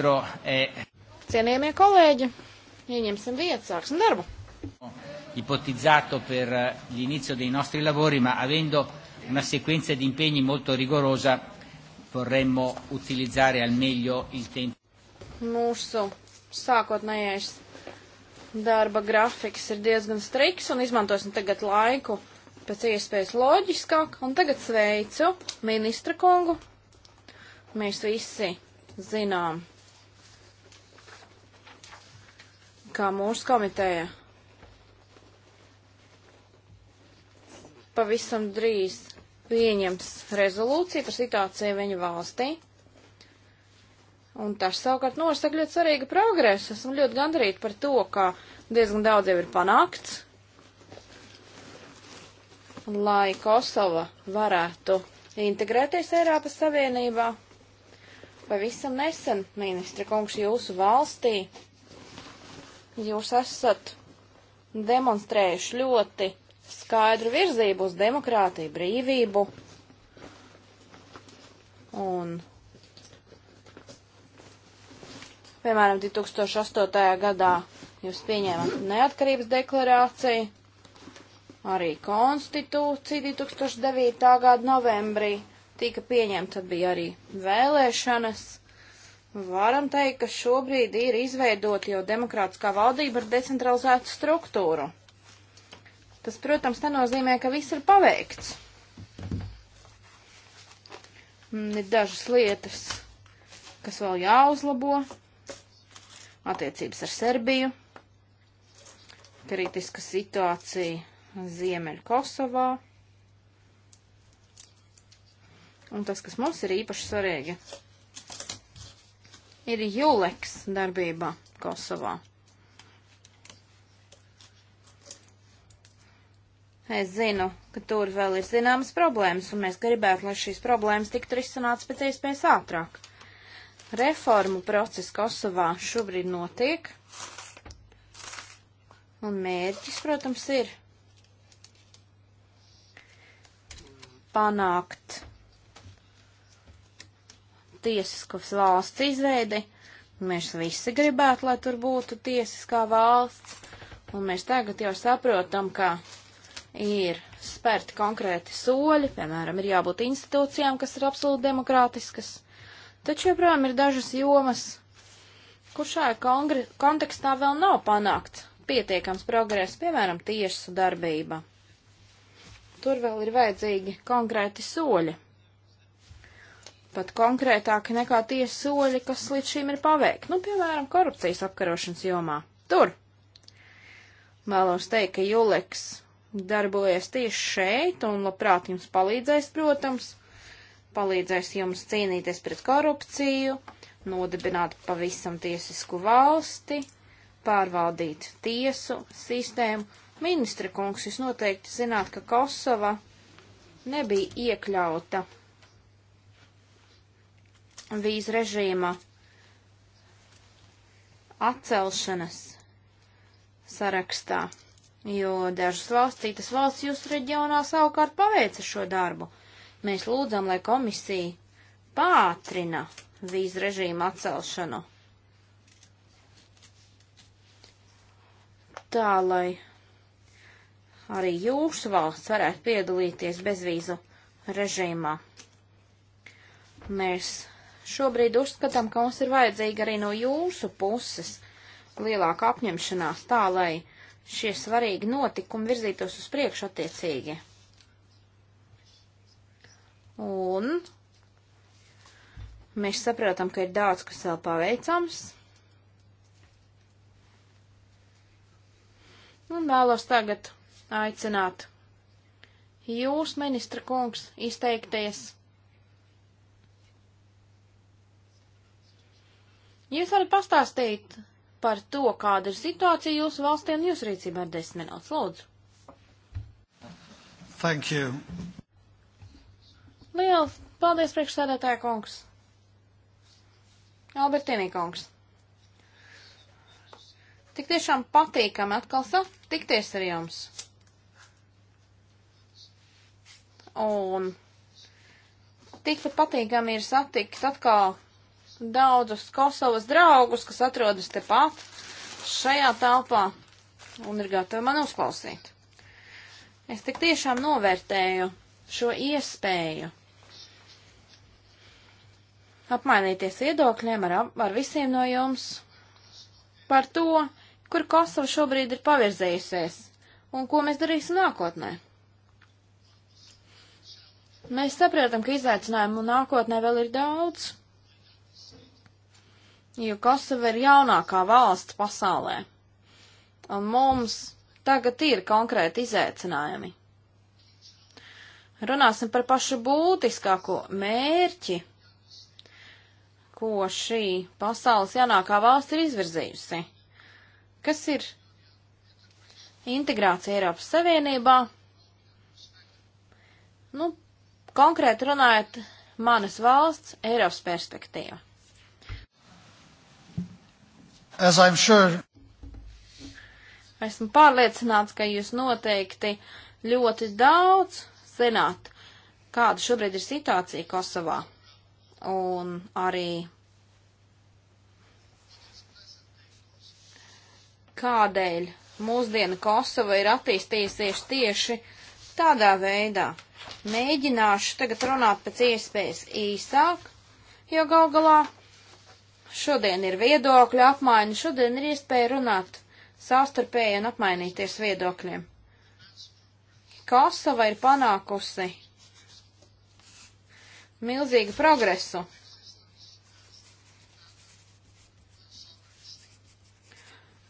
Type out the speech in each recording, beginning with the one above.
ministro. E... Cienījamie kolēģi, ieņemsim vietu, sāksim darbu. Ipotizzato per l'inizio dei nostri lavori, ma avendo una sequenza di impegni molto rigorosa, vorremmo utilizzare al meglio il tempo. Mūsu sākotnējais darba grafiks ir diezgan striks un izmantosim tagad laiku pēc iespējas loģiskāk. Un tagad sveicu ministra kungu. Mēs visi zinām, kā mūsu komiteja pavisam drīz pieņems rezolūciju par situāciju viņa valstī. Un tas savukārt nosaka ļoti svarīgu progresu. Esmu ļoti gandarīti par to, ka diezgan daudz jau ir panākts, lai Kosova varētu integrēties Eiropas Savienībā. Pavisam nesen, ministra kungs, jūsu valstī Jūs esat demonstrējuši ļoti skaidru virzību uz demokrātiju, brīvību. Un, piemēram, 2008. gadā jūs pieņēmat neatkarības deklarāciju, arī konstitūcija 2009. gada novembrī tika pieņemta, tad bija arī vēlēšanas. Varam teikt, ka šobrīd ir izveidota jau demokrātiskā valdība ar decentralizētu struktūru. Tas, protams, nenozīmē, ka viss ir paveikts. Mm, ir dažas lietas, kas vēl jāuzlabo. Attiecības ar Serbiju, kritiska situācija Ziemeļ Kosovā. Un tas, kas mums ir īpaši svarīgi, ir Juleks darbība Kosovā. Es zinu, ka tur vēl ir zināmas problēmas, un mēs gribētu, lai šīs problēmas tiktu risināts pēc iespējas ātrāk. Reformu process Kosovā šobrīd notiek, un mērķis, protams, ir panākt tiesiskas valsts izveidi. Mēs visi gribētu, lai tur būtu tiesiskā valsts, un mēs tagad jau saprotam, ka ir spērti konkrēti soļi, piemēram, ir jābūt institūcijām, kas ir absolūti demokrātiskas. Taču joprojām ir dažas jomas, kur šajā kontekstā vēl nav panākts pietiekams progress, piemēram, tiesu darbība. Tur vēl ir vajadzīgi konkrēti soļi pat konkrētāki nekā tie soļi, kas līdz šim ir paveikti, nu, piemēram, korupcijas apkarošanas jomā. Tur vēlos teikt, ka Juleks darbojas tieši šeit un labprāt jums palīdzēs, protams, palīdzēs jums cīnīties pret korupciju, nodibināt pavisam tiesisku valsti, pārvaldīt tiesu sistēmu. Ministra kungs, jūs noteikti zināt, ka Kosova nebija iekļauta vīzu režīma atcelšanas sarakstā, jo dažas valsts, citas valsts jūsu reģionā savukārt paveica šo darbu. Mēs lūdzam, lai komisija pātrina vīzu režīmu atcelšanu. Tā, lai arī jūsu valsts varētu piedalīties bezvīzu režīmā. Mēs Šobrīd uzskatām, ka mums ir vajadzīga arī no jūsu puses lielāka apņemšanās tā, lai šie svarīgi notikumi virzītos uz priekšu attiecīgi. Un mēs saprotam, ka ir daudz, kas vēl paveicams. Un vēlos tagad aicināt jūs, ministra kungs, izteikties Jūs varat pastāstīt par to, kāda ir situācija jūsu valstī un jūsu rīcībā ar desmit minūtes. Lūdzu. Thank you. Liels paldies, priekšsēdētāja kungs. Albertīnī kungs. Tik tiešām patīkami atkal satikties ar jums. Un tikpat patīkami ir satikt atkal daudzus Kosovas draugus, kas atrodas tepat šajā telpā un ir gatavi man uzklausīt. Es tik tiešām novērtēju šo iespēju apmainīties viedokļiem ar, ar visiem no jums par to, kur Kosova šobrīd ir pavirzējusies un ko mēs darīsim nākotnē. Mēs saprotam, ka izaicinājumu nākotnē vēl ir daudz, jo Kosova ir jaunākā valsts pasaulē. Un mums tagad ir konkrēti izaicinājumi. Runāsim par pašu būtiskāko mērķi, ko šī pasaules jaunākā valsts ir izvirzījusi. Kas ir integrācija Eiropas Savienībā? Nu, konkrēti runājot, manas valsts Eiropas perspektīva. Sure... Esmu pārliecināts, ka jūs noteikti ļoti daudz zināt, kāda šobrīd ir situācija Kosovā. Un arī kādēļ mūsdiena Kosova ir attīstījusies tieši tādā veidā. Mēģināšu tagad runāt pēc iespējas īsāk, jo gal galā Šodien ir viedokļu apmaiņa, šodien ir iespēja runāt savstarpēji un apmainīties viedokļiem. Kosova ir panākusi milzīgu progresu.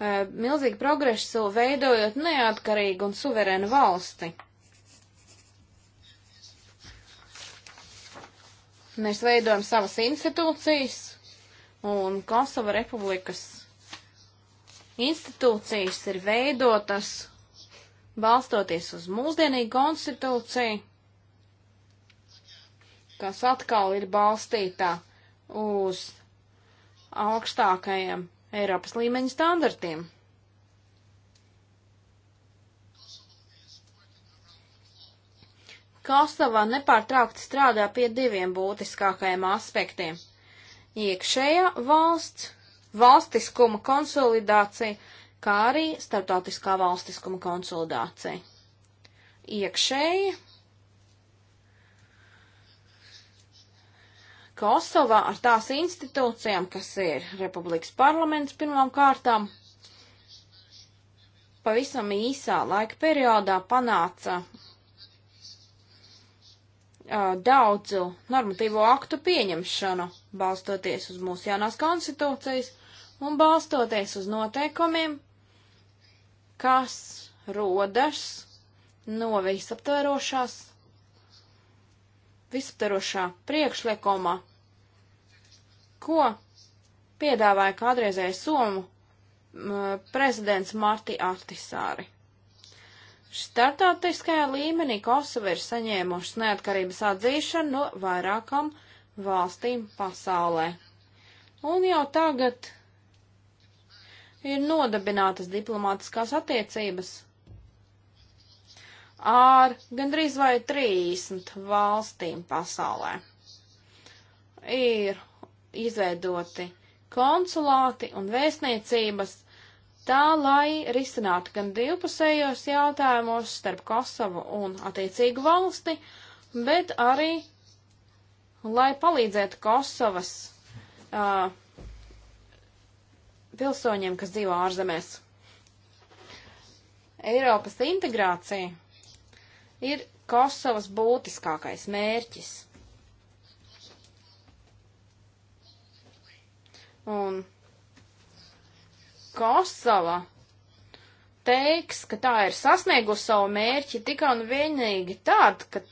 Milzīgu progresu veidojot neatkarīgu un suverēnu valsti. Mēs veidojam savas institūcijas, un Kosova republikas institūcijas ir veidotas balstoties uz mūsdienīgu konstitūciju, kas atkal ir balstītā uz augstākajiem Eiropas līmeņa standartiem. Kosovā nepārtraukti strādā pie diviem būtiskākajiem aspektiem iekšējā valsts, valstiskuma konsolidācija, kā arī starptautiskā valstiskuma konsolidācija. Iekšēji Kosovā ar tās institūcijām, kas ir Republikas parlaments pirmām kārtām, pavisam īsā laika periodā panāca uh, daudzu normatīvo aktu pieņemšanu balstoties uz mūsu jaunās konstitūcijas un balstoties uz noteikumiem, kas rodas no visaptverošās, visaptverošā priekšlikuma, ko piedāvāja kādreizēja Somu prezidents Marti Artisāri. Startautiskajā līmenī Kosova ir saņēmušas neatkarības atzīšanu no vairākam valstīm pasaulē. Un jau tagad ir nodabinātas diplomātiskās attiecības ar gandrīz vai 30 valstīm pasaulē. Ir izveidoti konsulāti un vēstniecības tā, lai risinātu gan divpusējos jautājumus starp Kosovu un attiecīgu valsti, bet arī lai palīdzētu Kosovas uh, pilsoņiem, kas dzīvo ārzemēs. Eiropas integrācija ir Kosovas būtiskākais mērķis. Un Kosova teiks, ka tā ir sasniegusi savu mērķi tikai un vienīgi tad, kad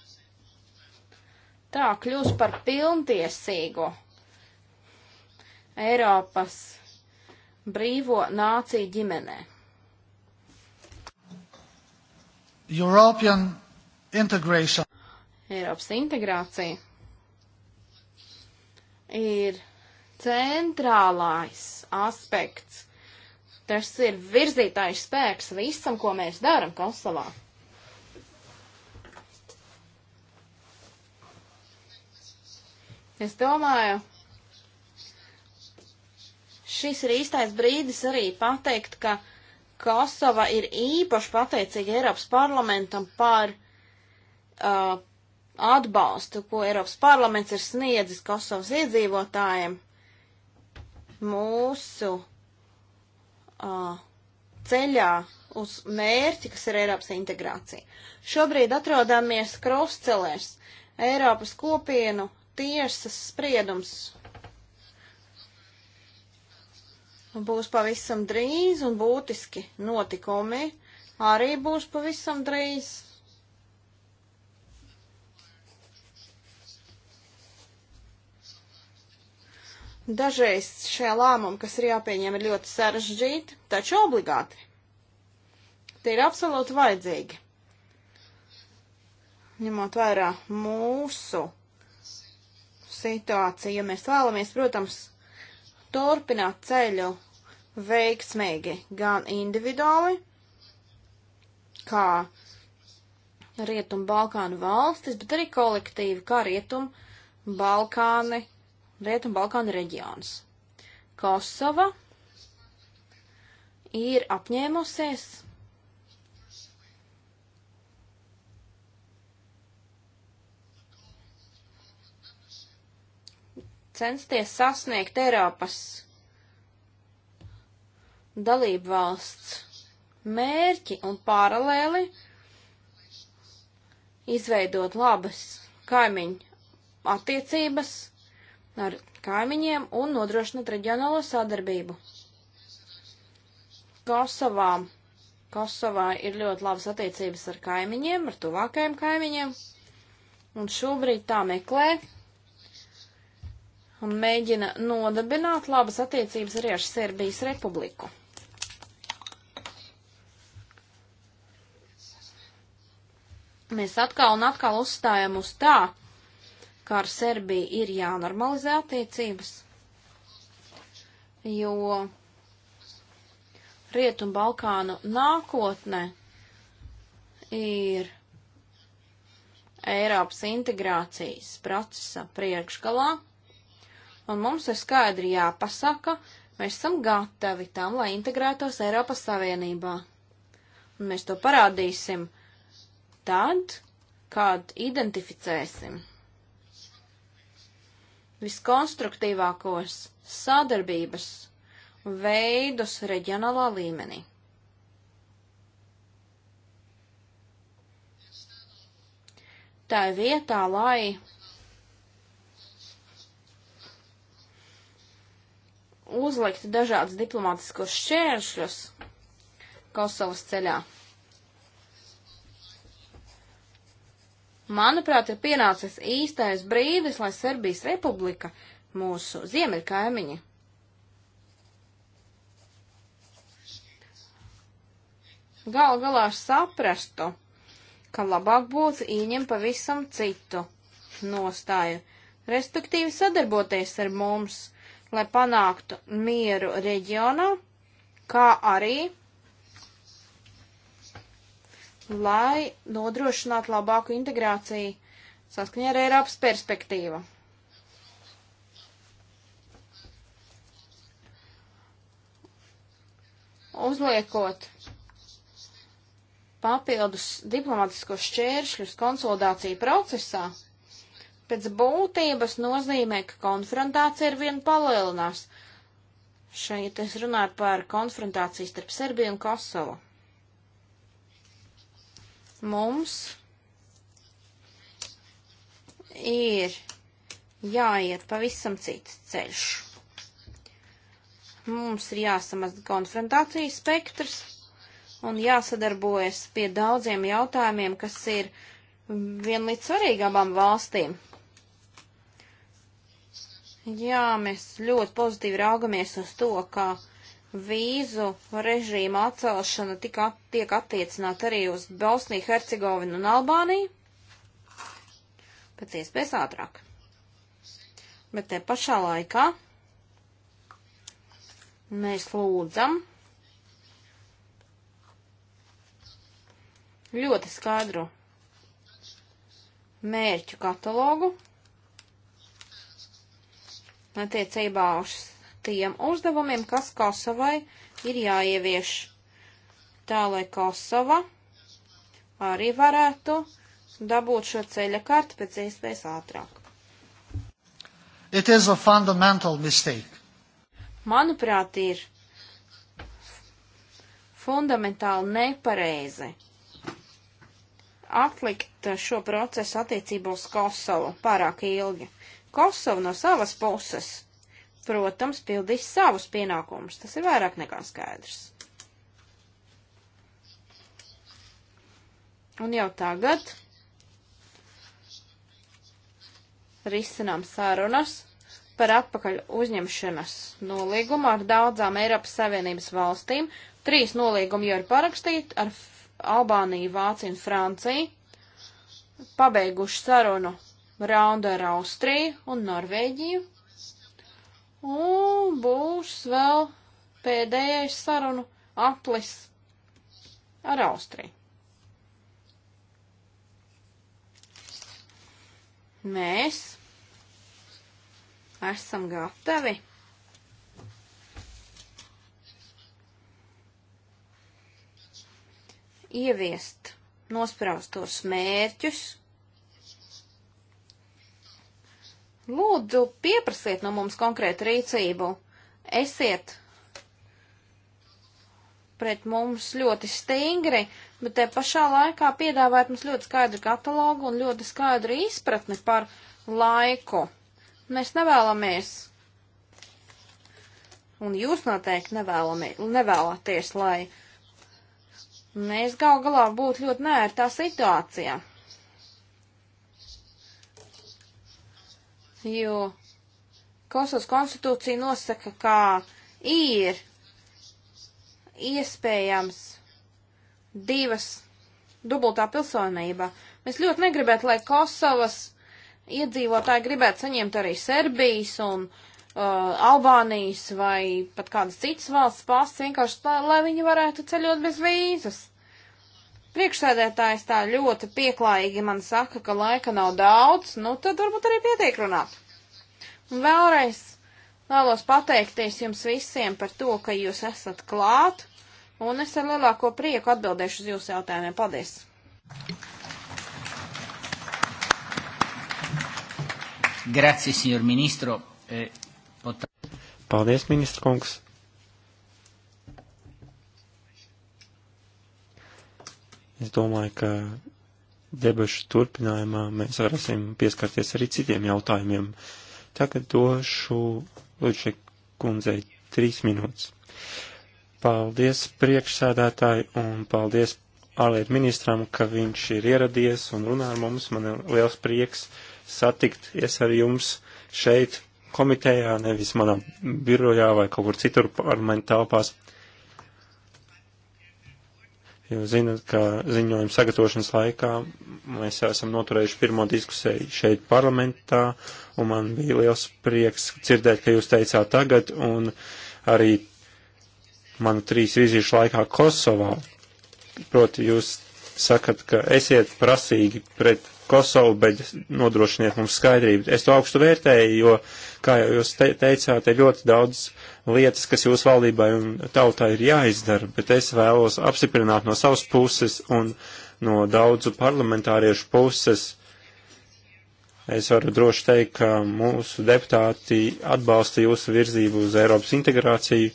tā kļūs par pilntiesīgu Eiropas brīvo nāciju ģimenē. European integration. Eiropas integrācija ir centrālais aspekts. Tas ir virzītājs spēks visam, ko mēs darām Kosovā. Es domāju, šis ir īstais brīdis arī pateikt, ka Kosova ir īpaši pateicīga Eiropas parlamentam par uh, atbalstu, ko Eiropas parlaments ir sniedzis Kosovas iedzīvotājiem. Mūsu uh, ceļā uz mērķi, kas ir Eiropas integrācija. Šobrīd atrodamies krustcelēs Eiropas kopienu tiesas spriedums būs pavisam drīz un būtiski notikumi arī būs pavisam drīz. Dažreiz šie lēmumi, kas ir jāpieņem, ir ļoti sarežģīti, taču obligāti. Tie ir absolūti vajadzīgi. Ņemot vērā mūsu situāciju, ja mēs vēlamies, protams, turpināt ceļu veiksmīgi gan individuāli, kā Rietumu Balkānu valstis, bet arī kolektīvi, kā Rietumu Balkāni, Rietumu Balkānu reģions. Kosova ir apņēmusies censties sasniegt Eiropas dalību valsts mērķi un paralēli izveidot labas kaimiņu attiecības ar kaimiņiem un nodrošināt reģionālo sadarbību. Kosovā. Kosovā ir ļoti labas attiecības ar kaimiņiem, ar tuvākajiem kaimiņiem, un šobrīd tā meklē un mēģina nodabināt labas attiecības arī ar Serbijas republiku. Mēs atkal un atkal uzstājam uz tā, ka ar Serbiju ir jānormalizē attiecības, jo Rietu un Balkānu nākotne ir Eiropas integrācijas procesa priekšgalā un mums ir skaidri jāpasaka, mēs esam gatavi tam, lai integrētos Eiropas Savienībā. Un mēs to parādīsim tad, kad identificēsim viskonstruktīvākos sadarbības veidus reģionālā līmenī. Tā ir vietā, lai uzlikt dažādas diplomātiskos šķēršļus Kosovas ceļā. Manuprāt, ir pienācis īstais brīdis, lai Serbijas republika, mūsu ziemeļkaimiņi, gal galā saprastu, ka labāk būtu ieņemt pavisam citu nostāju, respektīvi sadarboties ar mums lai panāktu mieru reģionā, kā arī lai nodrošinātu labāku integrāciju saskaņā ar Eiropas perspektīvu. Uzliekot papildus diplomatiskos šķēršļus konsolidāciju procesā, pēc būtības nozīmē, ka konfrontācija ar vienu palielinās. Šeit es runāju par konfrontāciju starp Serbiju un Kosovu. Mums ir jāiet pavisam cits ceļš. Mums ir jāsamazina konfrontācijas spektrs un jāsadarbojas pie daudziem jautājumiem, kas ir vienlīdz svarīgi abām valstīm. Jā, mēs ļoti pozitīvi raugamies uz to, ka vīzu režīma atcelšana tika, tiek attiecināta arī uz Bosniju, Hercegovinu un Albāniju pēc iespējas ātrāk. Bet te pašā laikā mēs lūdzam ļoti skaidru mērķu katalogu attiecībā uz tiem uzdevumiem, kas Kosovai ir jāievieš. Tā lai Kosova arī varētu dabūt šo ceļa kartu pēc iespējas ātrāk. It is a fundamental mistake. Manuprāt, ir fundamentāli nepareizi atlikt šo procesu attiecībā uz Kosovu pārāk ilgi. Kosova no savas puses, protams, pildīs savus pienākumus. Tas ir vairāk nekā skaidrs. Un jau tagad risinām sarunas par atpakaļ uzņemšanas nolīgumu ar daudzām Eiropas Savienības valstīm. Trīs nolīgumi jau ir parakstīti ar Albāniju, Vāciju un Franciju. Pabeiguši sarunu raundu ar Austriju un Norvēģiju. Un būs vēl pēdējais sarunu aplis ar Austriju. Mēs esam gatavi. Ieviest nospraustos mērķus Lūdzu, pieprasiet no mums konkrētu rīcību. Esiet pret mums ļoti stingri, bet te pašā laikā piedāvājat mums ļoti skaidru katalogu un ļoti skaidru izpratni par laiku. Mēs nevēlamies. Un jūs noteikti nevēlamie, nevēlaties, lai mēs gal galā būtu ļoti nērtā situācijā. jo Kosovas konstitūcija nosaka, kā ir iespējams divas dubultā pilsonība. Mēs ļoti negribētu, lai Kosovas iedzīvotāji gribētu saņemt arī Serbijas un uh, Albānijas vai pat kādas citas valsts pasis, vienkārši lai, lai viņi varētu ceļot bez vīzas priekšsēdētājs tā ļoti pieklājīgi man saka, ka laika nav daudz, nu tad varbūt arī pietiek runāt. Un vēlreiz vēlos pateikties jums visiem par to, ka jūs esat klāt, un es ar lielāko prieku atbildēšu uz jūsu jautājumiem. Paldies! Grazie, signor ministro. Eh, Paldies, ministra kungs. Es domāju, ka debašu turpinājumā mēs varēsim pieskarties arī citiem jautājumiem. Tagad došu Lūdzu kundzei trīs minūtes. Paldies priekšsēdētāji un paldies ārlietu ministram, ka viņš ir ieradies un runā ar mums. Man ir liels prieks satikties ar jums šeit komitejā, nevis manā birojā vai kaut kur citur parlamentu telpās. Jūs zinat, ka ziņojuma sagatavošanas laikā mēs jau esam noturējuši pirmo diskusiju šeit parlamentā, un man bija liels prieks dzirdēt, ka jūs teicāt tagad, un arī manu trīs vizīšu laikā Kosovā. Proti jūs sakat, ka esiet prasīgi pret Kosovu, bet nodrošiniet mums skaidrību. Es to augstu vērtēju, jo, kā jau jūs te teicāt, ir ļoti daudz lietas, kas jūs valdībai un tautai ir jāizdara, bet es vēlos apstiprināt no savas puses un no daudzu parlamentāriešu puses. Es varu droši teikt, ka mūsu deputāti atbalsta jūsu virzību uz Eiropas integrāciju.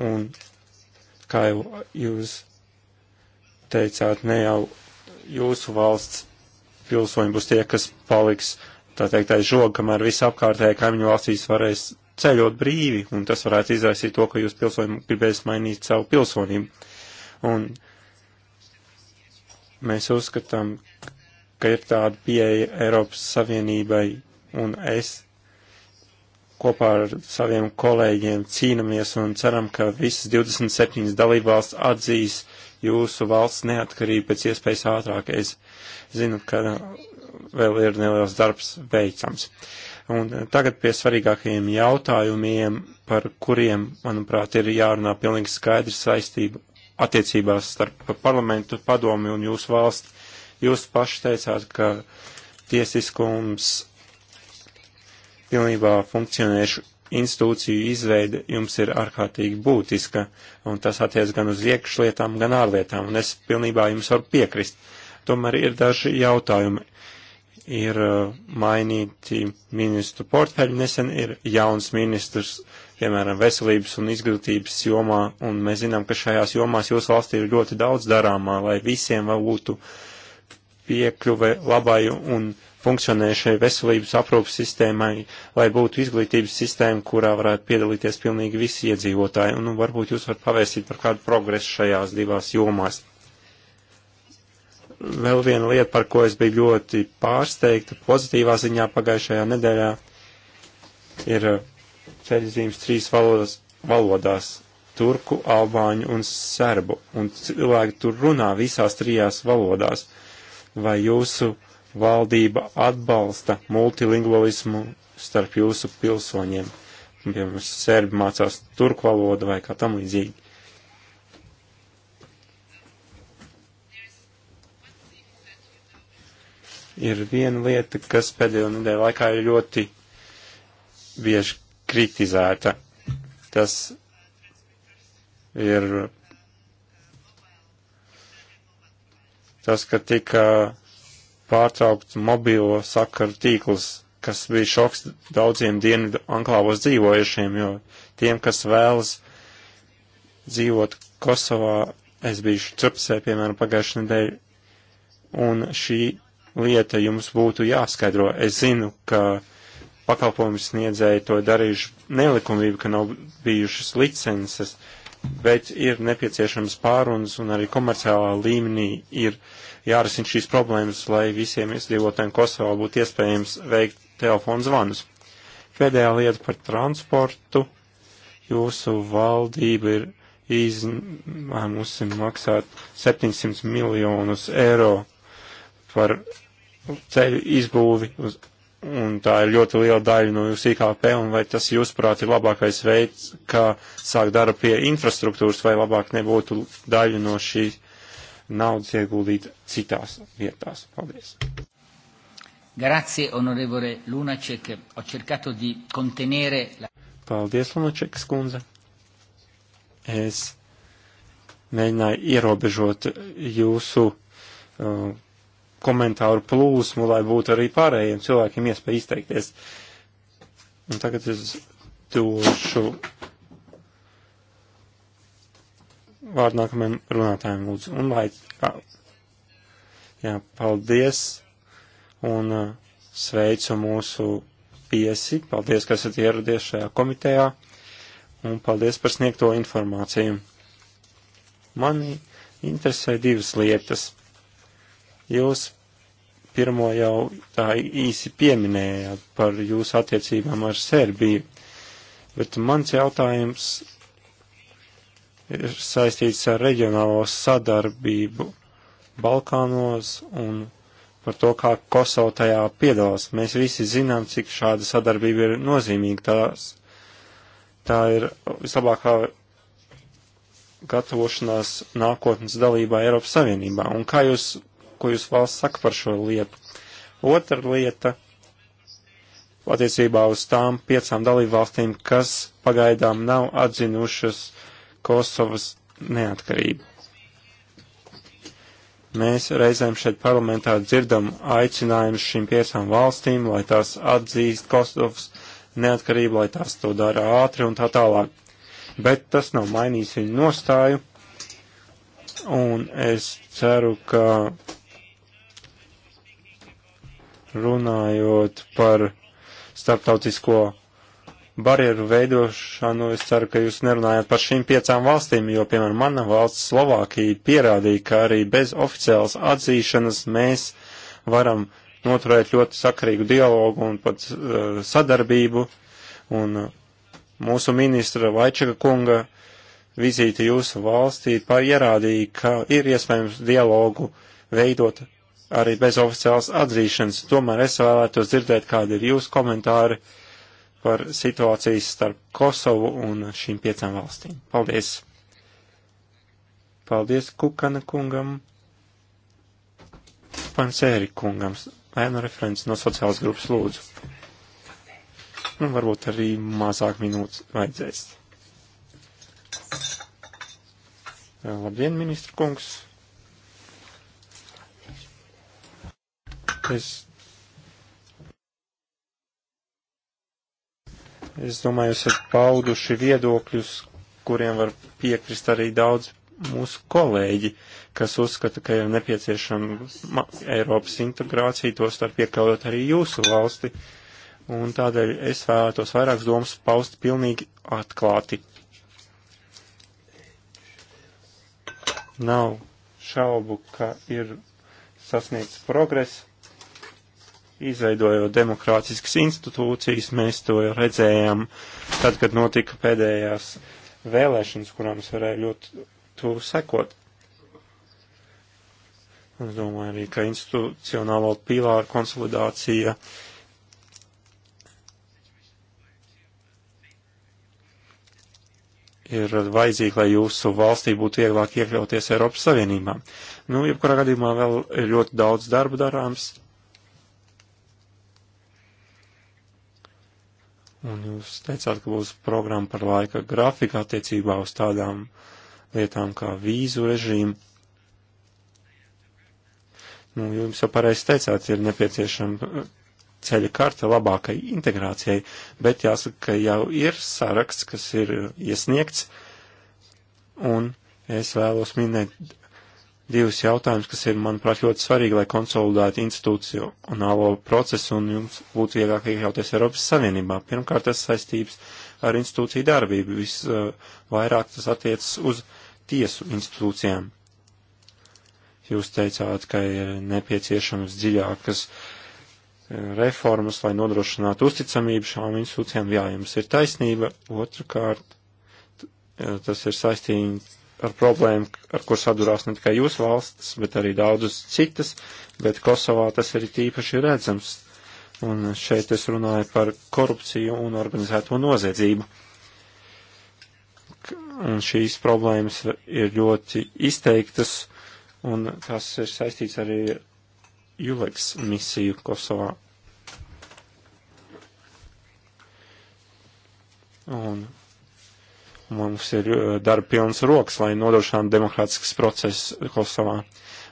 Un kā jau jūs teicāt, ne jau jūsu valsts pilsoņi būs tie, kas paliks uh, tā teikt, tā žoga, kamēr visi apkārtēji kaimiņu valstīs varēs ceļot brīvi, un tas varētu izraisīt to, ka jūs pilsoņi gribēs mainīt savu pilsonību. Un mēs uzskatām, ka ir tāda pieeja Eiropas Savienībai, un es kopā ar saviem kolēģiem cīnamies un ceram, ka visas 27 dalībvalsts atzīs jūsu valsts neatkarību pēc iespējas ātrāk. Es zinu, ka vēl ir neliels darbs veicams. Un tagad pie svarīgākajiem jautājumiem, par kuriem, manuprāt, ir jārunā pilnīgi skaidra saistība attiecībās starp parlamentu, padomi un jūsu valsti. Jūs paši teicāt, ka tiesiskums pilnībā funkcionēšu institūciju izveide jums ir ārkārtīgi būtiska, un tas attiec gan uz iekšlietām, gan ārlietām, un es pilnībā jums varu piekrist. Tomēr ir daži jautājumi, ir uh, mainīti ministru portfeļi. Nesen ir jauns ministrs, piemēram, veselības un izglītības jomā, un mēs zinām, ka šajās jomās jūsu valstī ir ļoti daudz darāmā, lai visiem vēl būtu piekļuve labai un funkcionējušai veselības aprūpas sistēmai, lai būtu izglītības sistēma, kurā varētu piedalīties pilnīgi visi iedzīvotāji. Un nu, varbūt jūs varat pavēstīt par kādu progresu šajās divās jomās vēl viena lieta, par ko es biju ļoti pārsteigta pozitīvā ziņā pagājušajā nedēļā, ir uh, ceļzīmes trīs valodas, valodās - turku, albāņu un serbu, un cilvēki tur runā visās trijās valodās. Vai jūsu valdība atbalsta multilingualismu starp jūsu pilsoņiem? Piemēram, serbi mācās turku valodu vai kā tam līdzīgi. ir viena lieta, kas pēdējo nedēļu laikā ir ļoti bieži kritizēta. Tas ir tas, ka tika pārtraukts mobilo sakaru tīkls, kas bija šoks daudziem dienu anklāvos dzīvojušiem, jo tiem, kas vēlas dzīvot Kosovā, es biju Čurpsē, piemēram, pagājušajā nedēļā, un šī lieta jums būtu jāskaidro. Es zinu, ka pakalpojumu sniedzēji to darījuši nelikumību, ka nav bijušas licences, bet ir nepieciešams pārunas un arī komerciālā līmenī ir jārisina šīs problēmas, lai visiem iedzīvotājiem Kosovā būtu iespējams veikt telefonu zvanus. Pēdējā lieta par transportu. Jūsu valdība ir izņēmusi maksāt 700 miljonus eiro par ceļu izbūvi, uz, un tā ir ļoti liela daļa no jūsu IKP, un vai tas, jūsuprāt, ir labākais veids, kā sākt darbu pie infrastruktūras, vai labāk nebūtu daļu no šī naudas ieguldīt citās vietās? Paldies! Grazie, onorevole Lunacek. Ho cercato di contenere la... Paldies, Lunacek, skundze. Es mēģināju ierobežot jūsu uh, komentāru plūsmu, lai būtu arī pārējiem cilvēkiem iespēja izteikties. Un tagad es došu vārdu nākamajam runātājiem lūdzu. Un lai, kā, jā, paldies un uh, sveicu mūsu viesi. Paldies, ka esat ieradies šajā komitejā un paldies par sniegto informāciju. Mani interesē divas lietas. Jūs pirmo jau tā īsi pieminējāt par jūsu attiecībām ar Serbiju, bet mans jautājums ir saistīts ar reģionālo sadarbību Balkānos un par to, kā Kosovo tajā piedalās. Mēs visi zinām, cik šāda sadarbība ir nozīmīga. Tās, tā ir vislabākā gatavošanās nākotnes dalībā Eiropas Savienībā. Un kā jūs ko jūs valsts saka par šo lietu. Otra lieta attiecībā uz tām piecām dalībvalstīm, kas pagaidām nav atzinušas Kosovas neatkarību. Mēs reizēm šeit parlamentā dzirdam aicinājumus šīm piecām valstīm, lai tās atzīst Kosovas neatkarību, lai tās to dara ātri un tā tālāk. Bet tas nav mainījis viņu nostāju, un es ceru, ka runājot par starptautisko barjeru veidošanu, es ceru, ka jūs nerunājat par šīm piecām valstīm, jo, piemēram, mana valsts Slovākija pierādīja, ka arī bez oficiālas atzīšanas mēs varam noturēt ļoti sakarīgu dialogu un pat uh, sadarbību, un uh, mūsu ministra Vaičaka kunga vizīte jūsu valstī pierādīja, ka ir iespējams dialogu veidot arī bez oficiālas atzīšanas. Tomēr es vēlētos dzirdēt, kādi ir jūsu komentāri par situācijas starp Kosovu un šīm piecām valstīm. Paldies! Paldies Kukana kungam, Pansēri kungam, ēnu referents no sociālas grupas lūdzu. Nu, varbūt arī mazāk minūtes vajadzēs. Labdien, ministra kungs! Es, es domāju, jūs esat pauduši viedokļus, kuriem var piekrist arī daudz mūsu kolēģi, kas uzskata, ka ir nepieciešama Eiropas integrācija, to starp iekļaujot arī jūsu valsti. Un tādēļ es vēlētos vairākas domas paust pilnīgi atklāti. Nav šaubu, ka ir sasniegts progress, izveidojot demokrātiskas institūcijas, mēs to redzējām tad, kad notika pēdējās vēlēšanas, kurām es varēju ļoti tuvu sekot. Es domāju arī, ka institucionālo pīlāru konsolidācija ir vajadzīga, lai jūsu valstī būtu vieglāk iekļauties Eiropas Savienībā. Nu, jebkurā gadījumā vēl ir ļoti daudz darba darāms, Un jūs teicāt, ka būs programma par laika grafiku attiecībā uz tādām lietām kā vīzu režīmu. Nu, jums jau pareizi teicāt, ir nepieciešama ceļa karta labākai integrācijai, bet jāsaka, ka jau ir saraksts, kas ir iesniegts, un es vēlos minēt divus jautājumus, kas ir, manuprāt, ļoti svarīgi, lai konsolidētu institūciju un ālo procesu un jums būtu vieglāk iekļauties Eiropas Savienībā. Pirmkārt, tas saistības ar institūciju darbību. Visvairāk eh, tas attiecas uz tiesu institūcijām. Jūs teicāt, ka ir nepieciešams dziļākas eh, reformas, lai nodrošinātu uzticamību šām institūcijām. Jā, jums ir taisnība. Otrakārt, eh, tas ir saistīts ar problēmu, ar kur sadurās ne tikai jūsu valsts, bet arī daudzas citas, bet Kosovā tas ir tīpaši redzams. Un šeit es runāju par korupciju un organizēto noziedzību. Un šīs problēmas ir ļoti izteiktas, un tas ir saistīts arī Juleks misiju Kosovā. Un Mums ir eh, darba pilns rokas, lai nodrošinātu demokrātisks process Kosovā.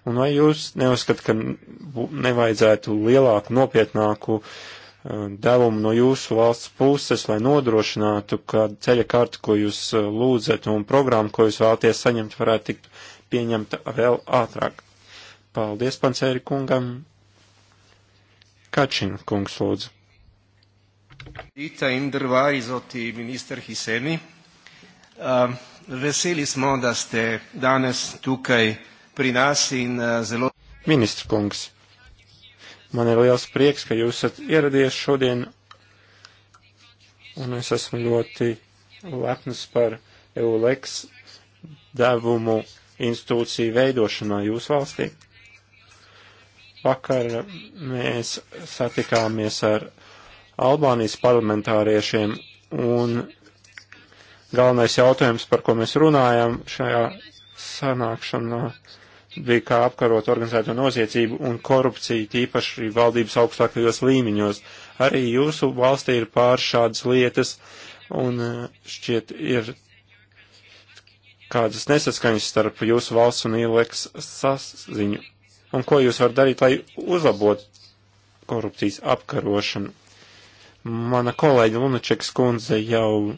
Un vai jūs neuzskat, ka nevajadzētu lielāku, nopietnāku eh, devumu no jūsu valsts puses, lai nodrošinātu, ka ceļa karta, ko jūs eh, lūdzat un programma, ko jūs vēlaties saņemt, varētu tikt pieņemta vēl ātrāk? Paldies, pancēri kungam. Kačina kungs lūdzu. Rīta Indra Vāizotī, ministra Hiseni. Um, veseli smo, da ste danes tukaj pri nas in uh, zelo. Ministra kungs, man ir liels prieks, ka jūs esat ieradies šodien, un es esmu ļoti lepns par EULEX devumu institūciju veidošanā jūsu valstī. Vakar mēs satikāmies ar Albānijas parlamentāriešiem, un galvenais jautājums, par ko mēs runājam šajā sanākšanā, bija kā apkarot organizēto noziedzību un korupciju, tīpaši valdības augstākajos līmeņos. Arī jūsu valstī ir pār šādas lietas, un eh, šķiet ir kādas nesaskaņas starp jūsu valsts un ieleks saziņu. Un ko jūs varat darīt, lai uzlabotu korupcijas apkarošanu? Mana kolēģa Lunačeks kundze jau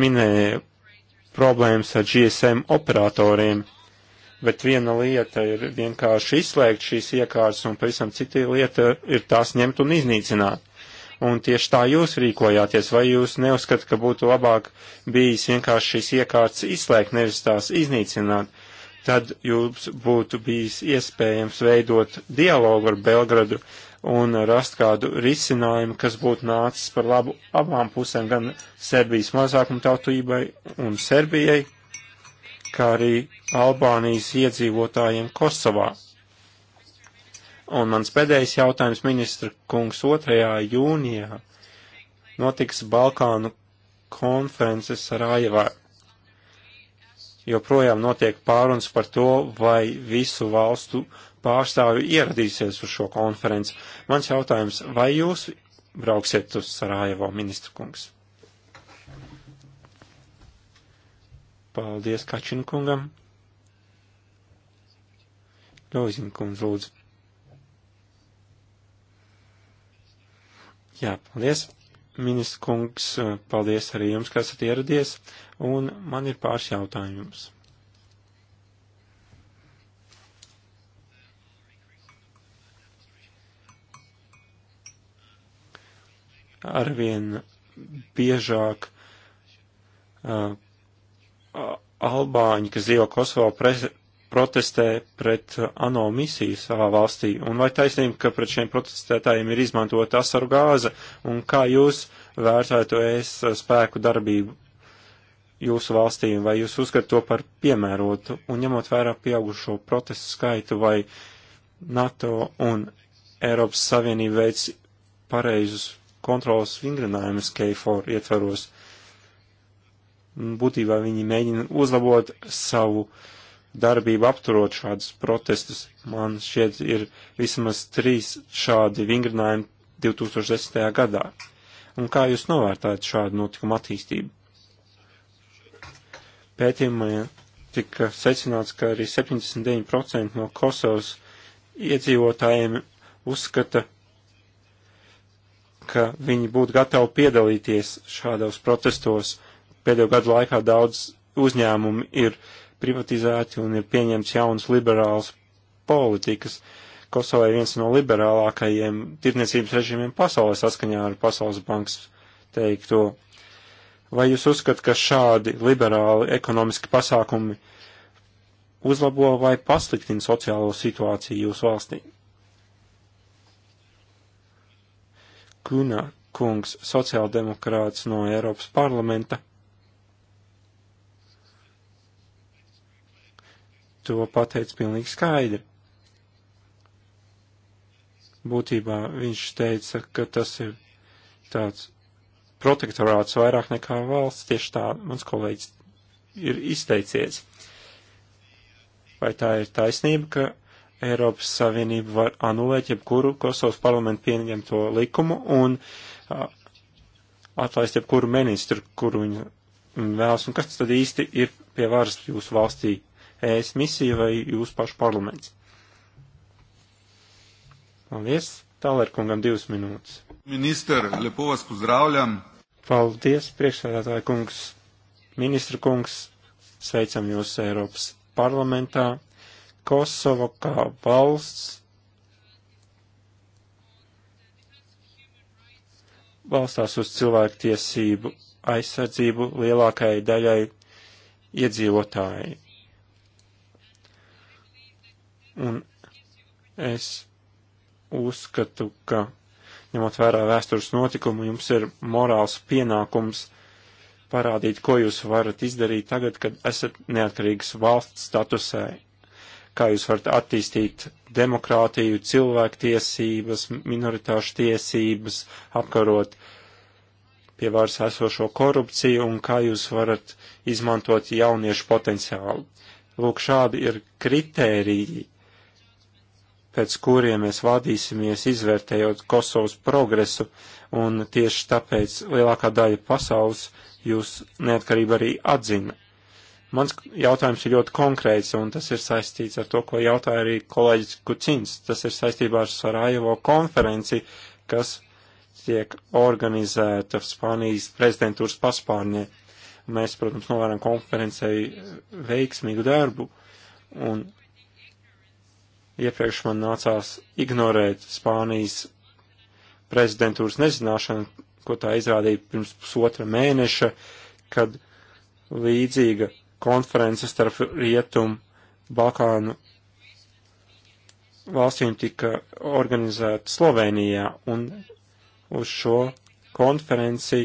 minēja problēmas ar GSM operatoriem, bet viena lieta ir vienkārši izslēgt šīs iekārtas, un pavisam cita lieta ir tās ņemt un iznīcināt. Un tieši tā jūs rīkojāties, vai jūs neuzskatāt, ka būtu labāk bijis vienkārši šīs iekārtas izslēgt, nevis tās iznīcināt? Tad jums būtu bijis iespējams veidot dialogu ar Belgradu, un rast kādu risinājumu, kas būtu nācis par labu abām pusēm, gan Serbijas mazākumtautībai un Serbijai, kā arī Albānijas iedzīvotājiem Kosovā. Un mans pēdējais jautājums ministra kungs 2. jūnijā notiks Balkānu konferences Rājevā. Joprojām notiek pārunas par to, vai visu valstu pārstāvju ieradīsies uz šo konferenci. Mans jautājums, vai jūs brauksiet uz Sarajevo, ministru kungs? Paldies Kačinkungam. Ļaujinkums, lūdzu. Jā, paldies. Ministrs kungs, paldies arī jums, kas esat ieradies, un man ir pāris jautājums. arvien biežāk uh, albāņi, kas dzīvo Kosovo, prez, protestē pret uh, ANO misiju savā valstī. Un vai taisnība, ka pret šiem protestētājiem ir izmantota asaru gāze? Un kā jūs vērtētu es uh, spēku darbību jūsu valstī? Vai jūs uzskatāt to par piemērotu? Un ņemot vērā pieaugušo protestu skaitu, vai NATO un Eiropas Savienība veids pareizus kontrolas vingrinājumus KFOR ietvaros. Būtībā viņi mēģina uzlabot savu darbību, apturot šādus protestus. Man šķiet ir vismaz trīs šādi vingrinājumi 2010. gadā. Un kā jūs novērtājat šādu notikumu attīstību? Pētījumā tika secināts, ka arī 79% no Kosovas iedzīvotājiem uzskata, ka viņi būtu gatavi piedalīties šādos protestos. Pēdējo gadu laikā daudz uzņēmumi ir privatizēti un ir pieņemts jaunas liberālas politikas. Kosova ir viens no liberālākajiem tirdzniecības režīmiem pasaulē saskaņā ar Pasaules bankas teikto. Vai jūs uzskatāt, ka šādi liberāli ekonomiski pasākumi uzlabo vai pasliktina sociālo situāciju jūsu valstī? Kuna kungs, sociāldemokrāts no Eiropas parlamenta. To pateica pilnīgi skaidri. Būtībā viņš teica, ka tas ir tāds protektorāts vairāk nekā valsts, tieši tā mans kolēģis ir izteicies. Vai tā ir taisnība, ka Eiropas Savienība var anulēt jebkuru Kosovas parlamentu pieņemto likumu un atlaist jebkuru ministru, kuru viņa vēlas. Un kas tad īsti ir pie varas jūsu valstī? ES misija vai jūsu pašu parlaments? Paldies! Tālērkungam divas minūtes. Minister, lepo vas pozdravljam. Paldies, priekšsēdētāja kungs, ministra kungs, sveicam jūs Eiropas parlamentā. Kosova kā valsts balstās uz cilvēktiesību aizsardzību lielākajai daļai iedzīvotāji. Un es uzskatu, ka ņemot vērā vēstures notikumu, jums ir morāls pienākums parādīt, ko jūs varat izdarīt tagad, kad esat neatkarīgas valsts statusai kā jūs varat attīstīt demokrātiju, cilvēktiesības, minoritāšu tiesības, apkarot pie varas esošo korupciju un kā jūs varat izmantot jauniešu potenciālu. Lūk, šādi ir kritēriji, pēc kuriem mēs vadīsimies izvērtējot Kosovas progresu, un tieši tāpēc lielākā daļa pasaules jūs neatkarību arī atzina. Mans jautājums ir ļoti konkrēts, un tas ir saistīts ar to, ko jautāja arī kolēģis Kucins. Tas ir saistībā ar Sarajevo konferenci, kas tiek organizēta Spānijas prezidentūras paspārņē. Mēs, protams, novēram konferencei veiksmīgu darbu, un iepriekš man nācās ignorēt Spānijas prezidentūras nezināšanu, ko tā izrādīja pirms pusotra mēneša, kad līdzīga konferences starp Rietumu Balkānu valstīm tika organizēta Slovenijā, un uz šo konferenci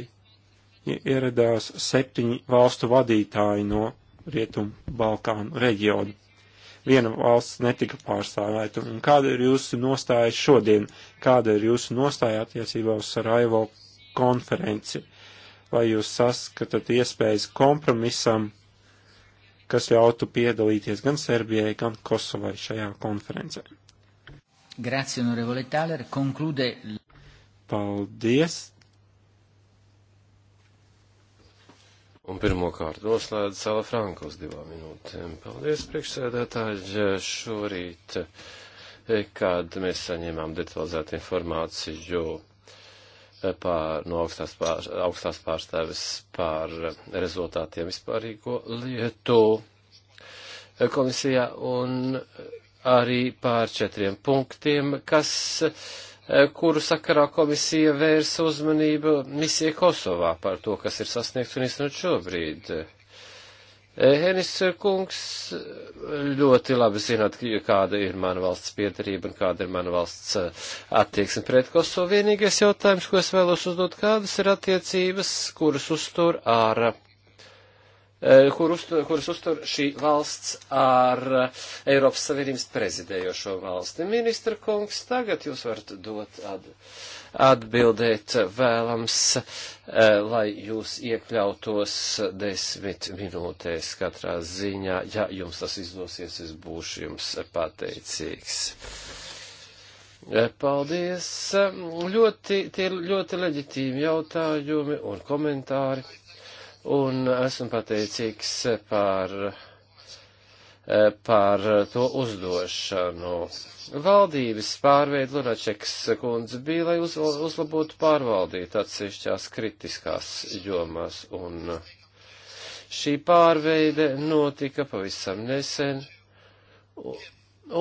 ieradās septiņi valstu vadītāji no Rietumu Balkānu reģionu. Viena valsts netika pārstāvēta. Un kāda ir jūsu nostāja šodien? Kāda ir jūsu nostāja attiecībā uz Sarajevo konferenci? Vai jūs saskatat iespējas kompromisam kas ļautu piedalīties gan Serbijai, gan Kosovai šajā konferencē. Grazie, onorevole Tāler. Konklude. Paldies. Un pirmokārt noslēdz Sala Franka uz divām minūtēm. Paldies, priekšsēdētāji, šorīt, eh, kad mēs saņēmām detalizētu informāciju pār, no augstās, pār, augstās pārstāvis par rezultātiem vispārīgo lietu komisijā un arī pār četriem punktiem, kas, kuru sakarā komisija vērs uzmanību misija Kosovā par to, kas ir sasniegts un iznot šobrīd. Uh, Henis kungs, ļoti labi zināt, kāda ir mana valsts piedarība un kāda ir mana valsts eh, attieksme pret Kosovu. Vienīgais jautājums, ko es vēlos uzdot, kādas ir attiecības, kuras uztur ārā eh, kur uztur, kuras uztur šī valsts ar eh, Eiropas Savienības prezidējošo valsti. Ministra kungs, tagad jūs varat dot ad, atbildēt vēlams, eh, lai jūs iekļautos desmit minūtēs katrā ziņā. Ja jums tas izdosies, es būšu jums pateicīgs. Eh, paldies. Ļoti, tie ir ļoti leģitīvi jautājumi un komentāri. Un esmu pateicīgs par par to uzdošanu. Valdības pārveid Lunačeks kundze bija, lai uz, uzlabotu pārvaldīt atsevišķās kritiskās jomās, un šī pārveide notika pavisam nesen,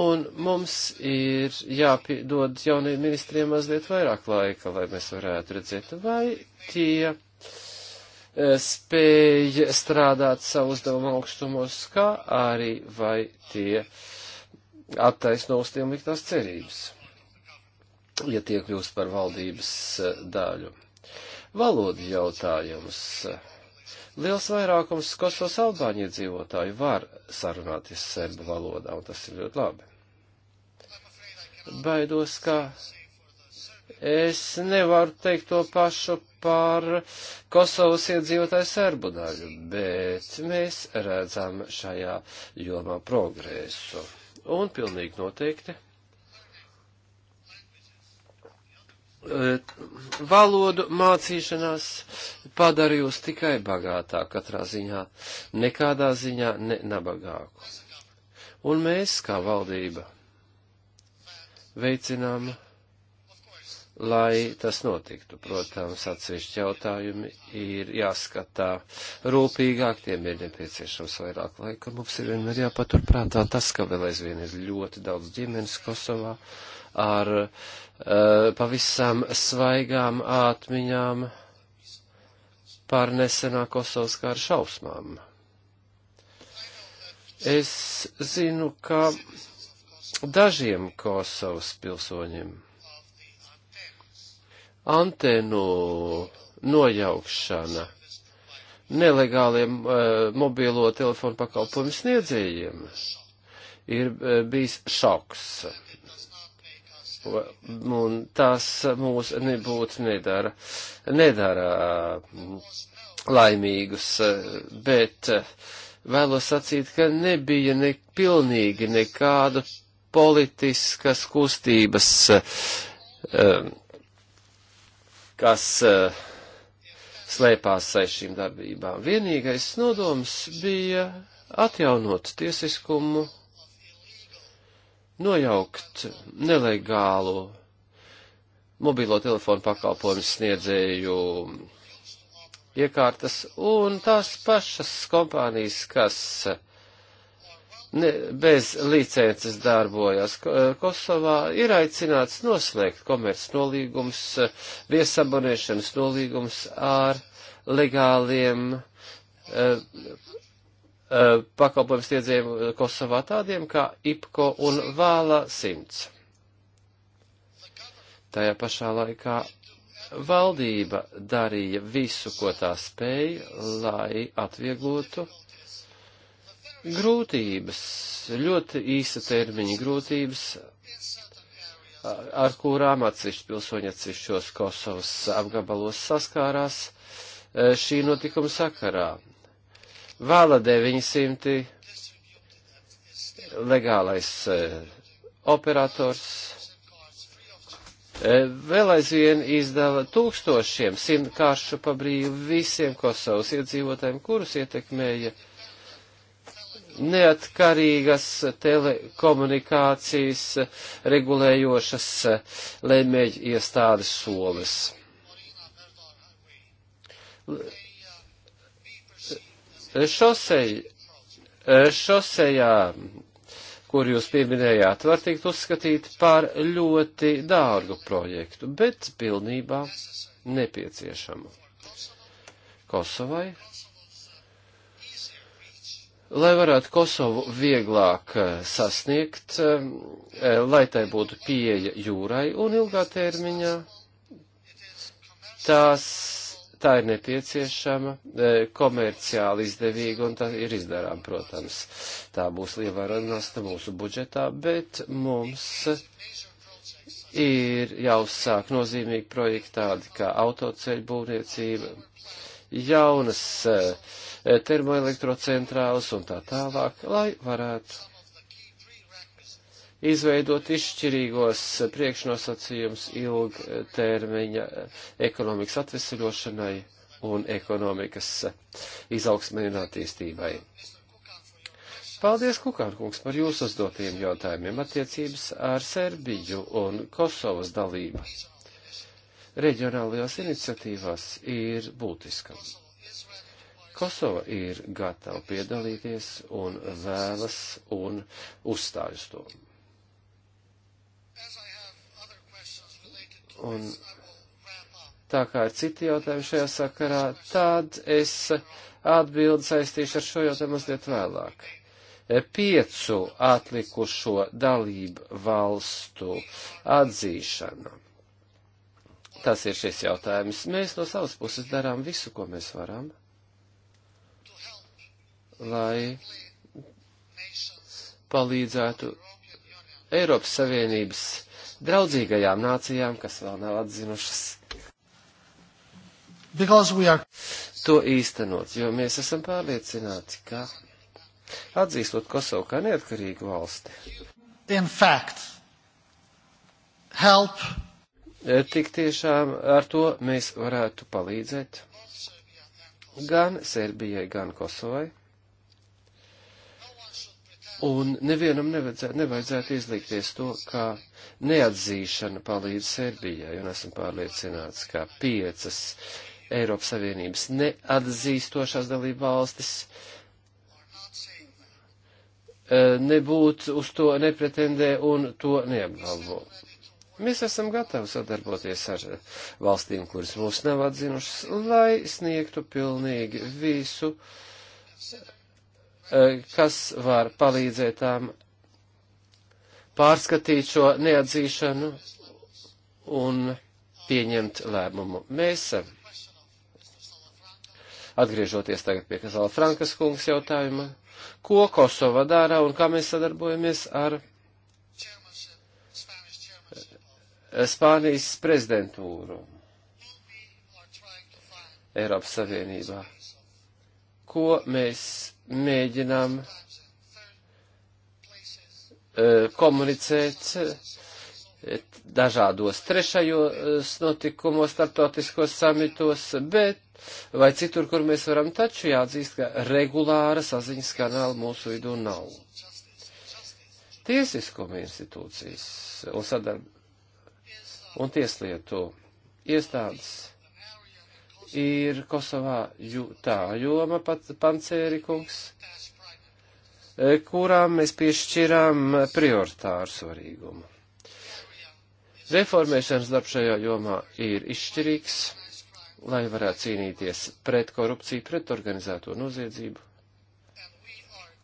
un mums ir jāpiedod jaunajiem ministriem mazliet vairāk laika, lai mēs varētu redzēt, vai tie Eh, spēj strādāt savu uzdevumu augstumos, kā arī vai tie attaisno uz tiem liktās cerības, ja tie kļūst par valdības eh, daļu. Valodu jautājums. Liels vairākums Kosovas albāņu iedzīvotāju var sarunāties serbu valodā, un tas ir ļoti labi. Baidos, ka Es nevaru teikt to pašu par Kosovas iedzīvotāju serbu daļu, bet mēs redzam šajā jomā progresu. Un pilnīgi noteikti. valodu mācīšanās padarījusi tikai bagātāk katrā ziņā, nekādā ziņā ne nabagāku. Un mēs, kā valdība, veicinām lai tas notiktu. Protams, atsevišķi jautājumi ir jāskatā rūpīgāk, tiem ir nepieciešams vairāk laika. Mums ir vienmēr jāpaturprātā tas, ka vēl aizvien ir ļoti daudz ģimenes Kosovā ar uh, pavisam svaigām atmiņām par nesenā Kosovas kara šausmām. Es zinu, ka dažiem Kosovas pilsoņiem antenu nojaukšana nelegāliem e, mobilo telefonu pakalpojumu sniedzējiem ir e, bijis šoks. Un tas mūs nebūtu nedara, nedara mm, laimīgus, eh, bet vēlos sacīt, ka nebija ne pilnīgi nekādu politiskas kustības um, kas eh, slēpās aiz šīm darbībām. Vienīgais nodoms bija atjaunot tiesiskumu, nojaukt nelegālu mobilo telefonu pakalpojumu sniedzēju iekārtas un tās pašas kompānijas, kas ne, bez licences darbojas eh, Kosovā, ir aicināts noslēgt komercnolīgums, eh, viesabonēšanas nolīgums ar legāliem uh, uh, pakalpojumu sniedzējiem Kosovā tādiem kā IPCO un Vāla 100. Tajā pašā laikā valdība darīja visu, ko tā spēja, lai atvieglotu uh, grūtības, ļoti īsa termiņa grūtības, ar kurām atsevišķi pilsoņi atsevišķos Kosovas apgabalos saskārās e, šī notikuma sakarā. Vāla 900 legālais e, operators e, vēl aizvien izdala tūkstošiem simtkāršu pa brīvu visiem Kosovas iedzīvotājiem, kurus ietekmēja uh, neatkarīgas telekomunikācijas regulējošas lēmēģi iestādes solis. Šosei, šosejā, kur jūs pieminējāt, var tikt uzskatīt par ļoti dārgu projektu, bet pilnībā nepieciešamu. Kosovai lai varētu Kosovu vieglāk eh, sasniegt, eh, lai tai būtu pieeja jūrai un ilgā termiņā. Tās, tā ir nepieciešama, eh, komerciāli izdevīga un tā ir izdarām, protams. Tā būs lievērojama nasta mūsu budžetā, bet mums ir jāuzsāk nozīmīgi projekti tādi kā autoceļu būvniecība, jaunas uh, E, termoelektrocentrālas un tā tālāk, lai varētu izveidot izšķirīgos priekšnosacījums ilgtermiņa ekonomikas atvesaļošanai un ekonomikas izaugsmē un attīstībai. Paldies, Kukārkungs, par jūsu uzdotiem jautājumiem attiecības ar Serbiju un Kosovas dalību. Reģionālajās iniciatīvās ir būtiskams. Kosova ir gatava piedalīties un vēlas un uzstājas to. Un tā kā ir citi jautājumi šajā sakarā, tad es atbildi saistīšu ar šo jautājumu mazliet vēlāk. Piecu atlikušo dalību valstu atzīšana. Tas ir šis jautājums. Mēs no savas puses darām visu, ko mēs varam lai palīdzētu Eiropas Savienības draudzīgajām nācijām, kas vēl nav atzinušas. Are... To īstenot, jo mēs esam pārliecināti, ka atzīstot Kosovu kā neatkarīgu valsti. In fact, help. E, tik tiešām ar to mēs varētu palīdzēt gan Serbijai, gan Kosovai. Un nevienam nevajadzētu izlikties to, ka neatzīšana palīdz Serbijai, un esmu pārliecināts, ka piecas Eiropas Savienības neatzīstošās dalība valstis e, nebūtu uz to nepretendē un to neapgalvo. Mēs esam gatavi sadarboties ar valstīm, kuras mūs nav atzinušas, lai sniegtu pilnīgi visu Eh, kas var palīdzēt tām pārskatīt šo neatzīšanu un pieņemt lēmumu. Mēs, eh, atgriežoties tagad pie Kazala Frankas kungas jautājuma, ko Kosova dara un kā mēs sadarbojamies ar eh, Spānijas prezidentūru Eiropas Savienībā. Ko mēs mēģinām e, komunicēt dažādos trešajos notikumos, starptautiskos samitos, bet vai citur, kur mēs varam, taču jāatzīst, ka regulāra saziņas kanāla mūsu vidū nav. Tiesiskuma institūcijas un sadarb un tieslietu iestādes ir Kosovā tā joma, pat pancērikungs, e, kurām mēs piešķirām prioritāru svarīgumu. Reformēšanas darbs šajā jomā ir izšķirīgs, lai varētu cīnīties pret korupciju, pret organizēto noziedzību.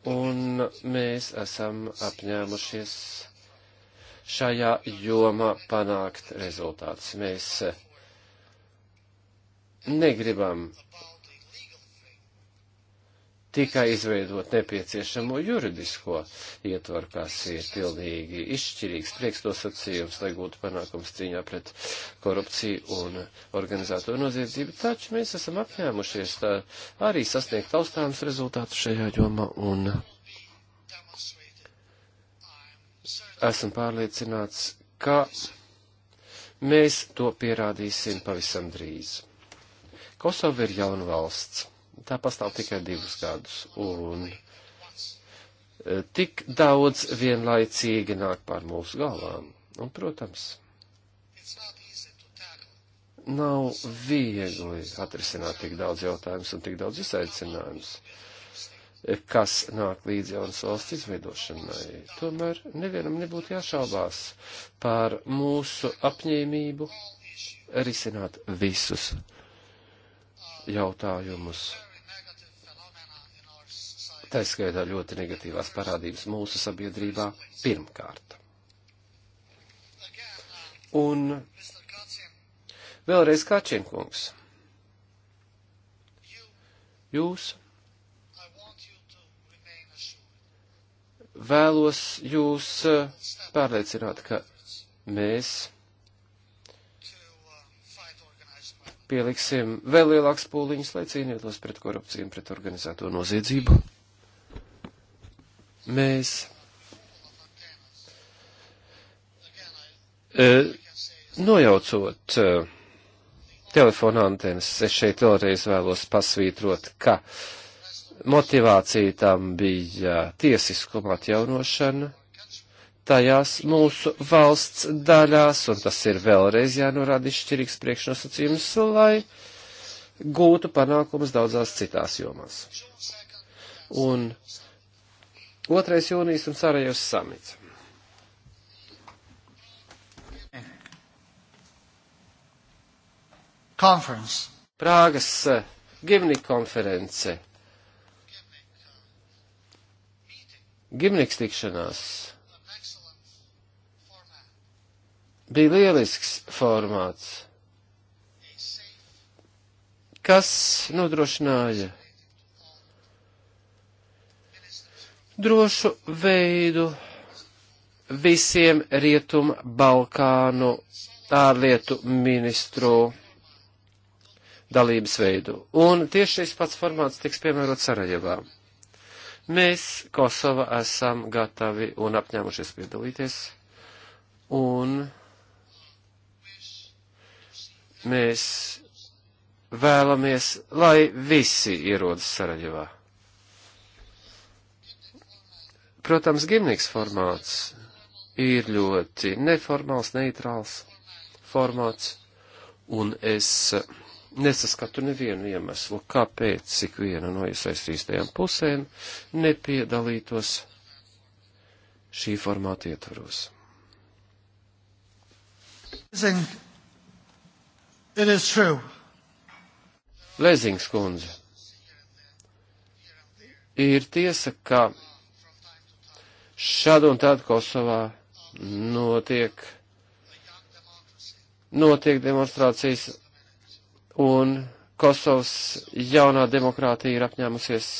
Un mēs esam apņēmušies šajā jomā panākt rezultātus. Mēs negribam tikai izveidot nepieciešamo juridisko ietvaru, kas ir pilnīgi izšķirīgs priekšnosacījums, lai gūtu panākums cīņā pret korupciju un organizēto noziedzību, taču mēs esam apņēmušies tā, arī sasniegt taustāms rezultātus šajā jomā un esam pārliecināts, ka mēs to pierādīsim pavisam drīz. Kosova ir jauna valsts. Tā pastāv tikai divus gadus. Un e, tik daudz vienlaicīgi nāk pār mūsu galvām. Un, protams, nav viegli atrisināt tik daudz jautājumus un tik daudz izaicinājumus, e, kas nāk līdz jaunas valsts izveidošanai. Tomēr nevienam nebūtu jāšaubās par mūsu apņēmību risināt visus jautājumus. Tā skaitā ļoti negatīvās parādības mūsu sabiedrībā pirmkārt. Un vēlreiz Kačinkungs. Jūs vēlos jūs eh, pārliecināt, ka mēs pieliksim vēl lielāks pūliņus, lai cīnītos pret korupciju un pret organizēto noziedzību. Mēs e, nojaucot e, telefona antenas, es šeit vēlreiz vēlos pasvītrot, ka motivācija tam bija tiesiskuma atjaunošana tajās mūsu valsts daļās, un tas ir vēlreiz jānorāda izšķirīgs priekšnosacījums, lai gūtu panākumus daudzās citās jomās. Un 2. jūnijas un Sarajos samits. Conference. Prāgas eh, Gimnik konference. Gimniks tikšanās bija lielisks formāts, kas nodrošināja drošu veidu visiem Rietumu Balkānu ārlietu ministru dalības veidu. Un tieši šis pats formāts tiks piemērots Sarajevā. Mēs, Kosova, esam gatavi un apņēmušies piedalīties. Un mēs vēlamies, lai visi ierodas Saraģevā. Protams, gimniks formāts ir ļoti neformāls, neitrāls formāts, un es nesaskatu nevienu iemeslu, kāpēc cik viena no iesaistītajām pusēm nepiedalītos šī formāta ietvaros. Zin. It is true. Lezings kundze. Ir tiesa, ka šad un tad Kosovā notiek, notiek demonstrācijas, un Kosovas jaunā demokrātija ir apņēmusies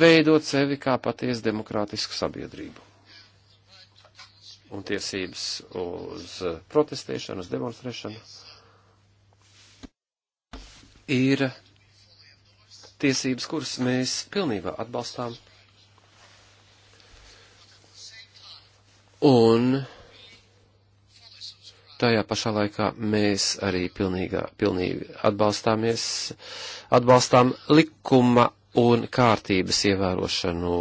veidot sevi kā patiesu demokrātisku sabiedrību. Un tiesības uz protestēšanu, uz demonstrēšanu ir tiesības, kuras mēs pilnībā atbalstām. Un tajā pašā laikā mēs arī pilnīgā, pilnīgi atbalstāmies, atbalstām likuma un kārtības ievērošanu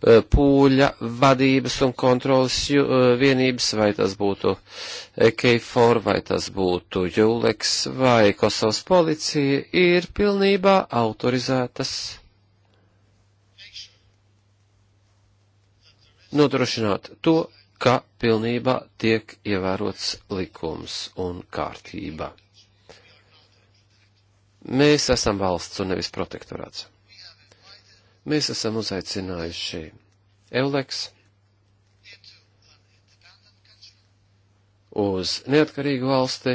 Eh, pūļa vadības un kontrolas eh, vienības, vai tas būtu KFOR, vai tas būtu Juleks, vai Kosovas policija, ir pilnībā autorizētas nodrošināt to, ka pilnībā tiek ievērots likums un kārtība. Mēs esam valsts un nevis protektorāts. Mēs esam uzaicinājuši Euleks uz neatkarīgu valsti,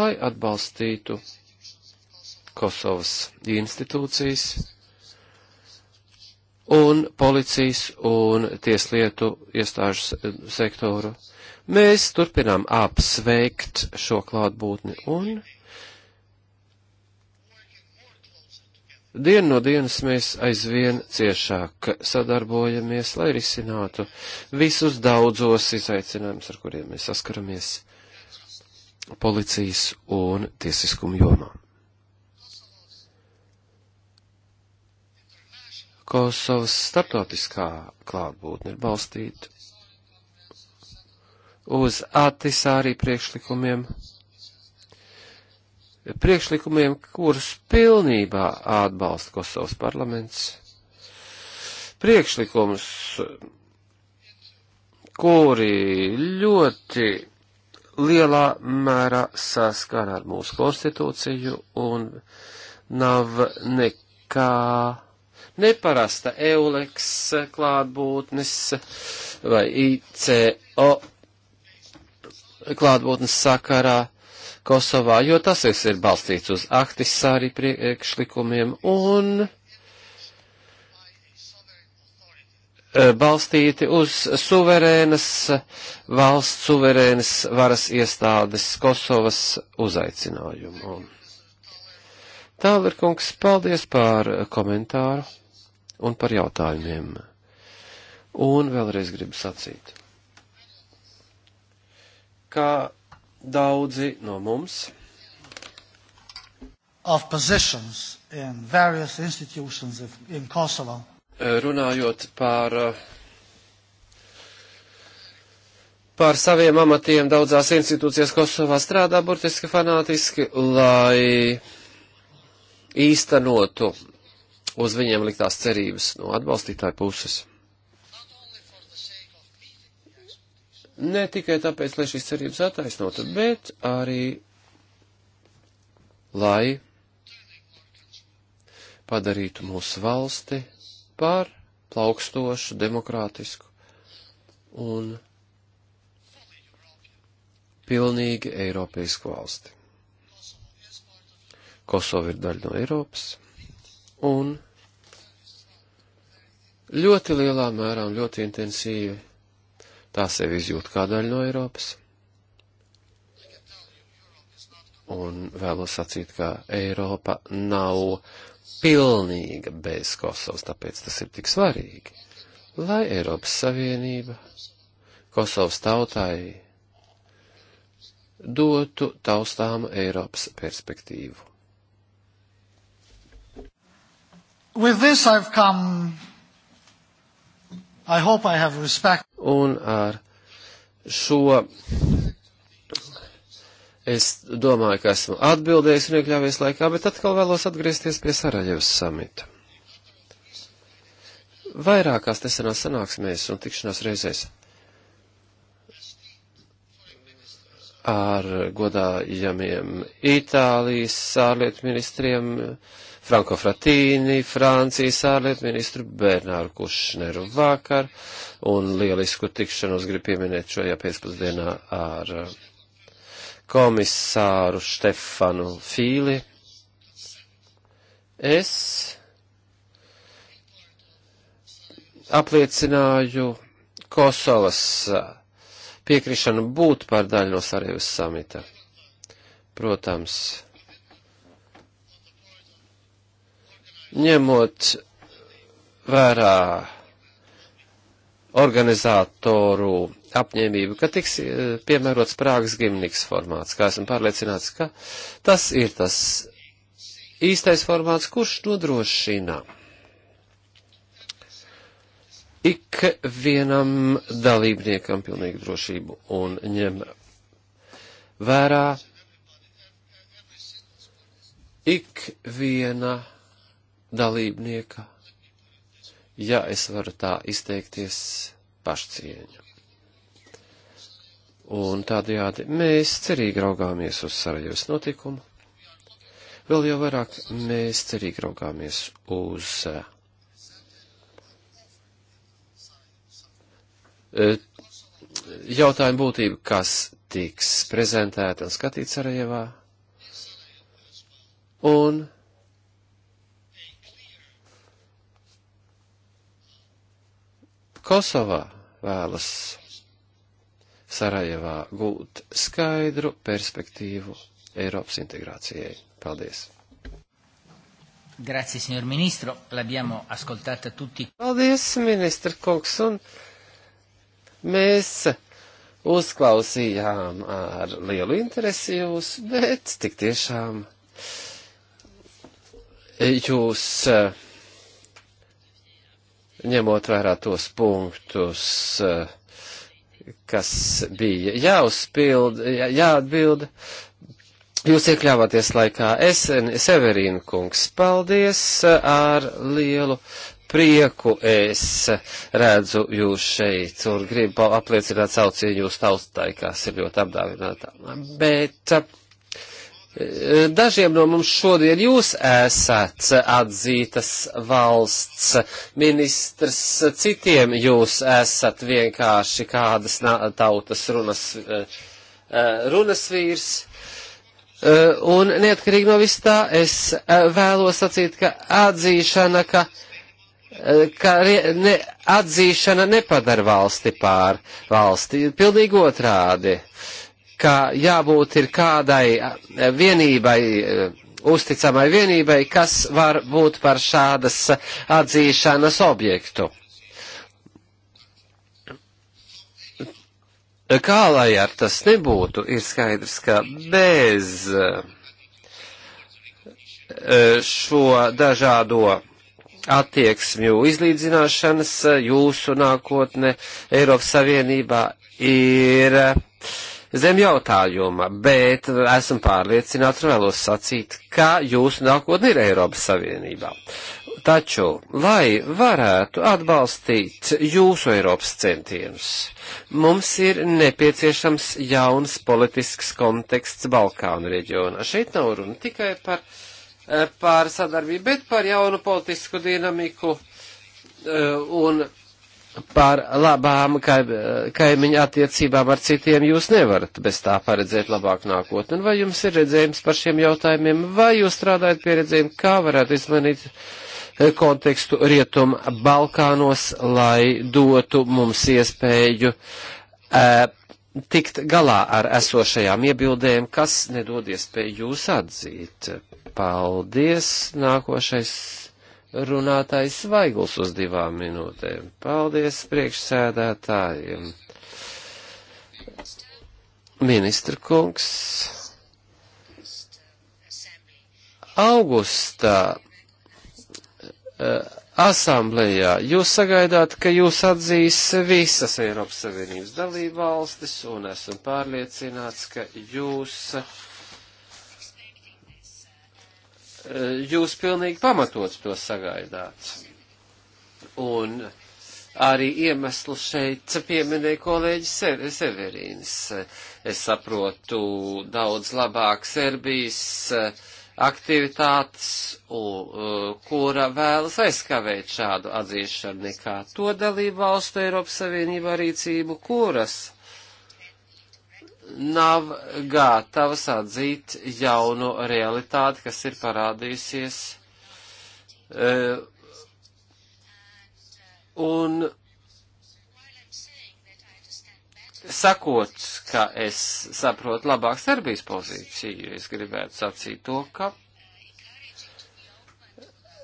lai atbalstītu Kosovas institūcijas un policijas un tieslietu iestāžu sektoru. Mēs turpinām apsveikt šo klātbūtni un Dienu no dienas mēs aizvien ciešāk sadarbojamies, lai risinātu visus daudzos izaicinājumus, ar kuriem mēs saskaramies policijas un tiesiskuma jomā. Kosovas starptautiskā klātbūtne ir balstīta uz Atisārī priekšlikumiem priekšlikumiem, kurus pilnībā atbalsta Kosovas parlaments. Priekšlikums, kuri ļoti lielā mērā saskana ar mūsu konstitūciju un nav nekā neparasta Euleks klātbūtnes vai ICO klātbūtnes sakarā Kosovā, jo tas viss ir balstīts uz Ahtisāri priekšlikumiem un e, balstīti uz suverēnas valsts, suverēnas varas iestādes Kosovas uzaicinājumu. Tāler kungs, paldies par komentāru un par jautājumiem. Un vēlreiz gribu sacīt, ka Daudzi no mums of positions in various institutions in Kosovo. Eh, runājot par, eh, par saviem amatiem daudzās institūcijās Kosovā strādā burtiski fanātiski, lai īstenotu uz viņiem liktās cerības no atbalstītāju puses. Ne tikai tāpēc, lai šīs cerības attaisnotu, bet arī, lai padarītu mūsu valsti par plaukstošu, demokrātisku un pilnīgi eiropeisku valsti. Kosova ir daļa no Eiropas, un ļoti lielā mērā un ļoti intensīvi tā sevi izjūt kā daļa no Eiropas. Un vēlos sacīt, ka Eiropa nav pilnīga bez Kosovas, tāpēc tas ir tik svarīgi. Lai Eiropas Savienība Kosovas tautai dotu taustāmu Eiropas perspektīvu. With this I've come I hope I have respect. Un ar šo es domāju, ka esmu atbildējis un iekļāvies laikā, bet atkal vēlos atgriezties pie Sarajevas samita. Vairākās nesenās sanāksmēs un tikšanās reizēs ar godājamiem Itālijas ārlietu ministriem, uh, Franko Fratīni, Francijas ārlietu ministru Bernāru Kušneru vakar, un lielisku tikšanos grib pieminēt šajā pēcpusdienā ar eh, komisāru Štefanu Fīli. Es apliecināju Kosovas eh, piekrišanu būt par daļu no Sarajevas samita. Protams, ņemot vērā organizatoru apņēmību, ka tiks eh, piemērots Prāgas gimniks formāts, kā esmu pārliecināts, ka tas ir tas īstais formāts, kurš nodrošina ik vienam dalībniekam pilnīgu drošību un ņem vērā ik viena dalībnieka, ja es varu tā izteikties pašcieņu. Un tādējādi mēs cerīgi raugāmies uz Sarajevas notikumu, vēl jau vairāk mēs cerīgi raugāmies uz eh, jautājumu būtību, kas tiks prezentēta un skatīts Sarajevā. Un Kosovā vēlas Sarajevā gūt skaidru perspektīvu Eiropas integrācijai. Paldies! Grazie, signor ministro, l'abbiamo ascoltata tutti. Paldies, ministra Koks, un mēs uzklausījām ar lielu interesi jūs, bet tik tiešām jūs uh, ņemot vērā tos punktus, eh, kas bija jāuzpild, jā, jāatbild. Jūs iekļāvāties laikā. Es, Severīna kungs, paldies eh, ar lielu prieku es redzu jūs šeit un gribu apliecināt saucīju jūs taustai, kas ir ļoti apdāvinātā. Bet eh, Dažiem no mums šodien jūs esat atzītas valsts ministrs, citiem jūs esat vienkārši kādas tautas runas, eh, eh, runas vīrs. Eh, un neatkarīgi no vis tā, es vēlos sacīt, ka atzīšana, ka ka ne, atzīšana nepadara valsti pār valsti, pilnīgi otrādi. Uh, ka jābūt ir kādai vienībai, e, uzticamai vienībai, kas var būt par šādas atzīšanas objektu. Kā lai ar tas nebūtu, ir skaidrs, ka bez e, e, šo dažādo attieksmju izlīdzināšanas jūsu nākotne Eiropas Savienībā ir uh, zem jautājuma, bet esmu pārliecināts un vēlos sacīt, ka jūsu nākotne ir Eiropas Savienībā. Taču, lai varētu atbalstīt jūsu Eiropas centienus, mums ir nepieciešams jauns politisks konteksts Balkānu reģionā. Šeit nav runa tikai par, eh, par sadarbību, bet par jaunu politisku dinamiku eh, un par labām kaimiņu attiecībām ar citiem jūs nevarat bez tā paredzēt labāku nākotni. Vai jums ir redzējums par šiem jautājumiem, vai jūs strādājat pie redzējuma, kā varētu izmanīt eh, kontekstu Rietum Balkānos, lai dotu mums iespēju e, tikt galā ar esošajām iebildēm, kas nedod iespēju jūs atzīt. Paldies, nākošais runātājs Vaigls uz divām minūtēm. Paldies priekšsēdētājiem. Ministra kungs. Augustā eh, asamblējā jūs sagaidāt, ka jūs atzīs visas Eiropas Savienības dalībvalstis un esmu pārliecināts, ka jūs uh, Eh, jūs pilnīgi pamatot to sagaidāt. Un arī iemeslu šeit pieminēja kolēģis Severīns. Es saprotu daudz labāk Serbijas eh, aktivitātes, eh, kura vēlas aizskavēt šādu atzīšanu nekā to dalību valstu Eiropas Savienībā rīcību, kuras nav gatavas atzīt jauno realitāti, kas ir parādījusies. E, un sakot, ka es saprotu labāk Serbijas pozīciju, es gribētu sacīt to, ka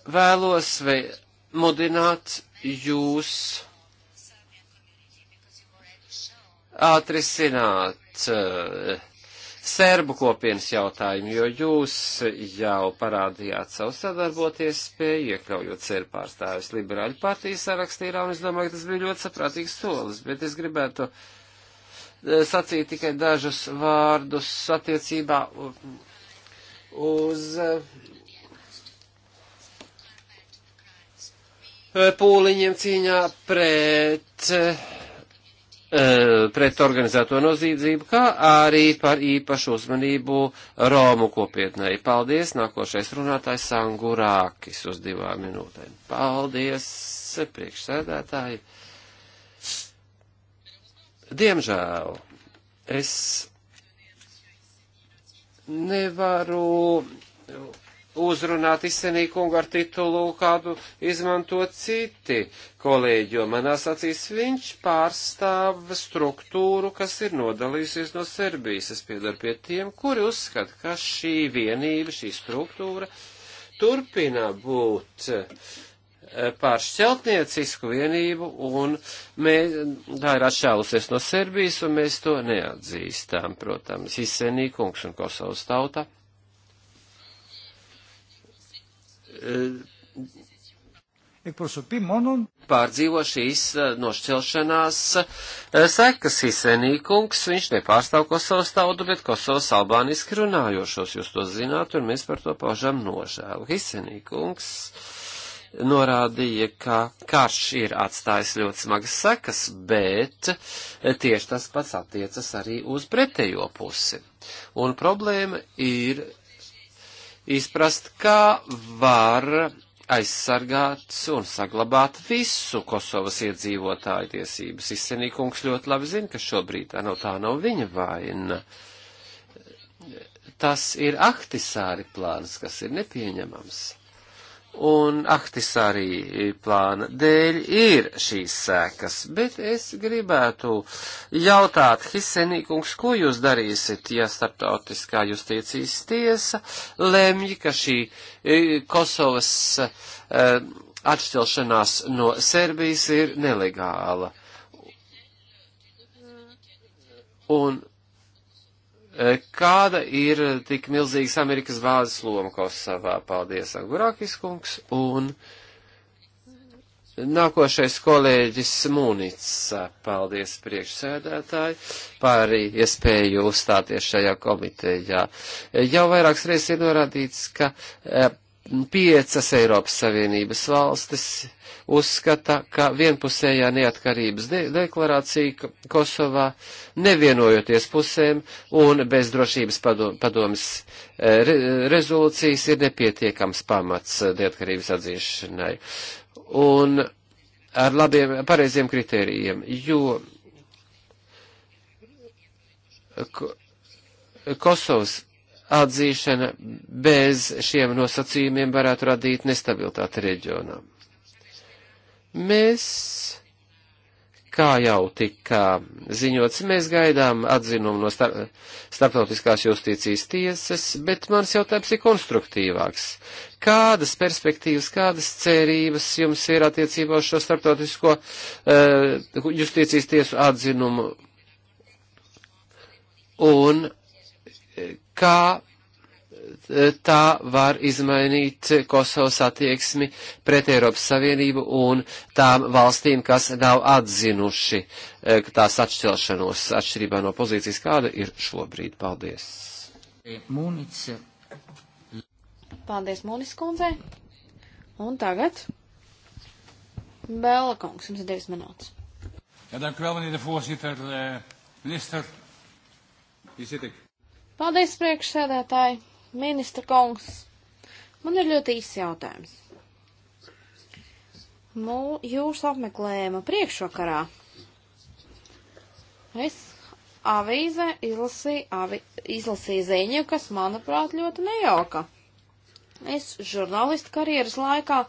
vēlos mudināt jūs atrisināt uh, serbu kopienas jautājumu, jo jūs jau parādījāt savu sadarboties spēju, iekļaujot serbu pārstāvis liberāļu partijas sarakstīrā, un es domāju, ka tas bija ļoti saprātīgs solis, bet es gribētu eh, sacīt tikai dažus vārdus attiecībā uz eh, pūliņiem cīņā pret Eh, pret organizēto noziedzību, kā arī par īpašu uzmanību Romu kopietnei. Paldies, nākošais runātājs Sangurākis uz divām minūtēm. Paldies, priekšsēdētāji. Diemžēl es nevaru uzrunāt izsenīkungu ar titulu, kādu izmanto citi kolēģi, jo manās acīs viņš pārstāv struktūru, kas ir nodalījusies no Serbijas. Es piedaru pie tiem, kuri uzskata, ka šī vienība, šī struktūra turpina būt eh, pār šķeltniecisku vienību, un mē, tā ir atšķēlusies no Serbijas, un mēs to neatzīstām, protams, Hisenī kungs un Kosovas tauta Εκπροσωπεί eh, μόνο. Pārdzīvo šīs eh, nošķelšanās eh, sekas Hisenīkungs, viņš nepārstāv Kosovas tautu, bet Kosovas albāniski runājošos, jūs to zināt, un mēs par to paužam nožēlu. Hisenīkungs norādīja, ka karš ir atstājis ļoti smagas sekas, bet tieši tas pats attiecas arī uz pretējo pusi. Un problēma ir izprast, kā var aizsargāt un saglabāt visu Kosovas iedzīvotāju tiesības. Izsenīkungs ļoti labi zina, ka šobrīd no tā nav viņa vaina. Tas ir aktisāri plāns, kas ir nepieņemams un Ahtisārī plāna dēļ ir šīs sēkas, bet es gribētu jautāt, Hisenīkungs, ko jūs darīsiet, ja starptautiskā justīcijas tiesa lemj, ka šī e, Kosovas e, atšķelšanās no Serbijas ir nelegāla? Un Kāda ir tik milzīgas Amerikas bāzes loma Kosovā? Paldies, Angurākis kungs. Un nākošais kolēģis Mūnits. Paldies, priekšsēdētāji, par iespēju uzstāties šajā komitejā. Jau vairākas reizes ir norādīts, ka eh, piecas Eiropas Savienības valstis uzskata, ka vienpusējā neatkarības de deklarācija Kosovā, nevienojoties pusēm un bez drošības padom padomas e, re rezolūcijas, ir nepietiekams pamats neatkarības atzīšanai. Un ar labiem, pareiziem kritērijiem, jo Ko Kosovas atzīšana bez šiem nosacījumiem varētu radīt nestabilitāti reģionā. Mēs, kā jau tika ziņots, mēs gaidām atzinumu no star starptautiskās justīcijas tiesas, bet mans jautājums ir konstruktīvāks. Kādas perspektīvas, kādas cerības jums ir attiecībā uz šo starptautisko uh, justīcijas tiesu atzinumu? Un kā eh, tā var izmainīt Kosovas attieksmi pret Eiropas Savienību un tām valstīm, kas nav atzinuši eh, tās atšķelšanos atšķirībā no pozīcijas, kāda ir šobrīd. Paldies! Mūnice. Paldies, Mūnis kundzei! Un tagad Bēla kungs, jums ir divas minūtes. Ja, dank u wel, meneer de voorzitter. Uh, minister, hier zit ik. Paldies, priekšsēdētāji, ministra kungs. Man ir ļoti īsts jautājums. Nu, jūsu apmeklējuma priekšvakarā es avīzē izlasīju, avi, izlasīju ziņu, kas, manuprāt, ļoti nejauka. Es žurnālistu karjeras laikā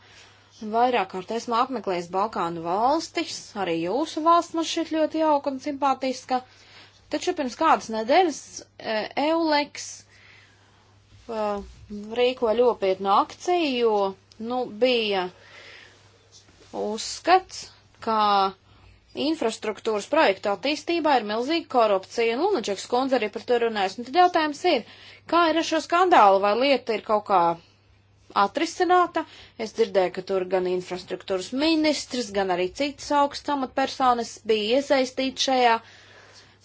vairāk kārt esmu apmeklējis Balkānu valstis, arī jūsu valsts man šķiet ļoti jauka un simpātiska. Uh, Taču pirms kādas nedēļas e, Euleks e, rīko ļopietnu akciju, jo nu, bija uzskats, ka infrastruktūras projekta attīstībā ir milzīga korupcija, un nu, Lunačeks kundze arī par to runājas. Un nu, tad jautājums ir, kā ir ar šo skandālu, vai lieta ir kaut kā atrisināta? Es dzirdēju, ka tur gan infrastruktūras ministrs, gan arī citas augstas amatpersonas bija iesaistīti šajā uh,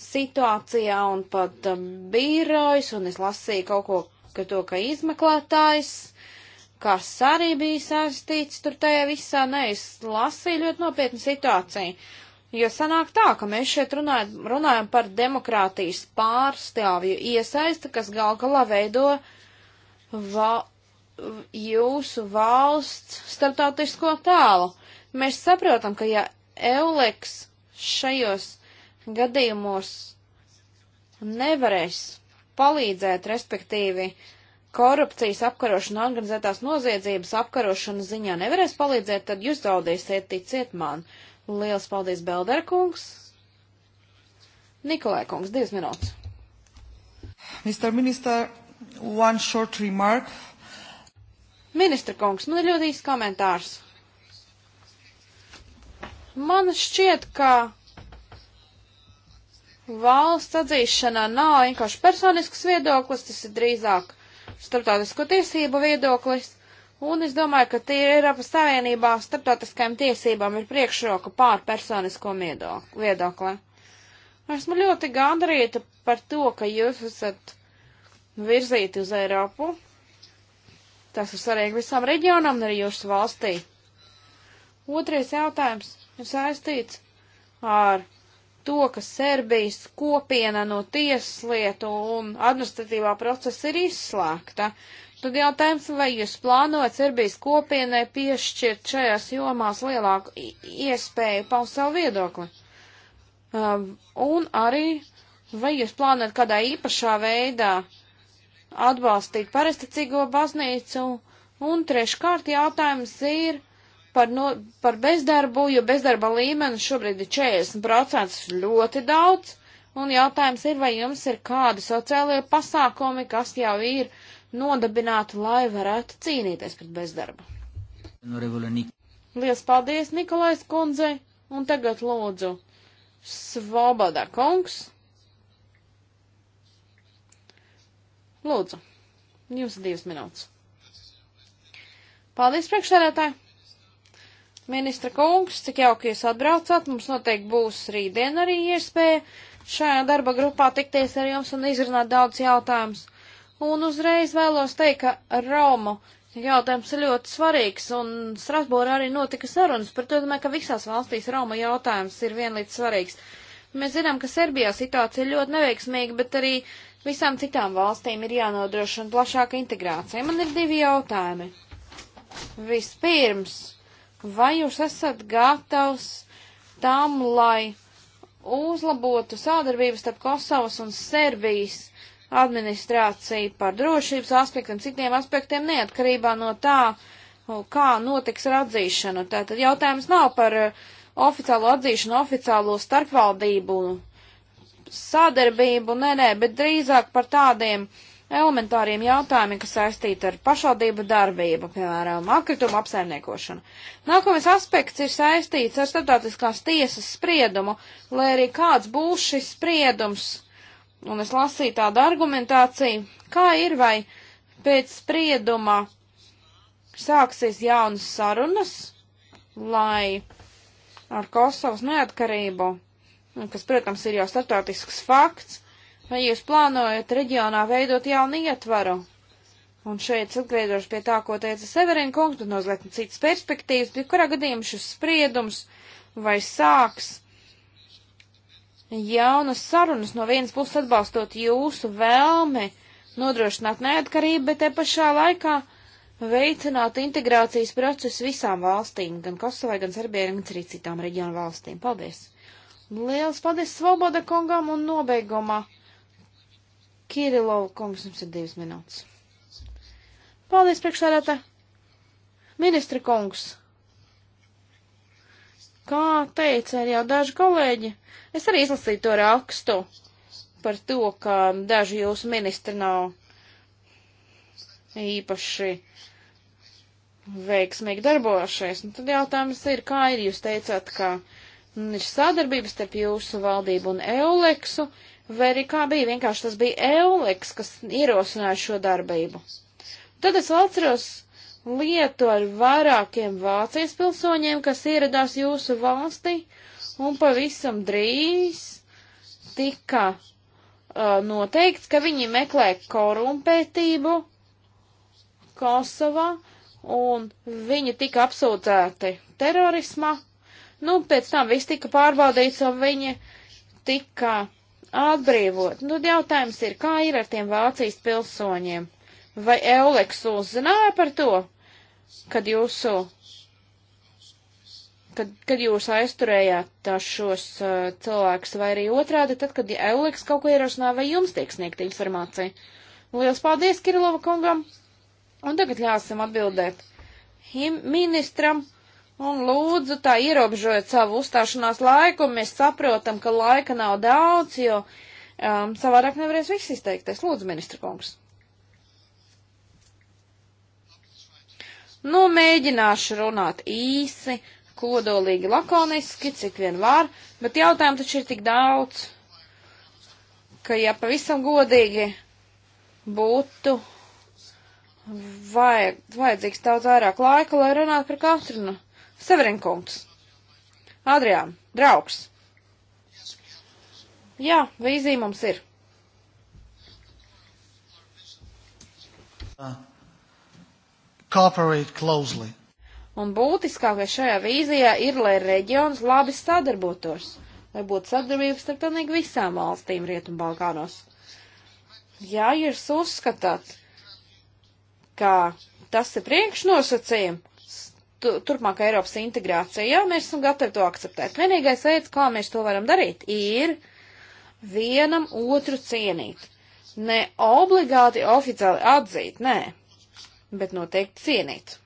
situācijā un pat um, bīrojas, un es lasīju kaut ko, ka to, ka izmeklētājs, kas arī bija saistīts tur tajā visā, nē, es lasīju ļoti nopietnu situāciju. Jo sanāk tā, ka mēs šeit runājam, runājam par demokrātijas pārstāvju iesaistu, kas gal galā veido va, jūsu valsts starptautisko tēlu. Mēs saprotam, ka ja Euleks šajos gadījumos nevarēs palīdzēt, respektīvi, korupcijas apkarošana, organizētās noziedzības apkarošana ziņā nevarēs palīdzēt, tad jūs zaudēsiet, ticiet man. Lielas paldies, Belder kungs! Nikolai kungs, divas minūtes. Mr. Minister, one short remark. Ministra kungs, man ir ļoti īsts komentārs. Man šķiet, ka valsts atzīšanā nav vienkārši personisks viedoklis, tas ir drīzāk starptautisko tiesību viedoklis, un es domāju, ka tie ir Eiropas Savienībā starptautiskajām tiesībām ir priekšroka pār personisko viedokli. Esmu ļoti gandarīta par to, ka jūs esat virzīti uz Eiropu. Tas ir svarīgi visam reģionam un arī jūsu valstī. Otrais jautājums ir saistīts ar to, ka Serbijas kopiena no tieslietu un administratīvā procesa ir izslēgta. Tad jautājums, vai jūs plānojat Serbijas kopienai piešķirt šajās jomās lielāku iespēju paust savu viedokli? Um, un arī, vai jūs plānojat kādā īpašā veidā atbalstīt paresticīgo baznīcu? Un treškārt jautājums ir, par, no, par bezdarbu, jo bezdarba līmenis šobrīd ir 40% ļoti daudz. Un jautājums ir, vai jums ir kādi sociālie pasākumi, kas jau ir nodabināti, lai varētu cīnīties pret bezdarbu? Lielas paldies Nikolais kundzei, un tagad lūdzu Svoboda kungs. Lūdzu, jums ir divas minūtes. Paldies priekšsēdētāji! Ministra kungs, cik jauki jūs atbraucāt, mums noteikti būs rītdien arī iespēja šajā darba grupā tikties ar jums un izrunāt daudz jautājumus. Un uzreiz vēlos teikt, ka Roma jautājums ir ļoti svarīgs, un Strasbūrā arī notika sarunas, par to domāju, ka visās valstīs Roma jautājums ir vienlīdz svarīgs. Mēs zinām, ka Serbijā situācija ir ļoti neveiksmīga, bet arī visām citām valstīm ir jānodrošina plašāka integrācija. Man ir divi jautājumi. Vispirms Vai jūs esat gatavs tam, lai uzlabotu sādarbības starp Kosovas un Serbijas administrāciju par drošības aspektiem, citiem aspektiem neatkarībā no tā, kā notiks ar atzīšanu. Tātad jautājums nav par uh, oficiālo atzīšanu, oficiālo starpvaldību sādarbību, nē, nē, bet drīzāk par tādiem uh, elementāriem jautājumiem, kas saistīti ar pašvaldību darbību, piemēram, atkritumu apsaimniekošanu. Nākamais aspekts ir saistīts ar starptautiskās tiesas spriedumu, lai arī kāds būs šis spriedums, un es lasīju tādu argumentāciju, kā ir vai pēc sprieduma sāksies jaunas sarunas, lai ar Kosovas neatkarību, kas, protams, ir jau startautisks fakts, vai jūs plānojat reģionā veidot jaunu ietvaru? Un šeit atgriežos pie tā, ko teica Severina kungs, bet nozliet citas perspektīvas, bet kurā gadījumā šis spriedums vai sāks jaunas sarunas no vienas puses atbalstot jūsu vēlmi nodrošināt neatkarību, bet te pašā laikā veicināt integrācijas procesu visām valstīm, gan Kosovai, gan Serbijai, gan arī citām reģionu valstīm. Paldies! Lielas paldies Svoboda kungam un nobeigumā Kirilov kungs, jums ir divas minūtes. Paldies, priekšsēdētā. Ministra kungs. Kā teica arī jau daži kolēģi, es arī izlasīju to rakstu par to, ka daži jūsu ministri nav īpaši veiksmīgi darbojušies. Un tad jautājums ir, kā ir jūs teicāt, ka ir sadarbības starp jūsu valdību un Euleksu, vai arī kā bija, vienkārši tas bija Euleks, kas ierosināja šo darbību. Tad es vēl atceros lietu ar vairākiem Vācijas pilsoņiem, kas ieradās jūsu valstī, un pavisam drīz tika uh, noteikts, ka viņi meklē korumpētību Kosovā, un viņi tika apsūdzēti terorismā. Nu, pēc tam viss tika pārbaudīts, un viņi tika atbrīvot. Nu, jautājums ir, kā ir ar tiem Vācijas pilsoņiem? Vai Euleks uzzināja par to, kad jūsu, kad, kad jūs aizturējāt šos uh, cilvēkus, vai arī otrādi, tad, kad Euleks kaut ko ierosināja, vai jums tiek sniegta informācija? Lielas paldies Kirilova kungam! Un tagad ļāsim atbildēt Him ministram Un lūdzu, tā ierobežojot savu uzstāšanās laiku, mēs saprotam, ka laika nav daudz, jo um, savādāk nevarēs viss izteikties. Lūdzu, ministra kungs. Nu, mēģināšu runāt īsi, kodolīgi, lakoniski, cik vien var, bet jautājumu taču ir tik daudz, ka, ja pavisam godīgi, būtu vajag, vajadzīgs daudz vairāk laika, lai runātu par katru no. Nu Severenkungs. Adriān, draugs. Jā, vīzija mums ir. Uh, cooperate closely. Un būtiskākais šajā vīzijā ir, lai reģions labi sadarbotos, lai būtu sadarbības starp pilnīgi visām valstīm Rietumbalkānos. Ja jūs uzskatāt, ka tas ir priekšnosacījums, turpmākā Eiropas integrācija. Jā, mēs esam gatavi to akceptēt. Vienīgais veids, kā mēs to varam darīt, ir vienam otru cienīt. Ne obligāti oficiāli atzīt, nē, bet noteikti cienīt.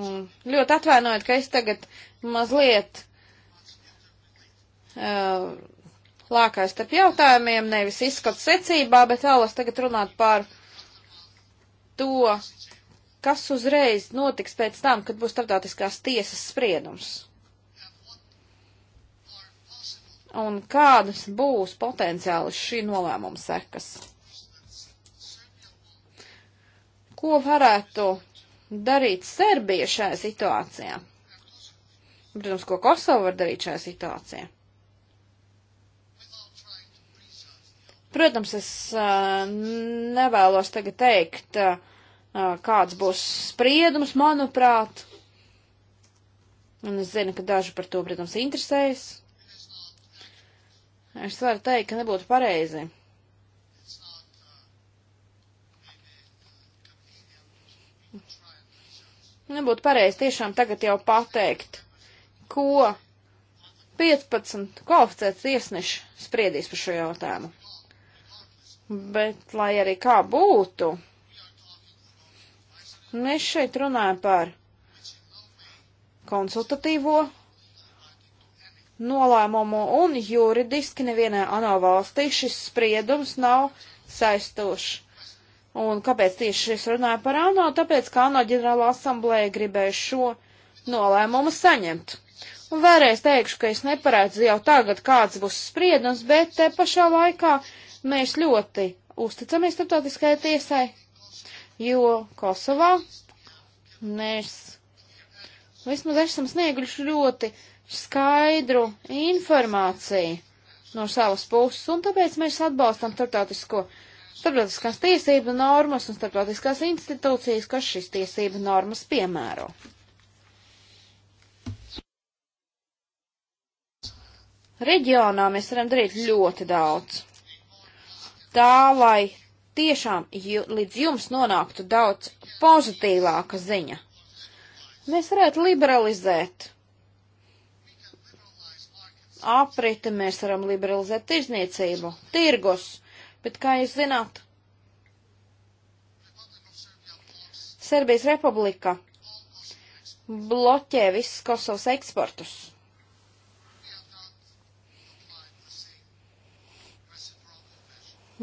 Un ļoti atvainojiet, ka es tagad mazliet uh, lākais starp jautājumiem, nevis izskats secībā, bet vēlos tagad runāt par to, kas uzreiz notiks pēc tam, kad būs starptautiskās tiesas spriedums. Un kādas būs potenciāli šī nolēmuma sekas? Ko varētu darīt Serbija šajā situācijā? Protams, ko Kosova var darīt šajā situācijā? Protams, es uh, nevēlos tagad teikt, uh, kāds būs spriedums, manuprāt. Un es zinu, ka daži par to, protams, interesējas. Es varu teikt, ka nebūtu pareizi. Nebūtu pareizi tiešām tagad jau pateikt, ko 15 kvalificēts tiesneši spriedīs par šo jautājumu. Bet, lai arī kā būtu, mēs šeit runājam par konsultatīvo nolēmumu, un juridiski nevienai ANO valstī šis spriedums nav saistošs. Un kāpēc tieši es runāju par ANO? Tāpēc, ka ANO ģenerāla asamblēja gribēja šo nolēmumu saņemt. Un vēlreiz teikšu, ka es neparedzu jau tagad, kāds būs spriedums, bet te pašā laikā Mēs ļoti uzticamies starptautiskajai tiesai, jo Kosovā mēs vismaz esam snieguši ļoti skaidru informāciju no savas puses, un tāpēc mēs atbalstam starptautisko, starptautiskās tiesību normas un starptautiskās institūcijas, kas šīs tiesību normas piemēro. Reģionā mēs varam darīt ļoti daudz tā, lai tiešām ju, līdz jums nonāktu daudz pozitīvāka ziņa. Mēs varētu liberalizēt apriti, mēs varam liberalizēt tirzniecību, tirgus, bet kā jūs zināt, Serbijas republika bloķē visus Kosovas eksportus.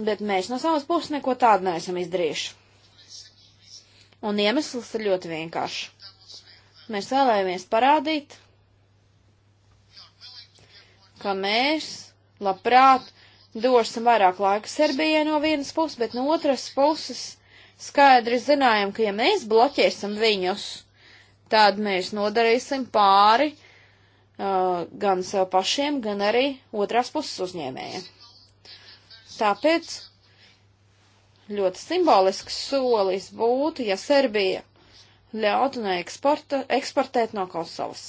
bet mēs no savas puses neko tādu neesam izdarījuši. Un iemesls ir ļoti vienkāršs. Mēs vēlējāmies parādīt, ka mēs labprāt dosim vairāk laika Serbijai no vienas puses, bet no otras puses skaidri zinājām, ka ja mēs bloķēsim viņus, tad mēs nodarīsim pāri uh, gan sev pašiem, gan arī otrās puses uzņēmējiem. Tāpēc ļoti simbolisks solis būtu, ja Serbija ļautu neeksportēt no Kosovas.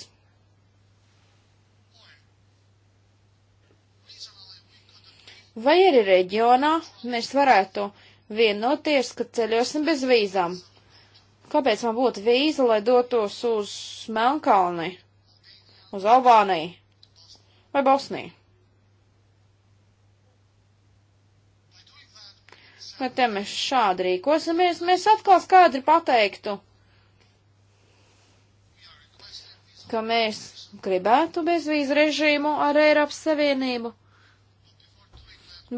Vai arī reģionā mēs varētu vienoties, ka ceļosim bez vīzām? Kāpēc man būtu vīza, lai dotos uz Melnkalni, uz Albāniju vai Bosniju? ka te mēs šādi rīkosimies, mēs atkal skaidri pateiktu, ka mēs gribētu bezvīzu režīmu ar Eiropas Savienību.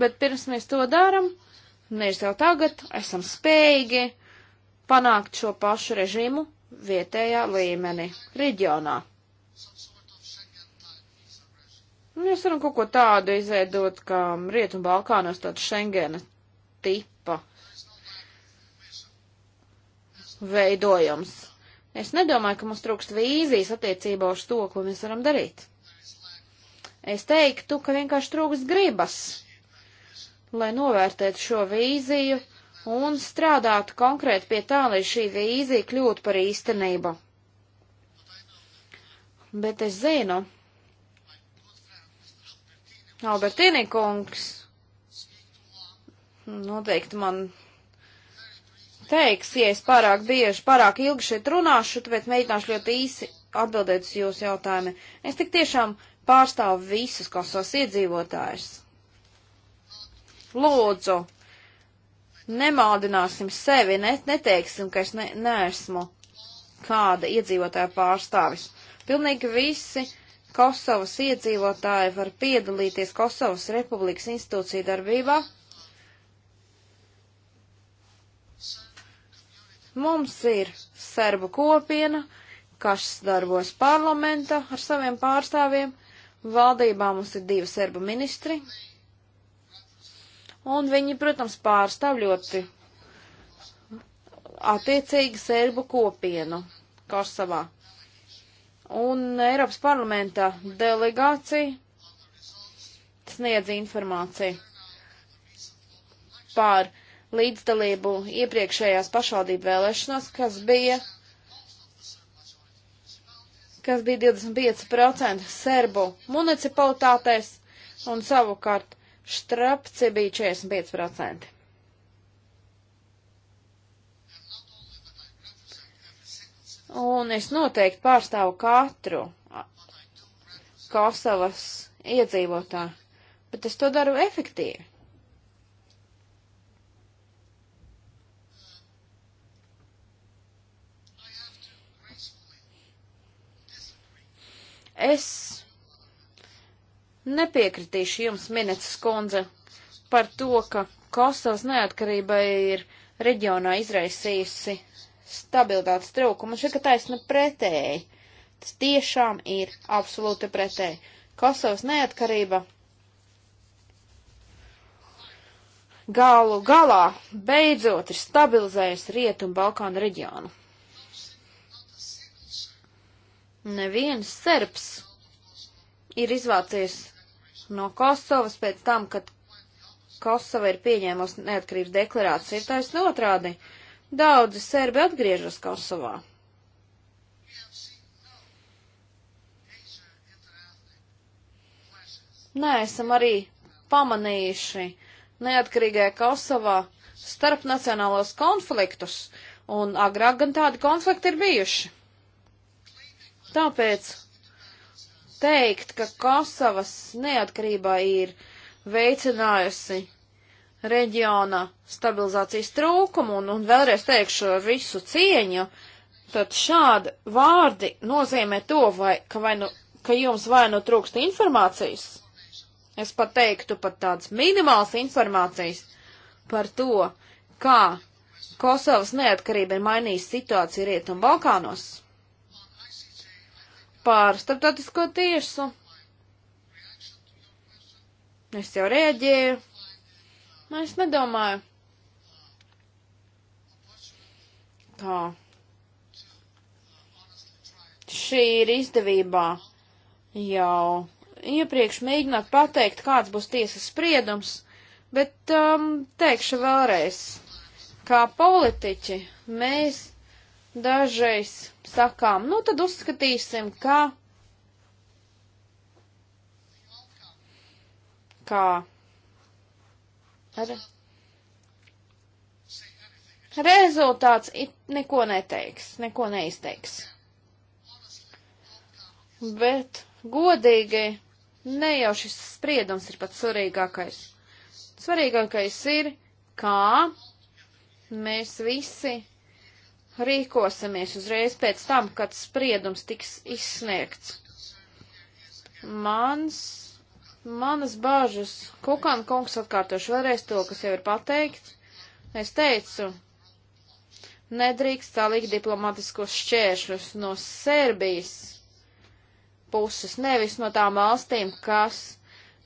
Bet pirms mēs to darām, mēs jau tagad esam spējīgi panākt šo pašu režīmu vietējā līmenī, reģionā. Mēs varam kaut ko tādu izveidot, kā Rietu un Balkānos tāds Schengena tipa veidojums. Es nedomāju, ka mums trūkst vīzijas attiecībā uz to, ko mēs varam darīt. Es teiktu, ka vienkārši trūkst gribas, lai novērtētu šo vīziju un strādātu konkrēti pie tā, lai šī vīzija kļūtu par īstenību. Bet es zinu, Albertīni kungs noteikti man teiks, ja es pārāk bieži, pārāk ilgi šeit runāšu, tāpēc mēģināšu ļoti īsi atbildēt uz jūsu jautājumiem. Es tik tiešām pārstāvu visus Kosovas iedzīvotājus. Lūdzu, nemādināsim sevi, net, neteiksim, ka es ne, neesmu kāda iedzīvotāja pārstāvis. Pilnīgi visi Kosovas iedzīvotāji var piedalīties Kosovas Republikas institūciju darbībā, Mums ir serbu kopiena, kas darbos parlamenta ar saviem pārstāvjiem. Valdībā mums ir divi serbu ministri. Un viņi, protams, pārstāv ļoti attiecīgi serbu kopienu Kosovā. Un Eiropas parlamenta delegācija sniedz informāciju par līdzdalību iepriekšējās pašvaldību vēlēšanās, kas bija, kas bija 25% serbu municipalitātēs, un savukārt štrapci bija 45%. Un es noteikti pārstāvu katru Kosovas iedzīvotāju, bet es to daru efektīvi. Es nepiekritīšu jums, Minets skundze, par to, ka Kosovas neatkarība ir reģionā izraisījusi stabilitātes trūkumu. Šķiet, ka taisna pretēji. Tas tiešām ir absolūti pretēji. Kosovas neatkarība galu galā beidzot ir stabilizējusi Rietu un Balkānu reģionu neviens serbs ir izvācies no Kosovas pēc tam, kad Kosova ir pieņēmusi neatkarības deklarāciju, ir taisn otrādi. Daudzi serbi atgriežas Kosovā. Nē, esam arī pamanījuši neatkarīgajā Kosovā starpnacionālos konfliktus, un agrāk gan tādi konflikti ir bijuši. Tāpēc teikt, ka Kosovas neatkarība ir veicinājusi reģiona stabilizācijas trūkumu, un, un vēlreiz teikšu ar visu cieņu, tad šādi vārdi nozīmē to, vai, ka, vai nu, ka jums vai nu trūkst informācijas, es pat teiktu pat tāds minimāls informācijas par to, kā Kosovas neatkarība ir mainījusi situāciju Rietum Balkānos par starptautisko tiesu. Es jau rēģēju. Nu, es nedomāju. Tā. Šī ir izdevībā jau iepriekš mēģināt pateikt, kāds būs tiesas spriedums, bet um, teikšu vēlreiz, kā politiķi mēs dažreiz sakām, nu tad uzskatīsim, ka, kā ar, rezultāts it, neko neteiks, neko neizteiks. Bet godīgi ne jau šis spriedums ir pats svarīgākais. Svarīgākais ir, kā mēs visi rīkosimies uzreiz pēc tam, kad spriedums tiks izsniegts. Mans, manas bāžas, Kukan kungs atkārtošu vēlreiz to, kas jau ir pateikts. Es teicu, nedrīkst salikt diplomatiskos šķēršļus no Serbijas puses, nevis no tām valstīm, kas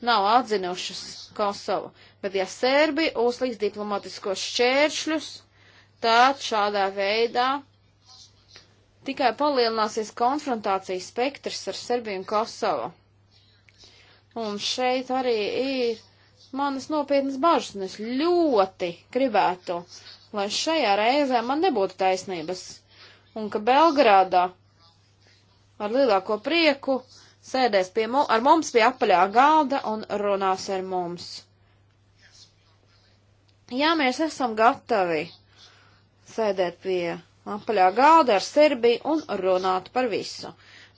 nav atzinušas Kosovu. Bet ja Serbi uzliks diplomatiskos šķēršļus, tad šādā veidā tikai palielināsies konfrontācijas spektrs ar Serbiju un Kosovu. Un šeit arī ir manas nopietnas bažas, un es ļoti gribētu, lai šajā reizē man nebūtu taisnības, un ka Belgrādā ar lielāko prieku sēdēs pie mu, ar mums pie apaļā galda un runās ar mums. Jā, mēs esam gatavi sēdēt pie apaļā galda ar Serbiju un runāt par visu.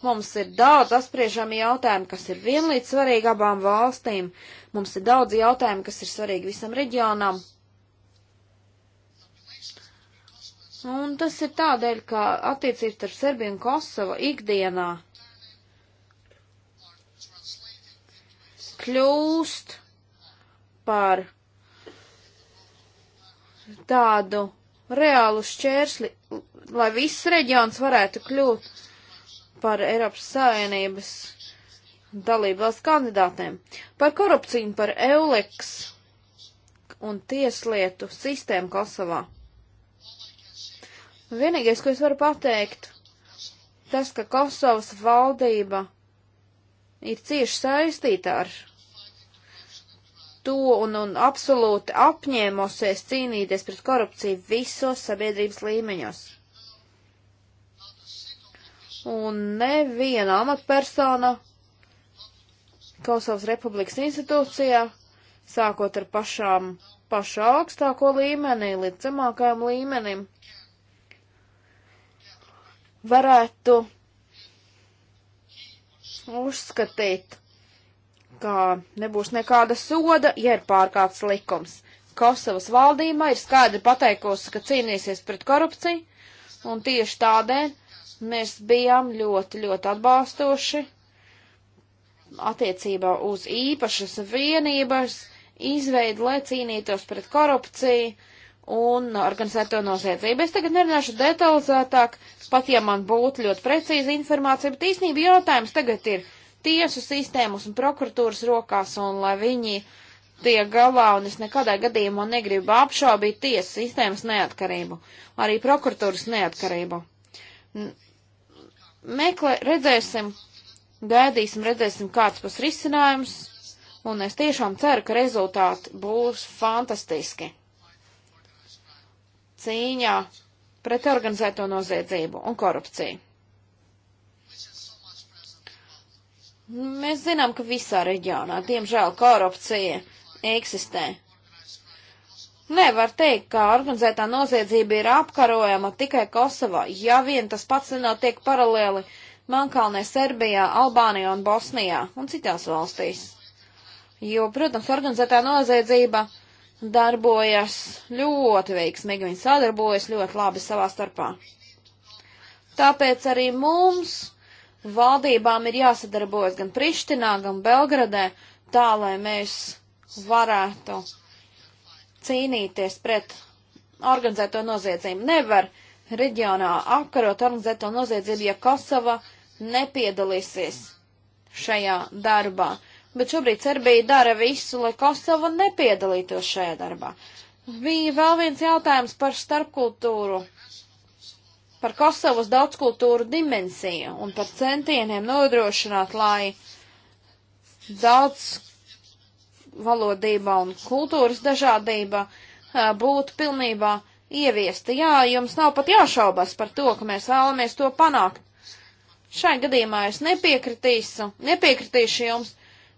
Mums ir daudz aspriežami jautājumi, kas ir vienlīdz svarīgi abām valstīm. Mums ir daudz jautājumi, kas ir svarīgi visam reģionam. Un tas ir tādēļ, ka attiecības ar Serbiju un Kosovu ikdienā kļūst par tādu reālu šķērsli, lai viss reģions varētu kļūt par Eiropas Savienības dalību valsts kandidātēm. Par korupciju, par Euleks un tieslietu sistēmu Kosovā. Vienīgais, ko es varu pateikt, tas, ka Kosovas valdība ir cieši saistīta ar to un, un absolūti apņēmosies cīnīties pret korupciju visos sabiedrības līmeņos. Un neviena amatpersona Kosovas Republikas institūcijā, sākot ar pašām pašu augstāko līmenī līdz zemākajam līmenim, varētu uzskatīt, ka nebūs nekāda soda, ja ir pārkāpts likums. Kosovas valdība ir skaidri pateikusi, ka cīnīsies pret korupciju, un tieši tādēļ mēs bijām ļoti, ļoti atbalstoši attiecībā uz īpašas vienības izveidu, lai cīnītos pret korupciju un organizēto noziedzību. Es tagad nerunāšu detalizētāk, pat ja man būtu ļoti precīza informācija, bet īstenībā jautājums tagad ir, tiesu sistēmas un prokuratūras rokās un lai viņi tiek galā, un es nekādā gadījumā negribu apšaubīt tiesu sistēmas neatkarību, arī prokuratūras neatkarību. Meklē, redzēsim, gaidīsim, redzēsim, kāds būs risinājums, un es tiešām ceru, ka rezultāti būs fantastiski. Cīņā pret organizēto noziedzību un korupciju. Mēs zinām, ka visā reģionā, diemžēl, korupcija eksistē. Nevar teikt, ka organizētā noziedzība ir apkarojama tikai Kosovā, ja vien tas pats nenotiek paralēli Mankalnē, Serbijā, Albānijā un Bosnijā un citās valstīs. Jo, protams, organizētā noziedzība darbojas ļoti veiksmīgi, viņi sadarbojas ļoti labi savā starpā. Tāpēc arī mums valdībām ir jāsadarbojas gan Prištinā, gan Belgradē, tā lai mēs varētu cīnīties pret organizēto noziedzību. Nevar reģionā apkarot organizēto noziedzību, ja Kosova nepiedalīsies šajā darbā. Bet šobrīd Serbija dara visu, lai Kosova nepiedalītos šajā darbā. Bija vēl viens jautājums par starpkultūru par Kosovas daudzkultūru dimensiju un par centieniem nodrošināt, lai daudz valodība un kultūras dažādība būtu pilnībā ieviesta. Jā, jums nav pat jāšaubas par to, ka mēs vēlamies to panākt. Šai gadījumā es nepiekritīšu, nepiekritīšu jums.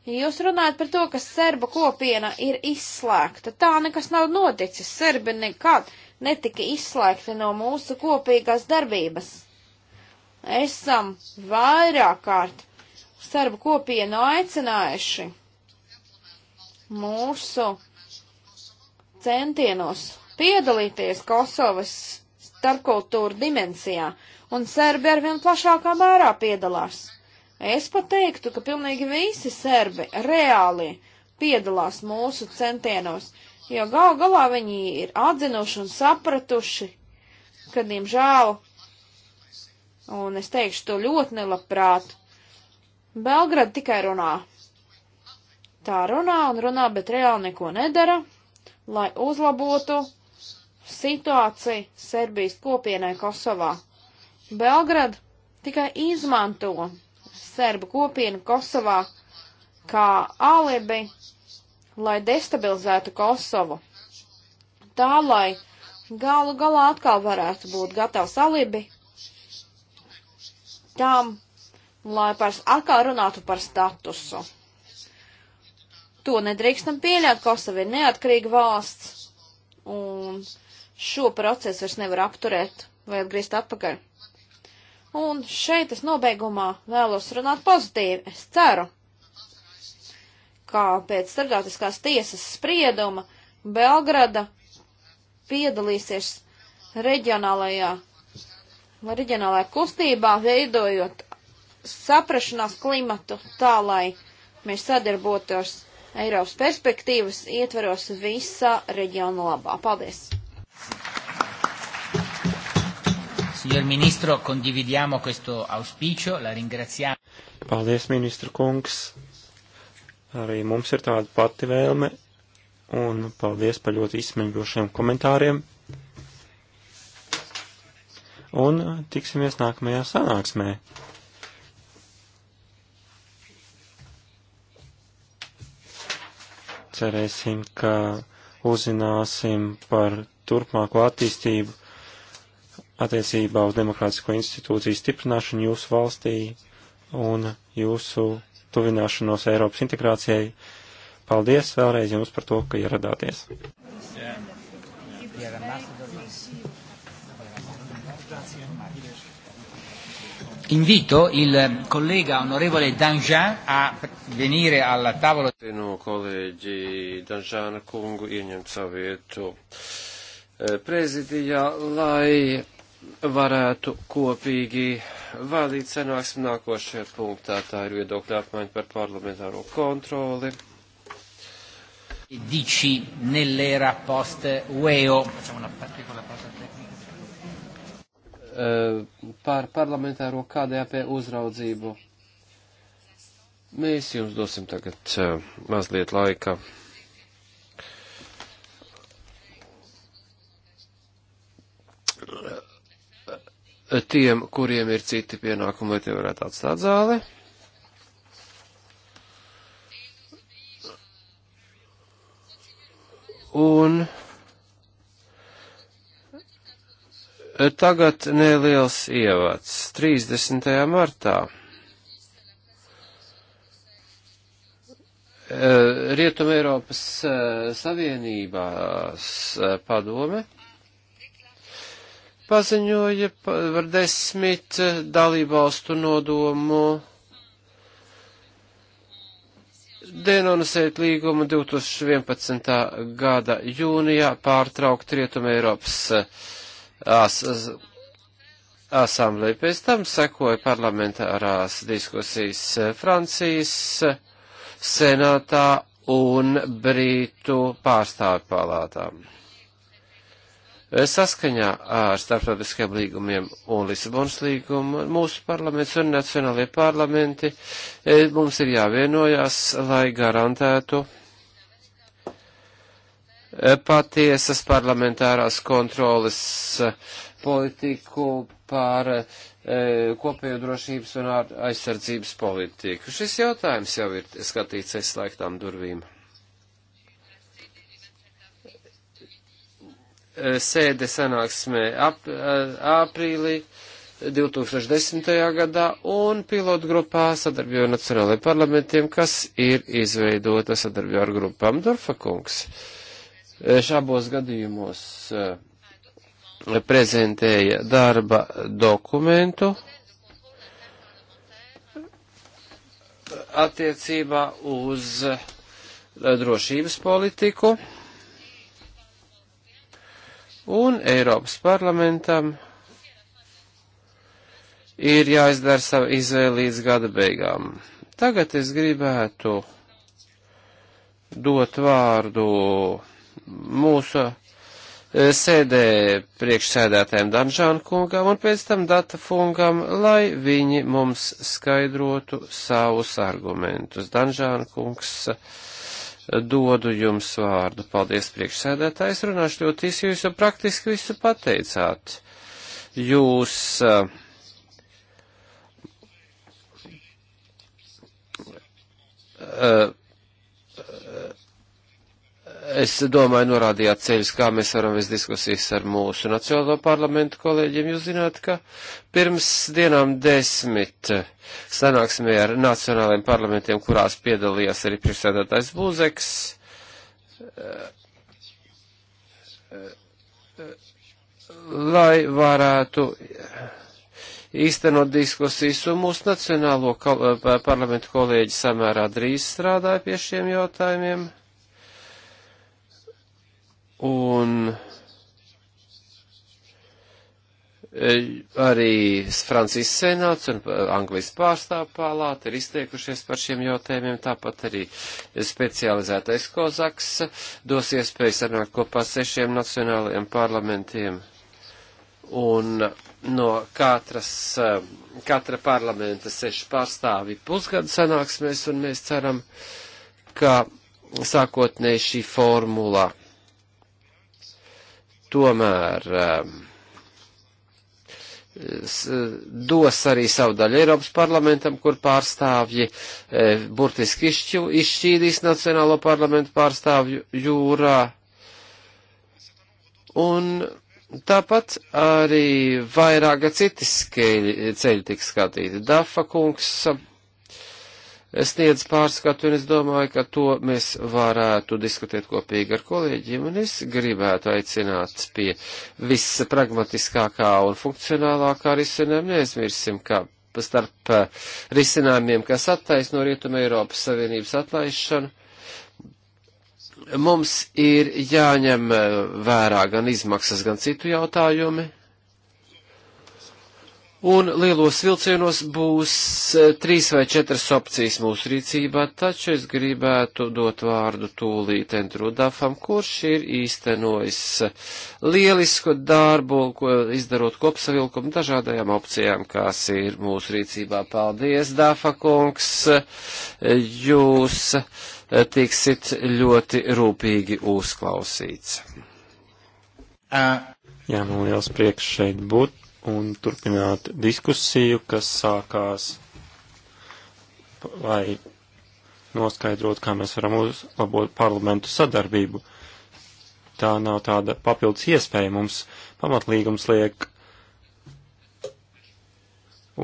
Jūs runājat par to, ka serba kopiena ir izslēgta. Tā nekas nav noticis. Serbi nekad. Uh, netika izslēgti no mūsu kopīgās darbības. Esam vairāk kārt sarbu kopienu aicinājuši mūsu centienos piedalīties Kosovas starpkultūra dimensijā, un serbi arvien plašākā mērā piedalās. Es pat teiktu, ka pilnīgi visi serbi reāli piedalās mūsu centienos, jo gal galā viņi ir atzinuši un sapratuši, ka, diemžēl, un es teikšu to ļoti nelabprāt, Belgrada tikai runā. Tā runā un runā, bet reāli neko nedara, lai uzlabotu situāciju Serbijas kopienai Kosovā. Belgrada tikai izmanto serbu kopienu Kosovā kā alibi, lai destabilizētu Kosovu. Tā, lai galu galā atkal varētu būt gatavs alibi tam, lai par, atkal runātu par statusu. To nedrīkstam pieļaut, Kosova ir neatkarīga valsts, un šo procesu vairs nevar apturēt vai atgriezt atpakaļ. Un šeit es nobeigumā vēlos runāt pozitīvi. Es ceru, kā pēc starptautiskās tiesas sprieduma Belgrada piedalīsies reģionālajā, reģionālajā kustībā, veidojot saprašanās klimatu tā, lai mēs sadarbotos Eiropas perspektīvas ietveros visā reģiona labā. Paldies! Signor Ministro, condividiamo questo auspicio, la ringraziamo. Paldies, Ministru kungs! Arī mums ir tāda pati vēlme, un paldies par ļoti izsmeļošiem komentāriem. Un tiksimies nākamajā sanāksmē. cerēsim, ka uzzināsim par turpmāko attīstību attiecībā uz demokrātisko institūciju stiprināšanu jūsu valstī un jūsu tuvināšanos Eiropas integrācijai. Paldies vēlreiz jums par to, ka ieradāties. Yeah. Invito il collega onorevole Danjean a venire alla tavola. No, kolēģi Danjean kungu ieņemt savu vietu eh, prezidijā, lai varētu kopīgi vadīt sanāksmi nākošajā punktā. Tā ir viedokļa apmaiņa par parlamentāro kontroli. Dici nell'era post UEO. Par parlamentāro KDAP uzraudzību. Mēs jums dosim tagad eh, mazliet laika. tiem, kuriem ir citi pienākumi, lai tie varētu atstāt zāli. Un tagad neliels ievads 30. martā. Eh, Rietuma Eiropas eh, Savienībās eh, padome paziņoja par desmit eh, dalībvalstu nodomu denonsēt līgumu 2011. gada jūnijā pārtraukt Rietuma Eiropas eh, as, as, asamblēju. Pēc tam sekoja parlamentārās diskusijas eh, Francijas senātā un Brītu pārstāvju palātām. Eh, saskaņā ar starptautiskajiem līgumiem un Lisabonas līgumu mūsu parlaments un nacionālajie parlamenti eh, mums ir jāvienojās, lai garantētu eh, patiesas parlamentārās kontroles politiku pār e, kopējo drošības un aizsardzības politiku. Šis jautājums jau ir skatīts aizslēgtām durvīm. Eh, sēde sanāksmē ap, eh, aprīlī 2010. Eh, gadā un pilotu grupā sadarbību nacionālajiem parlamentiem, kas ir izveidota sadarbību ar grupām Dorfa kungs. Šabos gadījumos prezentēja darba dokumentu attiecībā uz drošības politiku. Un Eiropas parlamentam ir jāizdara sava izvēle līdz gada beigām. Tagad es gribētu dot vārdu mūsu e, sēdē priekšsēdētājiem Danžānu kungam un pēc tam Data kungam, lai viņi mums skaidrotu savus argumentus. Danžānu kungs. Uh, dodu jums vārdu. Paldies, priekšsēdētājs, runāšu ļoti īsi, jūs jau praktiski visu pateicāt. Jūs uh, uh, Es domāju, norādījāt ceļus, kā mēs varam vest diskusijas ar mūsu Nacionālo parlamentu kolēģiem. Jūs zināt, ka pirms dienām desmit sanāksmē ar Nacionālajiem parlamentiem, kurās piedalījās arī priekšsēdētājs Būzeks, lai varētu īstenot diskusijas, un mūsu Nacionālo parlamentu kolēģi samērā drīz strādāja pie šiem jautājumiem. Un e, arī Francijas senāts un e, Anglijas pārstāvu palāta ir izteikušies par šiem jautājumiem, tāpat arī specializētais kozaks dos iespēju sanākt kopā sešiem nacionālajiem parlamentiem. Un no katras, e, katra parlamenta seši pārstāvi pusgadu sanāksmēs, un mēs ceram, ka sākotnēji šī formula tomēr ehm, dos arī savu daļu Eiropas parlamentam, kur pārstāvji eh, burtiski izšķu, izšķīdīs Nacionālo parlamentu pārstāvju jūrā. Un Tāpat arī vairāka citi skeļi, ceļi tiks skatīti. Dafa kungs sniedz pārskatu, un es domāju, ka to mēs varētu diskutēt kopīgi ar kolēģiem, un es gribētu aicināt pie vispragmatiskākā un funkcionālākā risinājuma. Neaizmirsim, ka starp eh, risinājumiem, kas attaisno Rietuma Eiropas Savienības atlaišanu, mums ir jāņem eh, vērā gan izmaksas, gan citu jautājumi. Un lielos vilcienos būs e, trīs vai četras opcijas mūsu rīcībā, taču es gribētu dot vārdu tūlīt Entrudafam, kurš ir īstenojis lielisku darbu, ko izdarot kopsavilkumu dažādajām opcijām, kas ir mūsu rīcībā. Paldies, Dafa kungs, jūs e, tiksit ļoti rūpīgi uzklausīts. Jā, man liels prieks šeit būt un turpināt diskusiju, kas sākās, lai noskaidrot, kā mēs varam uzlabot parlamentu sadarbību. Tā nav tāda papildus iespēja mums. Pamatlīgums liek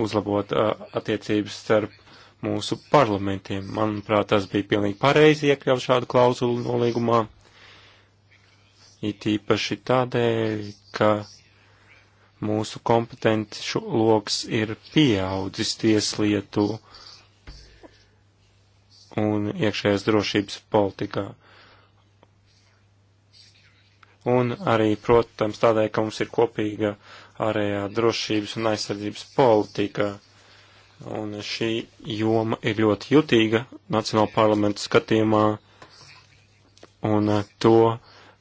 uzlabot uh, attiecības starp mūsu parlamentiem. Manuprāt, tas bija pilnīgi pareizi iekļaut šādu klauzulu nolīgumā. It īpaši tādēļ, ka mūsu kompetenci loks ir pieaudzis tieslietu un iekšējās drošības politikā. Un arī, protams, tādēļ, ka mums ir kopīga ārējā drošības un aizsardzības politika. Un šī joma ir ļoti jutīga Nacionāla parlamenta skatījumā, un eh, to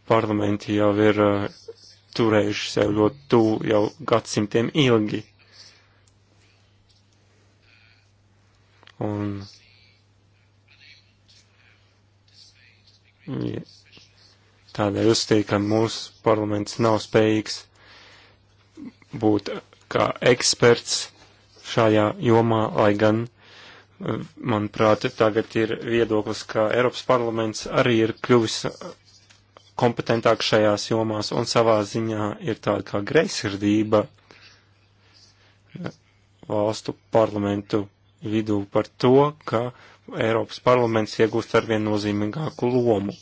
parlamenti jau ir eh, turējuši sev ļoti tuvu jau gadsimtiem ilgi. Un ja, tādēļ uzskatīt, ka mūsu parlaments nav spējīgs būt kā eksperts šajā jomā, lai gan, eh, manuprāt, tagad ir viedoklis, ka Eiropas parlaments arī ir kļuvis kompetentāk šajās jomās un savā ziņā ir tāda kā greisirdība valstu parlamentu vidū par to, ka Eiropas parlaments iegūst arvien nozīmīgāku lomu.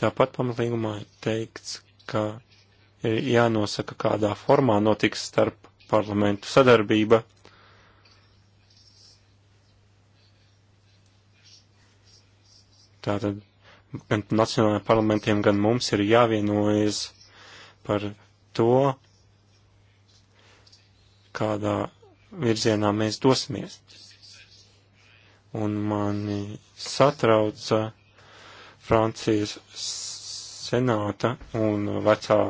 Tāpat pamatlīgumā ir teikts, ka ir jānosaka, kādā formā notiks starp parlamentu sadarbība. Tātad gan nacionālajiem parlamentiem, gan mums ir jāvienojas par to, kādā virzienā mēs dosimies. Un mani satrauca Francijas senāta un vecā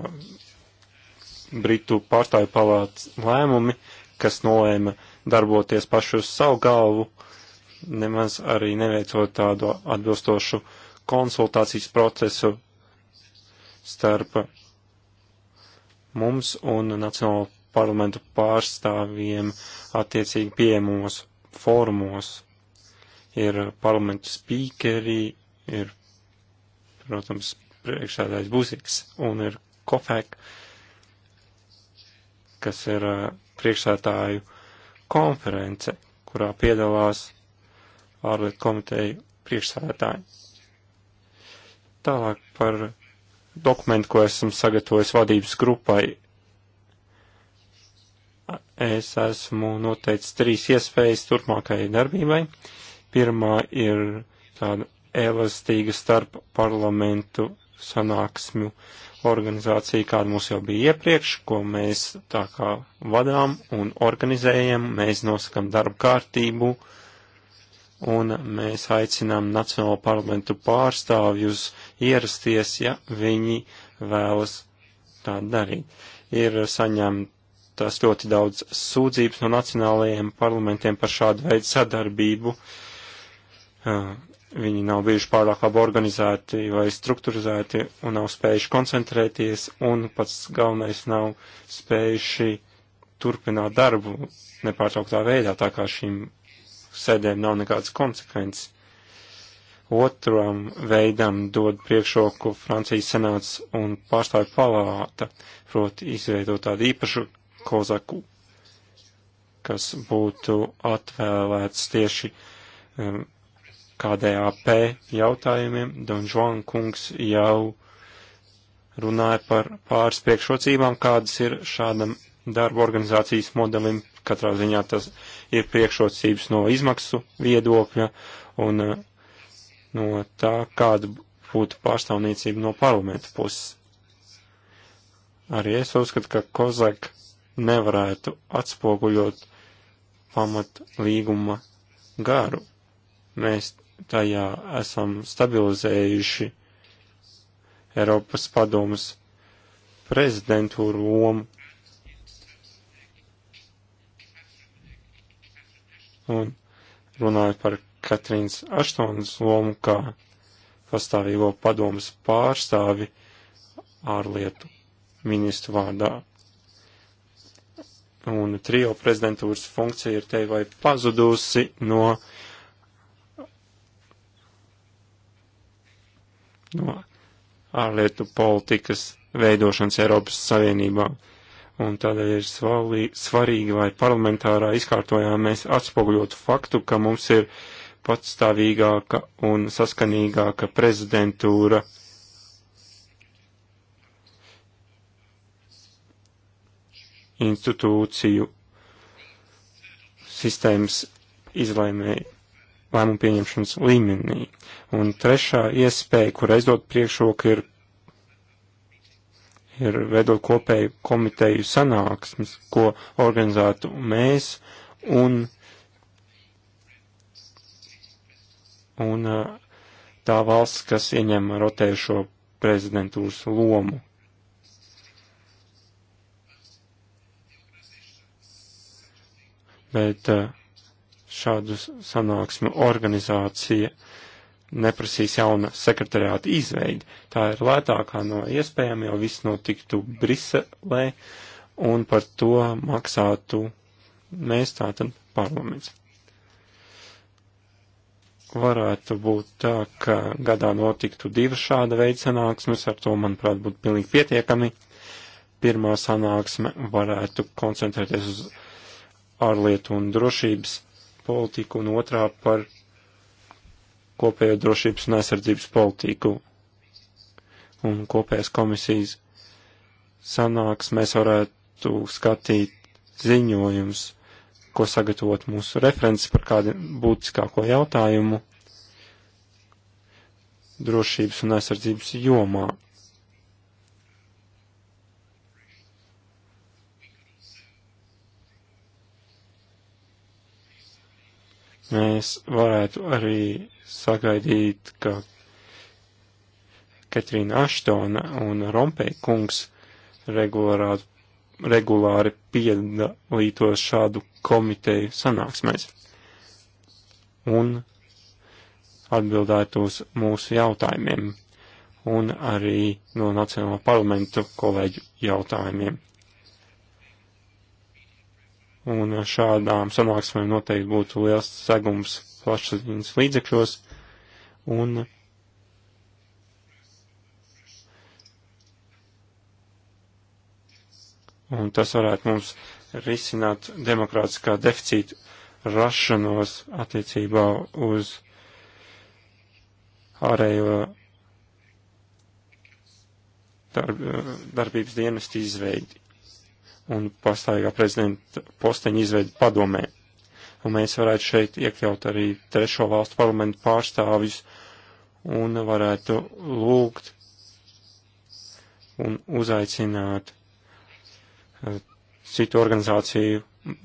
Britu pārstāju palātas lēmumi, kas nolēma darboties pašu uz savu galvu, nemaz arī neveicot tādu atbilstošu uh, konsultācijas procesu starp mums un Nacionālo parlamentu pārstāvjiem attiecīgi pieejamos formos. Ir parlamentu spīkeri, ir, protams, priekšādājs Buziks un ir Kofek, kas ir uh, priekšādāju konference, kurā piedalās ārlietu komiteju priekšsēdētāji. Tālāk par dokumentu, ko esam sagatavojis vadības grupai. Es esmu noteicis trīs iespējas turpmākajai darbībai. Pirmā ir tāda elastīga starp parlamentu sanāksmju organizācija, kāda mums jau bija iepriekš, ko mēs tā kā vadām un organizējam. Mēs nosakam darba kārtību, uh, un mēs aicinām Nacionālo parlamentu pārstāvjus ierasties, ja viņi vēlas tā darīt. Ir saņemtas ļoti daudz sūdzības no nacionālajiem parlamentiem par šādu veidu sadarbību. Viņi nav bijuši pārāk labi organizēti vai struktūrizēti un nav spējuši koncentrēties un pats galvenais nav spējuši turpināt darbu nepārtrauktā veidā, tā kā šīm sēdēm nav nekādas konsekvences. Otram veidam dod priekšroku Francijas senāts un pārstāvju palāta, proti izveidot tādu īpašu kozaku, kas būtu atvēlēts tieši um, KDAP jautājumiem. Don Juan kungs jau runāja par pāris priekšrocībām, kādas ir šādam darba organizācijas modelim. Katrā ziņā tas ir priekšrocības no izmaksu viedokļa un eh, no tā, kāda būtu pārstāvniecība no parlamenta puses. Arī es uzskatu, ka Kozak nevarētu atspoguļot pamat līguma garu. Mēs tajā esam stabilizējuši Eiropas padomas prezidentūru lomu, Un runājot par Katrīnas Aštonas lomu kā pastāvīgo padomas pārstāvi ārlietu ministru vārdā. Un trio prezidentūras funkcija ir te vai pazudusi no, no ārlietu politikas veidošanas Eiropas Savienībā un tādēļ ir svalī, svarīgi, lai parlamentārā izkārtojā mēs atspoguļotu faktu, ka mums ir patstāvīgāka un saskanīgāka prezidentūra. institūciju sistēmas izlēmē lēmumu pieņemšanas līmenī. Un trešā iespēja, kur aizdot priekšroku, ir ir veidot kopēju komiteju sanāksmes, ko organizētu mēs un, un tā valsts, kas ieņem rotējušo prezidentūras lomu. Bet šādu sanāksmu organizācija uh, neprasīs jauna sekretariāta izveidi. Tā ir lētākā no iespējām, jo viss notiktu Briselē un par to maksātu mēs tātad parlaments. Varētu būt tā, ka gadā notiktu divas šāda veida sanāksmes, ar to, manuprāt, būtu pilnīgi pietiekami. Pirmā sanāksme varētu koncentrēties uz ārlietu un drošības politiku un otrā par kopējo drošības un aizsardzības politiku un kopējas komisijas sanāks, mēs varētu skatīt ziņojums, ko sagatavot mūsu references par kādu būtiskāko jautājumu drošības un aizsardzības jomā. Mēs varētu arī sagaidīt, ka Ketrīna Aštona un Rompei kungs regulāri, regulāri piedalītos šādu komiteju sanāksmēs un atbildētu uz mūsu jautājumiem un arī no Nacionālā parlamentu kolēģu jautājumiem. Un šādām sanāksmēm noteikti būtu liels segums plašsaziņas līdzekļos, un un tas varētu mums risināt demokrātiskā deficīta rašanos attiecībā uz ārējo darb, darbības dienestu izveidi un pastāvīgā prezidenta posteņa izveidi padomē un mēs varētu šeit iekļaut arī trešo valstu parlamentu pārstāvjus un varētu lūgt un uzaicināt eh, citu organizāciju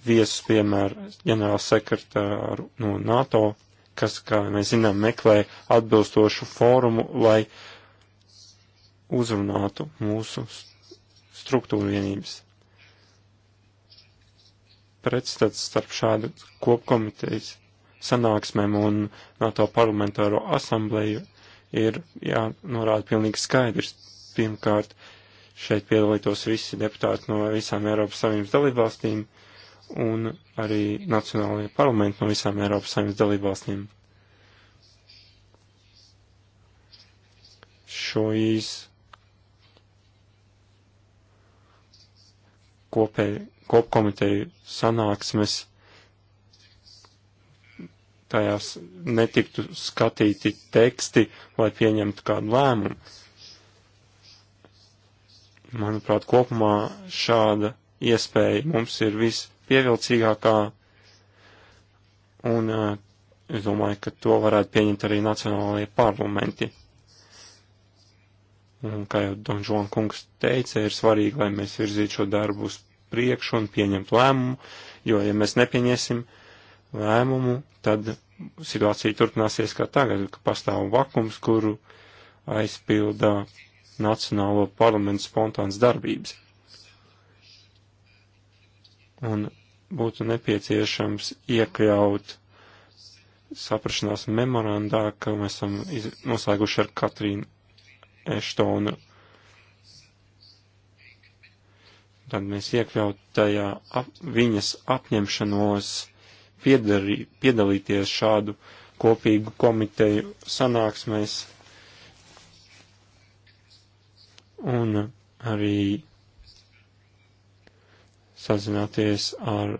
viesus, piemēram, ģenerāls sekretāru no NATO, kas, kā mēs zinām, meklē atbilstošu fórumu, lai uzrunātu mūsu struktūru vienības pretstats starp šādu kopkomitejas sanāksmēm un NATO parlamentāro asambleju ir jānorāda pilnīgi skaidrs. Pirmkārt, šeit piedalītos visi deputāti no visām Eiropas Savienības dalībvalstīm un arī nacionālajie parlamenti no visām Eiropas Savienības dalībvalstīm. Šīs kopēji kopkomiteju sanāksmes tajās netiktu skatīti teksti vai pieņemtu kādu lēmumu. Manuprāt, kopumā šāda iespēja mums ir vispievilcīgākā, un uh, es domāju, ka to varētu pieņemt arī nacionālajie parlamenti. Un, kā jau Donžon kungs teica, ir svarīgi, lai mēs virzītu šo darbu uz priekšu un pieņemt lēmumu, jo, ja mēs nepieņemsim lēmumu, tad situācija turpināsies kā tagad, ka pastāv vakums, kuru aizpildā Nacionālo parlamentu spontāns darbības. Un būtu nepieciešams iekļaut saprašanās memorandā, ka mēs esam noslēguši ar Katrīnu Eštonu tad mēs iekļaut tajā ap, viņas apņemšanos piedarī, piedalīties šādu kopīgu komiteju sanāksmēs. Un arī sazināties ar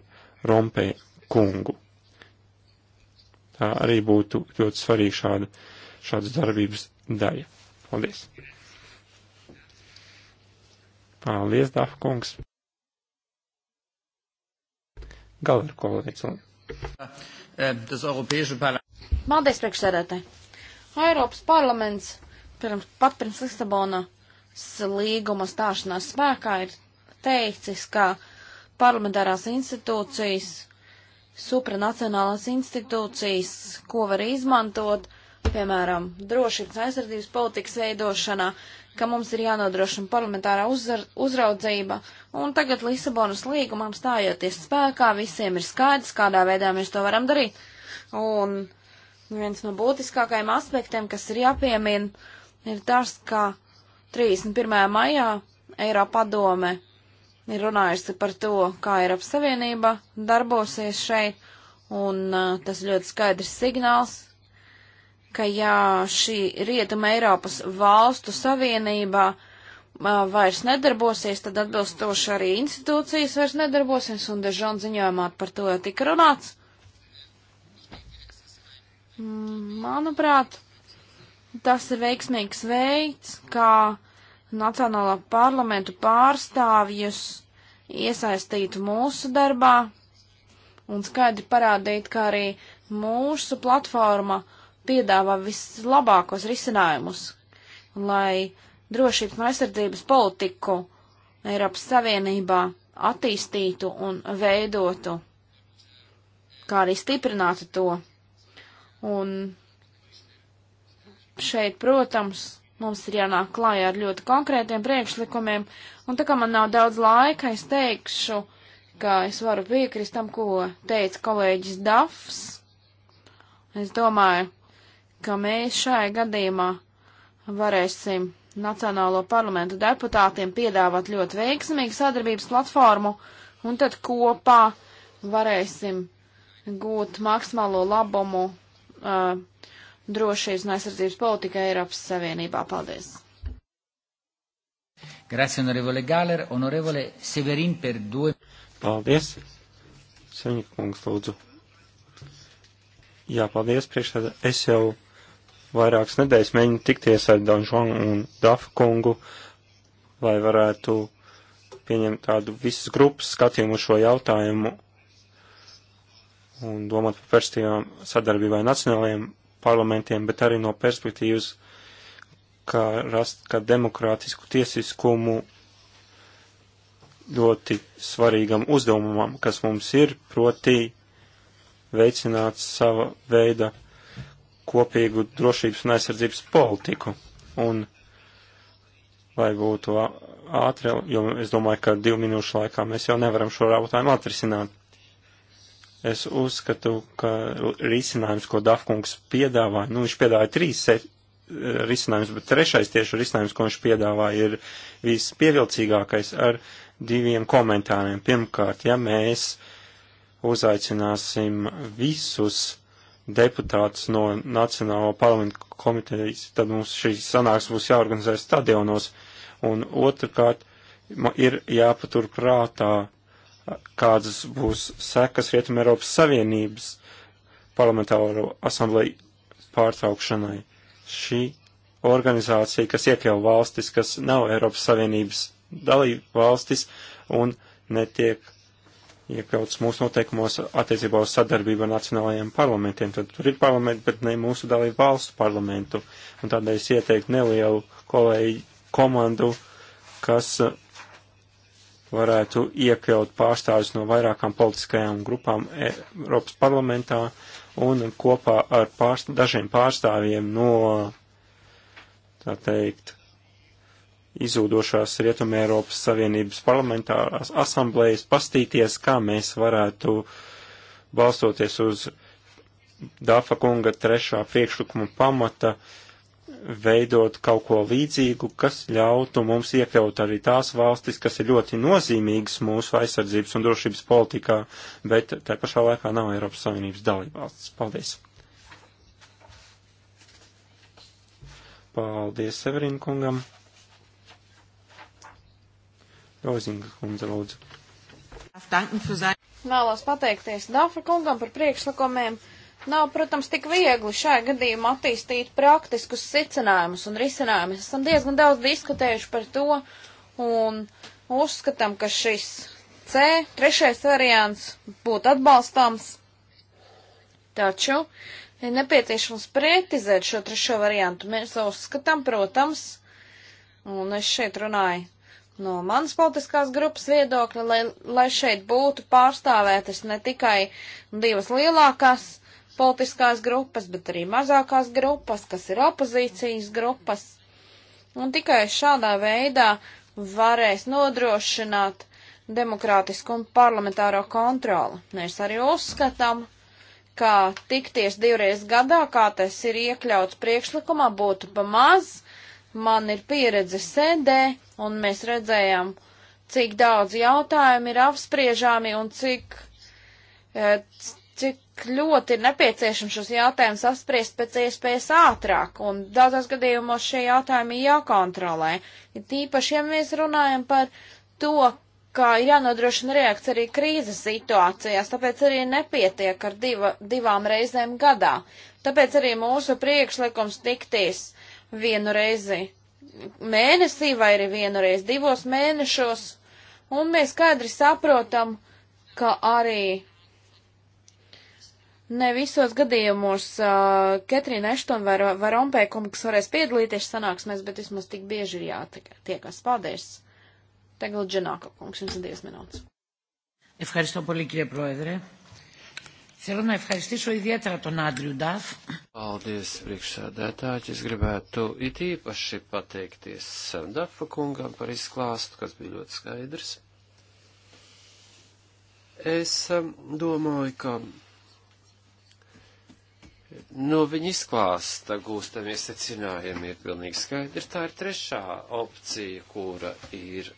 Rompē kungu. Tā arī būtu ļoti svarīga šāda, šādas darbības daļa. Paldies! Paldies, Dafa kungs. Galer kolēģis. Paldies, priekšsēdētāji. Eiropas parlaments pirms, pat pirms Lisabonas līguma stāšanās spēkā ir teicis, ka parlamentārās institūcijas, supranacionālās institūcijas, ko var izmantot, piemēram, drošības aizsardzības politikas veidošanā, ka mums ir jānodrošina parlamentārā uzra uzraudzība, un tagad Lisabonas līgumam stājoties spēkā, visiem ir skaidrs, kādā veidā mēs to varam darīt. Un viens no būtiskākajiem aspektiem, kas ir jāpiemina, ir tas, ka 31. maijā Eiropa padome ir runājusi par to, kā Eiropas Savienība darbosies šeit, un uh, tas ļoti skaidrs signāls ka jā, šī Rietuma Eiropas valstu savienībā vairs nedarbosies, tad atbilstoši arī institūcijas vairs nedarbosies, un Dežon ziņojumā par to jau tika runāts. Manuprāt, tas ir veiksmīgs veids, kā Nacionālā parlamentu pārstāvjus iesaistītu mūsu darbā un skaidri parādīt, ka arī mūsu platforma uh, piedāvā vislabākos risinājumus, lai drošības un aizsardzības politiku Eiropas Savienībā attīstītu un veidotu, kā arī stiprinātu to. Un šeit, protams, mums ir jānāk klājā ar ļoti konkrētiem priekšlikumiem, un tā kā man nav daudz laika, es teikšu, ka es varu piekrist tam, ko teica kolēģis Dafs. Es domāju, ka mēs šajā gadījumā varēsim Nacionālo parlamentu deputātiem piedāvāt ļoti veiksmīgu sadarbības platformu, un tad kopā varēsim gūt maksimālo labumu uh, drošības un aizsardzības politikā Eiropas Savienībā. Paldies! Grazie, onorevole Galer, onorevole Severin per due. Paldies! Saņikungs, lūdzu. Jā, paldies, priekšstādā. Es jau vairākas nedēļas mēģinu tikties ar Danžuanu un Dafu kungu, lai varētu pieņemt tādu visas grupas skatījumu uz šo jautājumu un domāt par perspektīvām sadarbībai nacionālajiem parlamentiem, bet arī no perspektīvas, kā rast, kā demokrātisku tiesiskumu ļoti svarīgam uzdevumam, kas mums ir, proti veicināt sava veida kopīgu drošības un aizsardzības politiku. Un lai būtu ātri, jo es domāju, ka divu minūšu laikā mēs jau nevaram šo jautājumu atrisināt. Es uzskatu, ka risinājums, ko Dafkungs piedāvāja, nu viņš piedāvāja trīs risinājums, bet trešais tieši risinājums, ko viņš piedāvāja, ir vispievilcīgākais ar diviem komentāriem. Pirmkārt, ja mēs uzaicināsim visus deputātus no Nacionālo parlamentu komitejas, tad mums šī sanāks būs jāorganizē stadionos. Un otrkārt, ir jāpatur prātā, kādas būs sekas Rietuma Eiropas Savienības parlamentāro asambleju pārtraukšanai. Šī organizācija, kas iekļauj valstis, kas nav Eiropas Savienības dalība valstis un netiek iekļauts mūsu noteikumos attiecībā uz sadarbību ar nacionālajiem parlamentiem. Tad tur ir parlamenti, bet ne mūsu dalību valstu parlamentu. Un tādēļ es ieteiktu nelielu kolēģi komandu, kas eh, varētu iekļaut pārstāvis no vairākām politiskajām grupām Eiropas parlamentā un kopā ar pārst dažiem pārstāvjiem no, tā teikt, izūdošās Rietumē Eiropas Savienības parlamentārās asamblējas pastīties, kā mēs varētu, balstoties uz Dāfa kunga trešā priekšlikuma pamata, veidot kaut ko līdzīgu, kas ļautu mums iekļaut arī tās valstis, kas ir ļoti nozīmīgas mūsu aizsardzības un drošības politikā, bet tā pašā laikā nav Eiropas Savienības dalībvalsts. Paldies! Paldies Severin kungam! Rozinga kundze, lūdzu. Vēlos pateikties Dafra kungam par priekšlikumiem. Nav, protams, tik viegli šajā gadījumā attīstīt praktiskus secinājumus un risinājumus. Esam diezgan daudz diskutējuši par to un uzskatām, ka šis C, trešais variants, būtu atbalstāms. Taču ir nepieciešams pretizēt šo trešo variantu. Mēs uzskatām, protams, un es šeit runāju no manas politiskās grupas viedokļa, lai, lai šeit būtu pārstāvētas ne tikai divas lielākās politiskās grupas, bet arī mazākās grupas, kas ir opozīcijas grupas. Un tikai šādā veidā varēs nodrošināt demokrātisku un parlamentāro kontroli. Mēs arī uzskatām, ka tikties divreiz gadā, kā tas ir iekļauts priekšlikumā, būtu pamaz Man ir pieredze sēdē, un mēs redzējām, cik daudz jautājumu ir apspriežami un cik, e, cik ļoti ir nepieciešams šos jautājumus apspriest pēc iespējas ātrāk. Un daudzos gadījumos šie jautājumi ir jākontrolē. Ja tīpaši, ja mēs runājam par to, kā ir jānodrošina reakcija arī krīzes situācijās, tāpēc arī nepietiek ar diva, divām reizēm gadā. Tāpēc arī mūsu priekšlikums tikties vienu reizi mēnesī vai arī vienu reizi divos mēnešos, un mēs skaidri saprotam, ka arī ne visos gadījumos uh, Ketrīna Eštona vai, vai Rompēja kungs varēs piedalīties sanāksmēs, bet vismaz tik bieži ir jātiekas. Paldies! Tagad Dženāka kungs, jums ir 10 minūtes. Ευχαριστώ πολύ κύριε Πρόεδρε. Θέλω να ευχαριστήσω ιδιαίτερα τον Άντριου Νταφ. Paldies, priekšsēdētāji. Es gribētu it īpaši pateikties Dafa kungam par izklāstu, kas bija ļoti skaidrs. Es um, domāju, ka no nu, viņa izklāsta gūstamie secinājumi ir pilnīgi skaidri. Tā ir trešā opcija, kura ir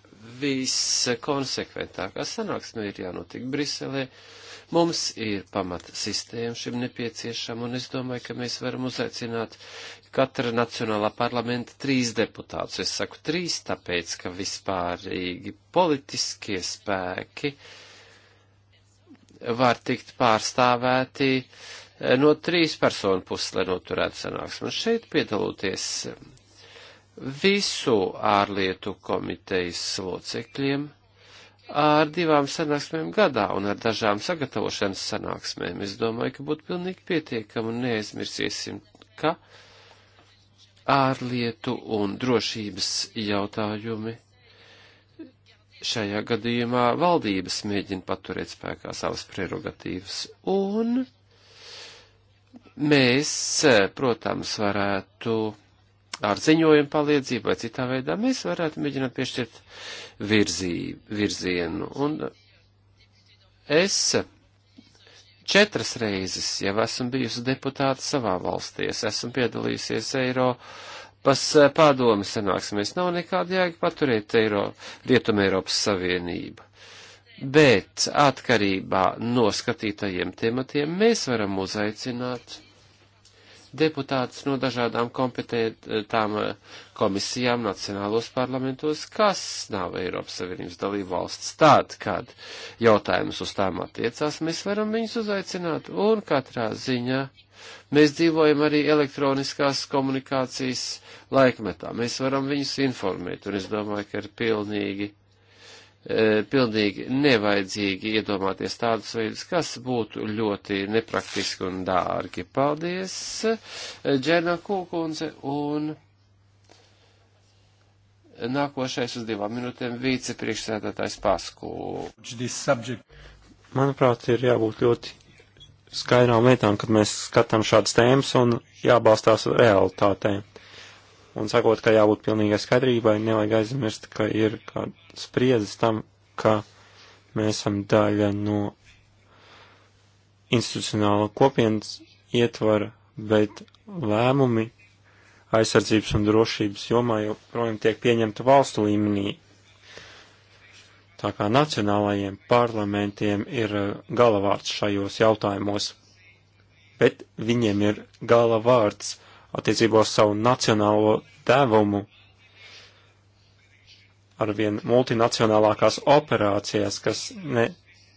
viskonsekventākā sanāksme, nu, ir jānotiek Briselē. Ja Mums ir pamata sistēma šim nepieciešama, un es domāju, ka mēs varam uzaicināt katra nacionālā parlamenta trīs deputātus. Es saku trīs, tāpēc, ka vispārīgi politiskie spēki var tikt pārstāvēti eh, no trīs personu puses, lai noturētu sanāksmu. Šeit piedalūties eh, visu ārlietu komitejas locekļiem ar divām sanāksmēm gadā un ar dažām sagatavošanas sanāksmēm. Es domāju, ka būtu pilnīgi pietiekami un neaizmirsīsim, ka ārlietu un drošības jautājumi šajā gadījumā valdības mēģina paturēt spēkā savas prerogatīvas un mēs, protams, varētu ar ziņojumu palīdzību vai citā veidā, mēs varētu mēģināt piešķirt virzību, virzienu. Un es četras reizes jau esmu bijusi deputāta savā valstī, es esmu piedalījusies Eiro. Pas padomi sanāksimies, nav nekāda jēga paturēt Eiro, Rietumē Eiropas Savienību bet atkarībā no skatītajiem tematiem mēs varam uzaicināt deputātus no dažādām kompetentām eh, komisijām nacionālos parlamentos, kas nav Eiropas Savienības dalību valsts. Tātad, kad jautājums uz tām attiecās, mēs varam viņus uzaicināt un katrā ziņā. Mēs dzīvojam arī elektroniskās komunikācijas laikmetā. Mēs varam viņus informēt, un es domāju, ka ir pilnīgi E, pilnīgi nevajadzīgi iedomāties tādus veidus, kas būtu ļoti nepraktiski un dārgi. Paldies, e, Džena Kūkunze, un nākošais uz divām minūtēm vicepriekšsēdētājs Pasku. Manuprāt, ir jābūt ļoti skaidrām lietām, kad mēs skatām šādas tēmas un jābalstās realitātēm un sakot, ka jābūt pilnīgai skaidrībai, nevajag aizmirst, ka ir kāda spriedzes tam, ka mēs esam daļa no institucionāla kopienas ietvara, bet lēmumi aizsardzības un drošības jomā joprojām tiek pieņemta valstu līmenī. Tā kā nacionālajiem parlamentiem ir eh, galavārds šajos jautājumos, bet viņiem ir galavārds vārds attiecībā uz savu nacionālo devumu arvien multinacionālākās operācijās, kas ne,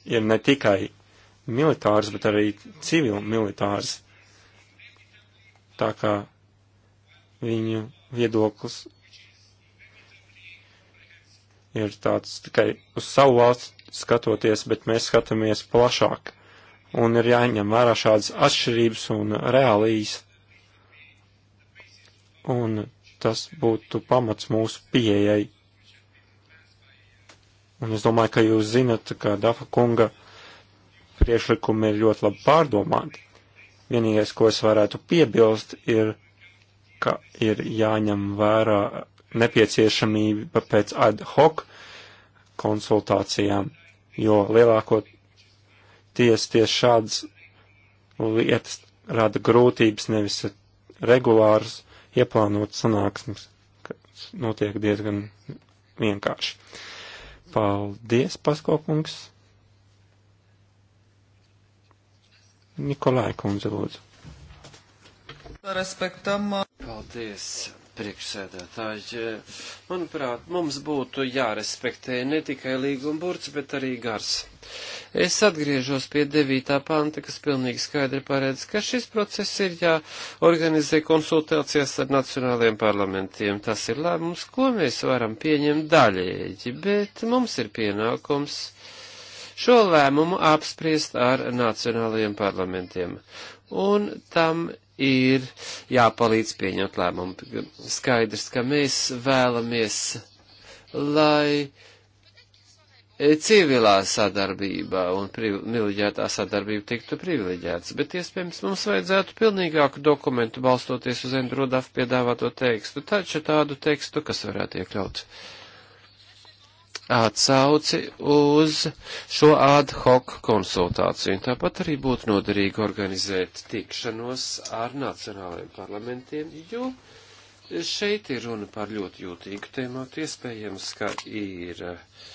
ir ne tikai militārs, bet arī civil militārs. Tā kā viņu viedoklis ir tāds tikai uz savu valsts skatoties, bet mēs skatāmies plašāk. Un ir jāņem vērā šādas atšķirības un reālijas un tas būtu pamats mūsu pieejai. Un es domāju, ka jūs zinat, ka Dafa kunga priešlikumi ir ļoti labi pārdomāti. Vienīgais, ko es varētu piebilst, ir, ka ir jāņem vērā nepieciešamība pēc ad hoc konsultācijām, jo lielāko ties tieši šādas lietas rada grūtības, nevis regulārus ieplānot sanāksmes, kas notiek diezgan vienkārši. Paldies, Paskokungs! Nikolai Kundze, lūdzu. Respektam. Uh, Paldies priekšsēdētāji, manuprāt, mums būtu jārespektē ne tikai līguma burts, bet arī gars. Es atgriežos pie 9. panta, kas pilnīgi skaidri paredz, ka šis process ir jāorganizē konsultācijās ar nacionāliem parlamentiem. Tas ir lēmums, ko mēs varam pieņemt daļēji, bet mums ir pienākums šo lēmumu apspriest ar nacionālajiem parlamentiem. Un tam ir jāpalīdz pieņemt lēmumu. Skaidrs, ka mēs vēlamies, lai civilā sadarbība un privileģētā sadarbība tiktu privileģētas, bet iespējams mums vajadzētu pilnīgāku dokumentu balstoties uz Endrodafu piedāvāto tekstu, taču tādu tekstu, kas varētu iekļaut atsauci uz šo ad hoc konsultāciju. Tāpat arī būtu noderīgi organizēt tikšanos ar nacionālajiem parlamentiem, jo šeit ir runa par ļoti jūtīgu tēmātu. Iespējams, ka ir uh,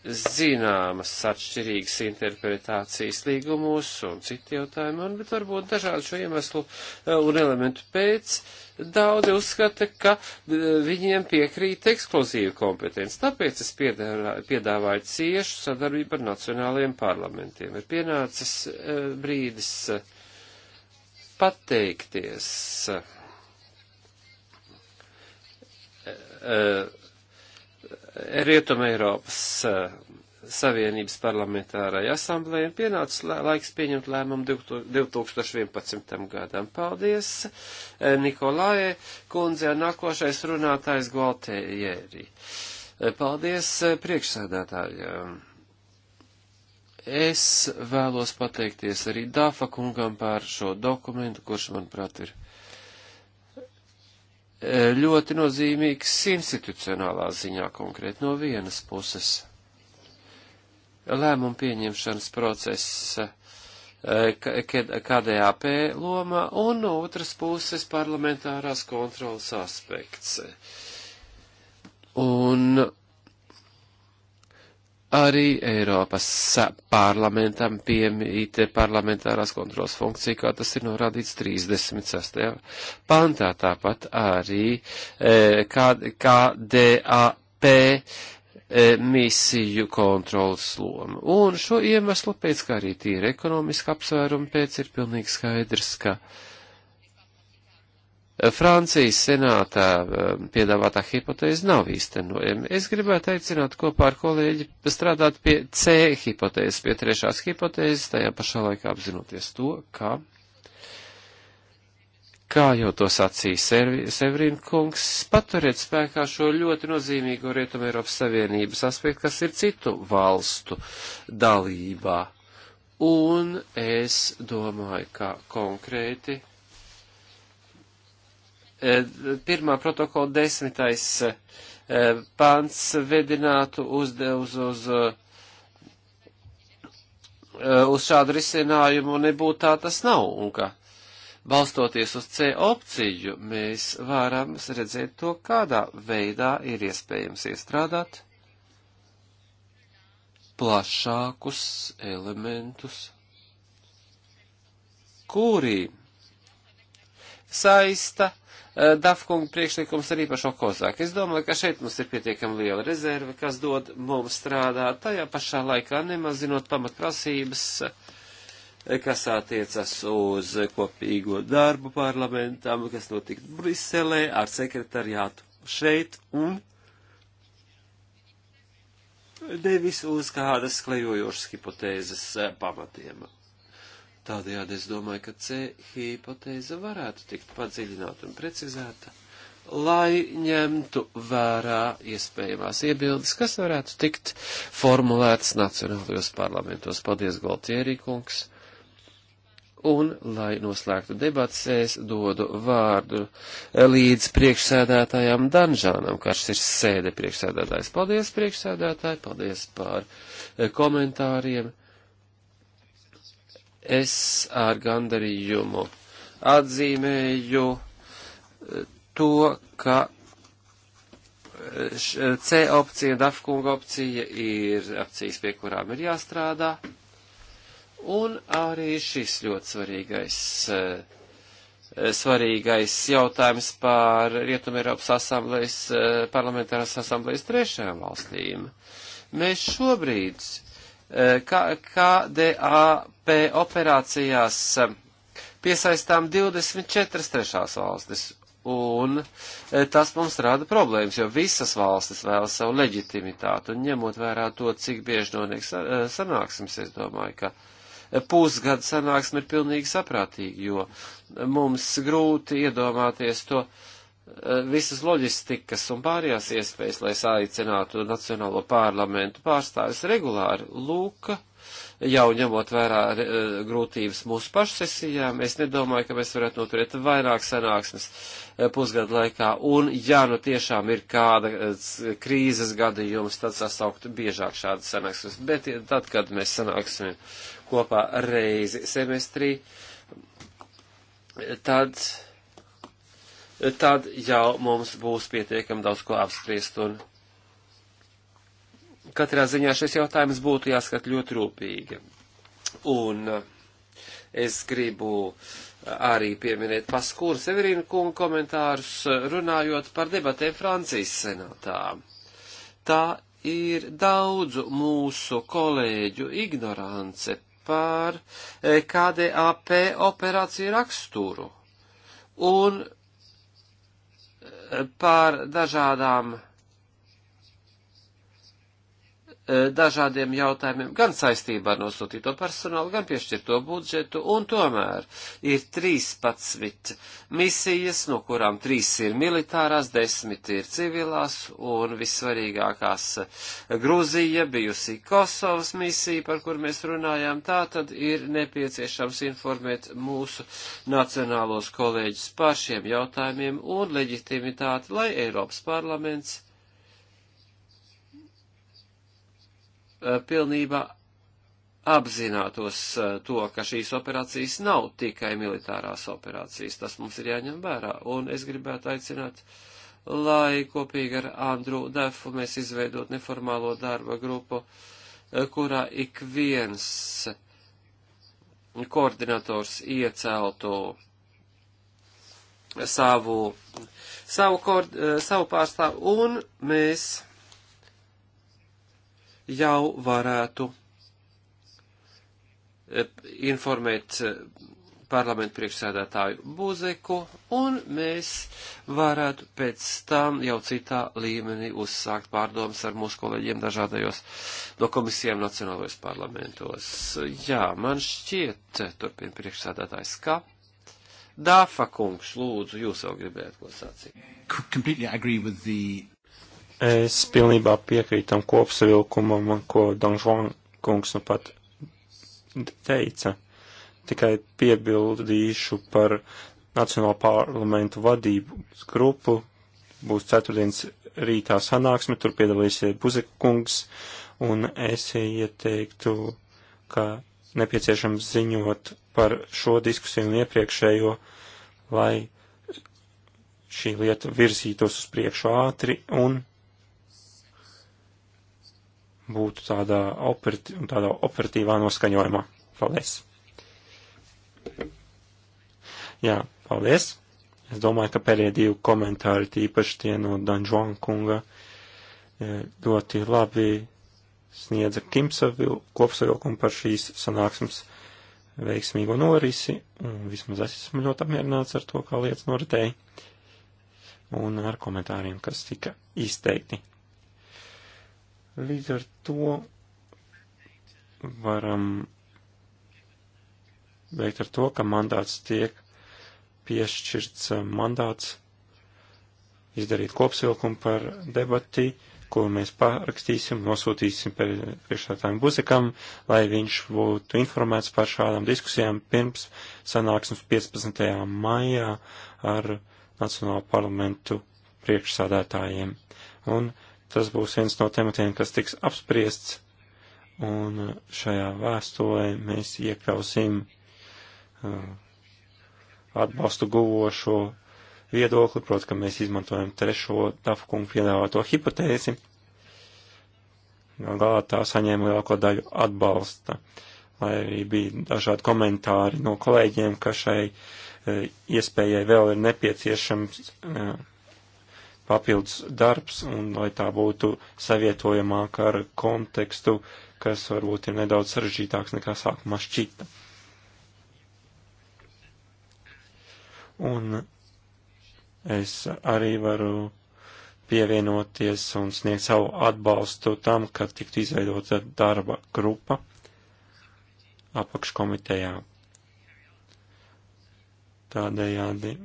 zināmas atšķirīgas interpretācijas līgumos un citi jautājumi, un, bet varbūt dažādu šo iemeslu eh, un elementu pēc daudzi uzskata, ka eh, viņiem piekrīt ekskluzīva kompetence. Tāpēc es piedāvāju ciešu sadarbību ar nacionālajiem parlamentiem. Ir pienācis eh, brīdis pateikties. Uh, Rietuma Eiropas eh, Savienības parlamentārai asamblējai pienāca laiks pieņemt lēmumu 2011. gadam. Paldies, eh, Nikolai kundze, nākošais runātājs Gualtējēri. Eh, paldies priekšsēdētājiem. Es vēlos pateikties arī Dāfa kungam par šo dokumentu, kurš, manuprāt, ir ļoti nozīmīgs institucionālā ziņā konkrēti no vienas puses. Lēmumu pieņemšanas process eh, KDAP loma un no otras puses parlamentārās kontrolas aspekts. Un Arī Eiropas parlamentam piemīt parlamentārās kontrolas funkcija, kā tas ir norādīts 36. pantā, tāpat arī e, KDAP e, misiju kontrolas loma. Un šo iemeslu pēc, kā arī tīri ekonomiski apsvērumi pēc, ir pilnīgi skaidrs, ka. E, Francijas senātā eh, piedāvātā hipotēze nav īstenojama. Es gribētu aicināt kopā ar kolēģi strādāt pie C hipotēzes, pie trešās hipotēzes, tajā pašā laikā apzinoties to, ka, kā jau to sacīja Servi, Severīna kungs, paturiet spēkā šo ļoti nozīmīgo Rietumē Eiropas Savienības aspektu, kas ir citu valstu dalībā. Un es domāju, ka konkrēti Eh, pirmā protokola desmitais eh, pants vedinātu uz, uz, uz, eh, uz šādu risinājumu nebūtu tā tas nav, un ka balstoties uz C opciju mēs varam redzēt to, kādā veidā ir iespējams iestrādāt plašākus elementus, kuri saista Eh, Dafkunga priekšlikums arī par šo kozāku. Es domāju, ka šeit mums ir pietiekami liela rezerve, kas dod mums strādāt tajā pašā laikā, nemazinot pamatprasības, eh, kas attiecas uz kopīgo darbu parlamentam, kas notika Briselē ar sekretariātu šeit un nevis uz kādas klejojošas hipotēzes eh, pamatiem. Tādējādi es domāju, ka C hipotēze varētu tikt padziļināta un precizēta, lai ņemtu vērā iespējamās iebildes, kas varētu tikt formulētas nacionālajos parlamentos. Paldies, Galtierī kungs! Un, lai noslēgtu debats, es dodu vārdu līdz priekšsēdētājām Danžānam, kas ir sēde priekšsēdētājs. Paldies, priekšsēdētāji, paldies par komentāriem es ar gandarījumu atzīmēju eh, to, ka eh, eh, C opcija, Dafkunga opcija ir opcijas, pie kurām ir jāstrādā. Un arī šis ļoti svarīgais, svarīgais jautājums par Rietumēropas asamblējas, parlamentārās asamblējas trešajām valstīm. Mēs šobrīd KDA KLP operācijās eh, piesaistām 24 trešās valstis, un eh, tas mums rada problēmas, jo visas valstis vēlas savu leģitimitāti, un ņemot vērā to, cik bieži notiek eh, sanāksmes, es domāju, ka pusgada sanāksme ir pilnīgi saprātīga, jo mums grūti iedomāties to visas loģistikas un pārējās iespējas, lai saicinātu Nacionālo parlamentu pārstāvis regulāri. Lūk, jau ņemot vērā e, grūtības mūsu pašu sesijām, es nedomāju, ka mēs varētu noturēt vairāk sanāksmes e, pusgadu laikā, un ja nu tiešām ir kāda e, krīzes gadījums, tad sasaukt biežāk šādas sanāksmes, bet tad, kad mēs sanāksim kopā reizi semestrī, tad tad jau mums būs pietiekami daudz ko apspriest un katrā ziņā šis jautājums būtu jāskat ļoti rūpīgi. Un uh, es gribu uh, arī pieminēt Paskūra Severīna kunga komentārus, uh, runājot par debatēm Francijas senatā. Tā ir daudzu mūsu kolēģu ignorance par eh, KDAP operāciju raksturu un eh, par dažādām uh, E, dažādiem jautājumiem, gan saistībā ar nosūtīto personālu, gan piešķirto budžetu, un tomēr ir 13 misijas, no kurām 3 ir militārās, 10 ir civilās, un vissvarīgākās Grūzija, bijusi Kosovas misija, par kur mēs runājām, tā tad ir nepieciešams informēt mūsu nacionālos kolēģus par šiem jautājumiem un leģitimitāti, lai Eiropas parlaments Eh, pilnībā apzinātos eh, to, ka šīs operācijas nav tikai militārās operācijas. Tas mums ir jāņem vērā. Un es gribētu aicināt, lai kopīgi ar Andru Defu mēs izveidot neformālo darba grupu, eh, kurā ik viens koordinators ieceltu savu, savu, savu pārstāvu un mēs jau varētu eh, informēt eh, parlamentu priekšsēdētāju Buzeku, un mēs varētu pēc tam jau citā līmenī uzsākt pārdomas ar mūsu kolēģiem dažādajos no komisijām nacionālajos parlamentos. Jā, man šķiet, eh, turpina priekšsēdētājs, ka Dāfa kungs, lūdzu, jūs vēl gribējāt ko sacīt. The... Es pilnībā piekrītam kopsavilkumam, ko Donžuan kungs nu pat teica. Tikai piebildīšu par Nacionālo parlamentu vadību grupu. Būs ceturtdienas rītā sanāksme, tur piedalīsies Buzekungs, un es ieteiktu, ka nepieciešams ziņot par šo diskusiju un iepriekšējo, lai šī lieta virzītos uz priekšu ātri un būtu tādā, operati tādā operatīvā noskaņojumā. Paldies! Jā, paldies! Es domāju, ka pēdējie divi komentāri, tīpaši tie no Danžuan kunga, e, ļoti labi sniedza Kimsavilu kopsavilkumu par šīs sanāksmes veiksmīgo norisi, un vismaz es esmu ļoti apmierināts ar to, kā lietas noritēja, un ar komentāriem, kas tika izteikti. Līdz ar to varam beigt ar to, ka mandāts tiek piešķirts eh, mandāts izdarīt kopsvilkumu par debati, ko mēs parakstīsim, nosūtīsim priekšstādājiem Buzekam, lai viņš būtu informēts par šādām diskusijām pirms sanāksmes 15. maijā ar Nacionālo parlamentu priekšsādātājiem. Un Tas būs viens no tematiem, kas tiks apspriests, un šajā vēstulē mēs iekļausim uh, atbalstu guvošo viedokli, protams, ka mēs izmantojam trešo Dafkungu piedāvāto hipotēzi. Gal galā tā saņēma lielāko daļu atbalsta, lai arī bija dažādi komentāri no kolēģiem, ka šai uh, iespējai vēl ir nepieciešams uh, papildus darbs un lai tā būtu savietojamāk ar kontekstu, kas varbūt ir nedaudz sarežģītāks nekā sākumā šķita. Un es arī varu pievienoties un sniegt savu atbalstu tam, ka tiktu izveidota darba grupa apakškomitejā. Tādējādi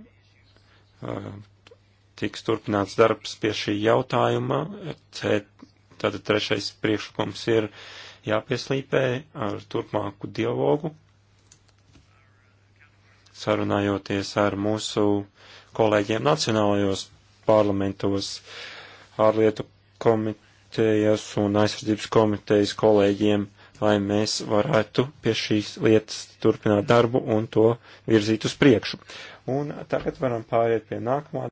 tiks turpināts darbs pie šī jautājuma. C, tātad trešais priekšlikums ir jāpieslīpē ar turpmāku dialogu, sarunājoties ar mūsu kolēģiem nacionālajos parlamentos, ārlietu komitejas un aizsardzības komitejas kolēģiem, lai mēs varētu pie šīs lietas turpināt darbu un to virzīt uz priekšu. Un tagad varam pāriet pie nākamā.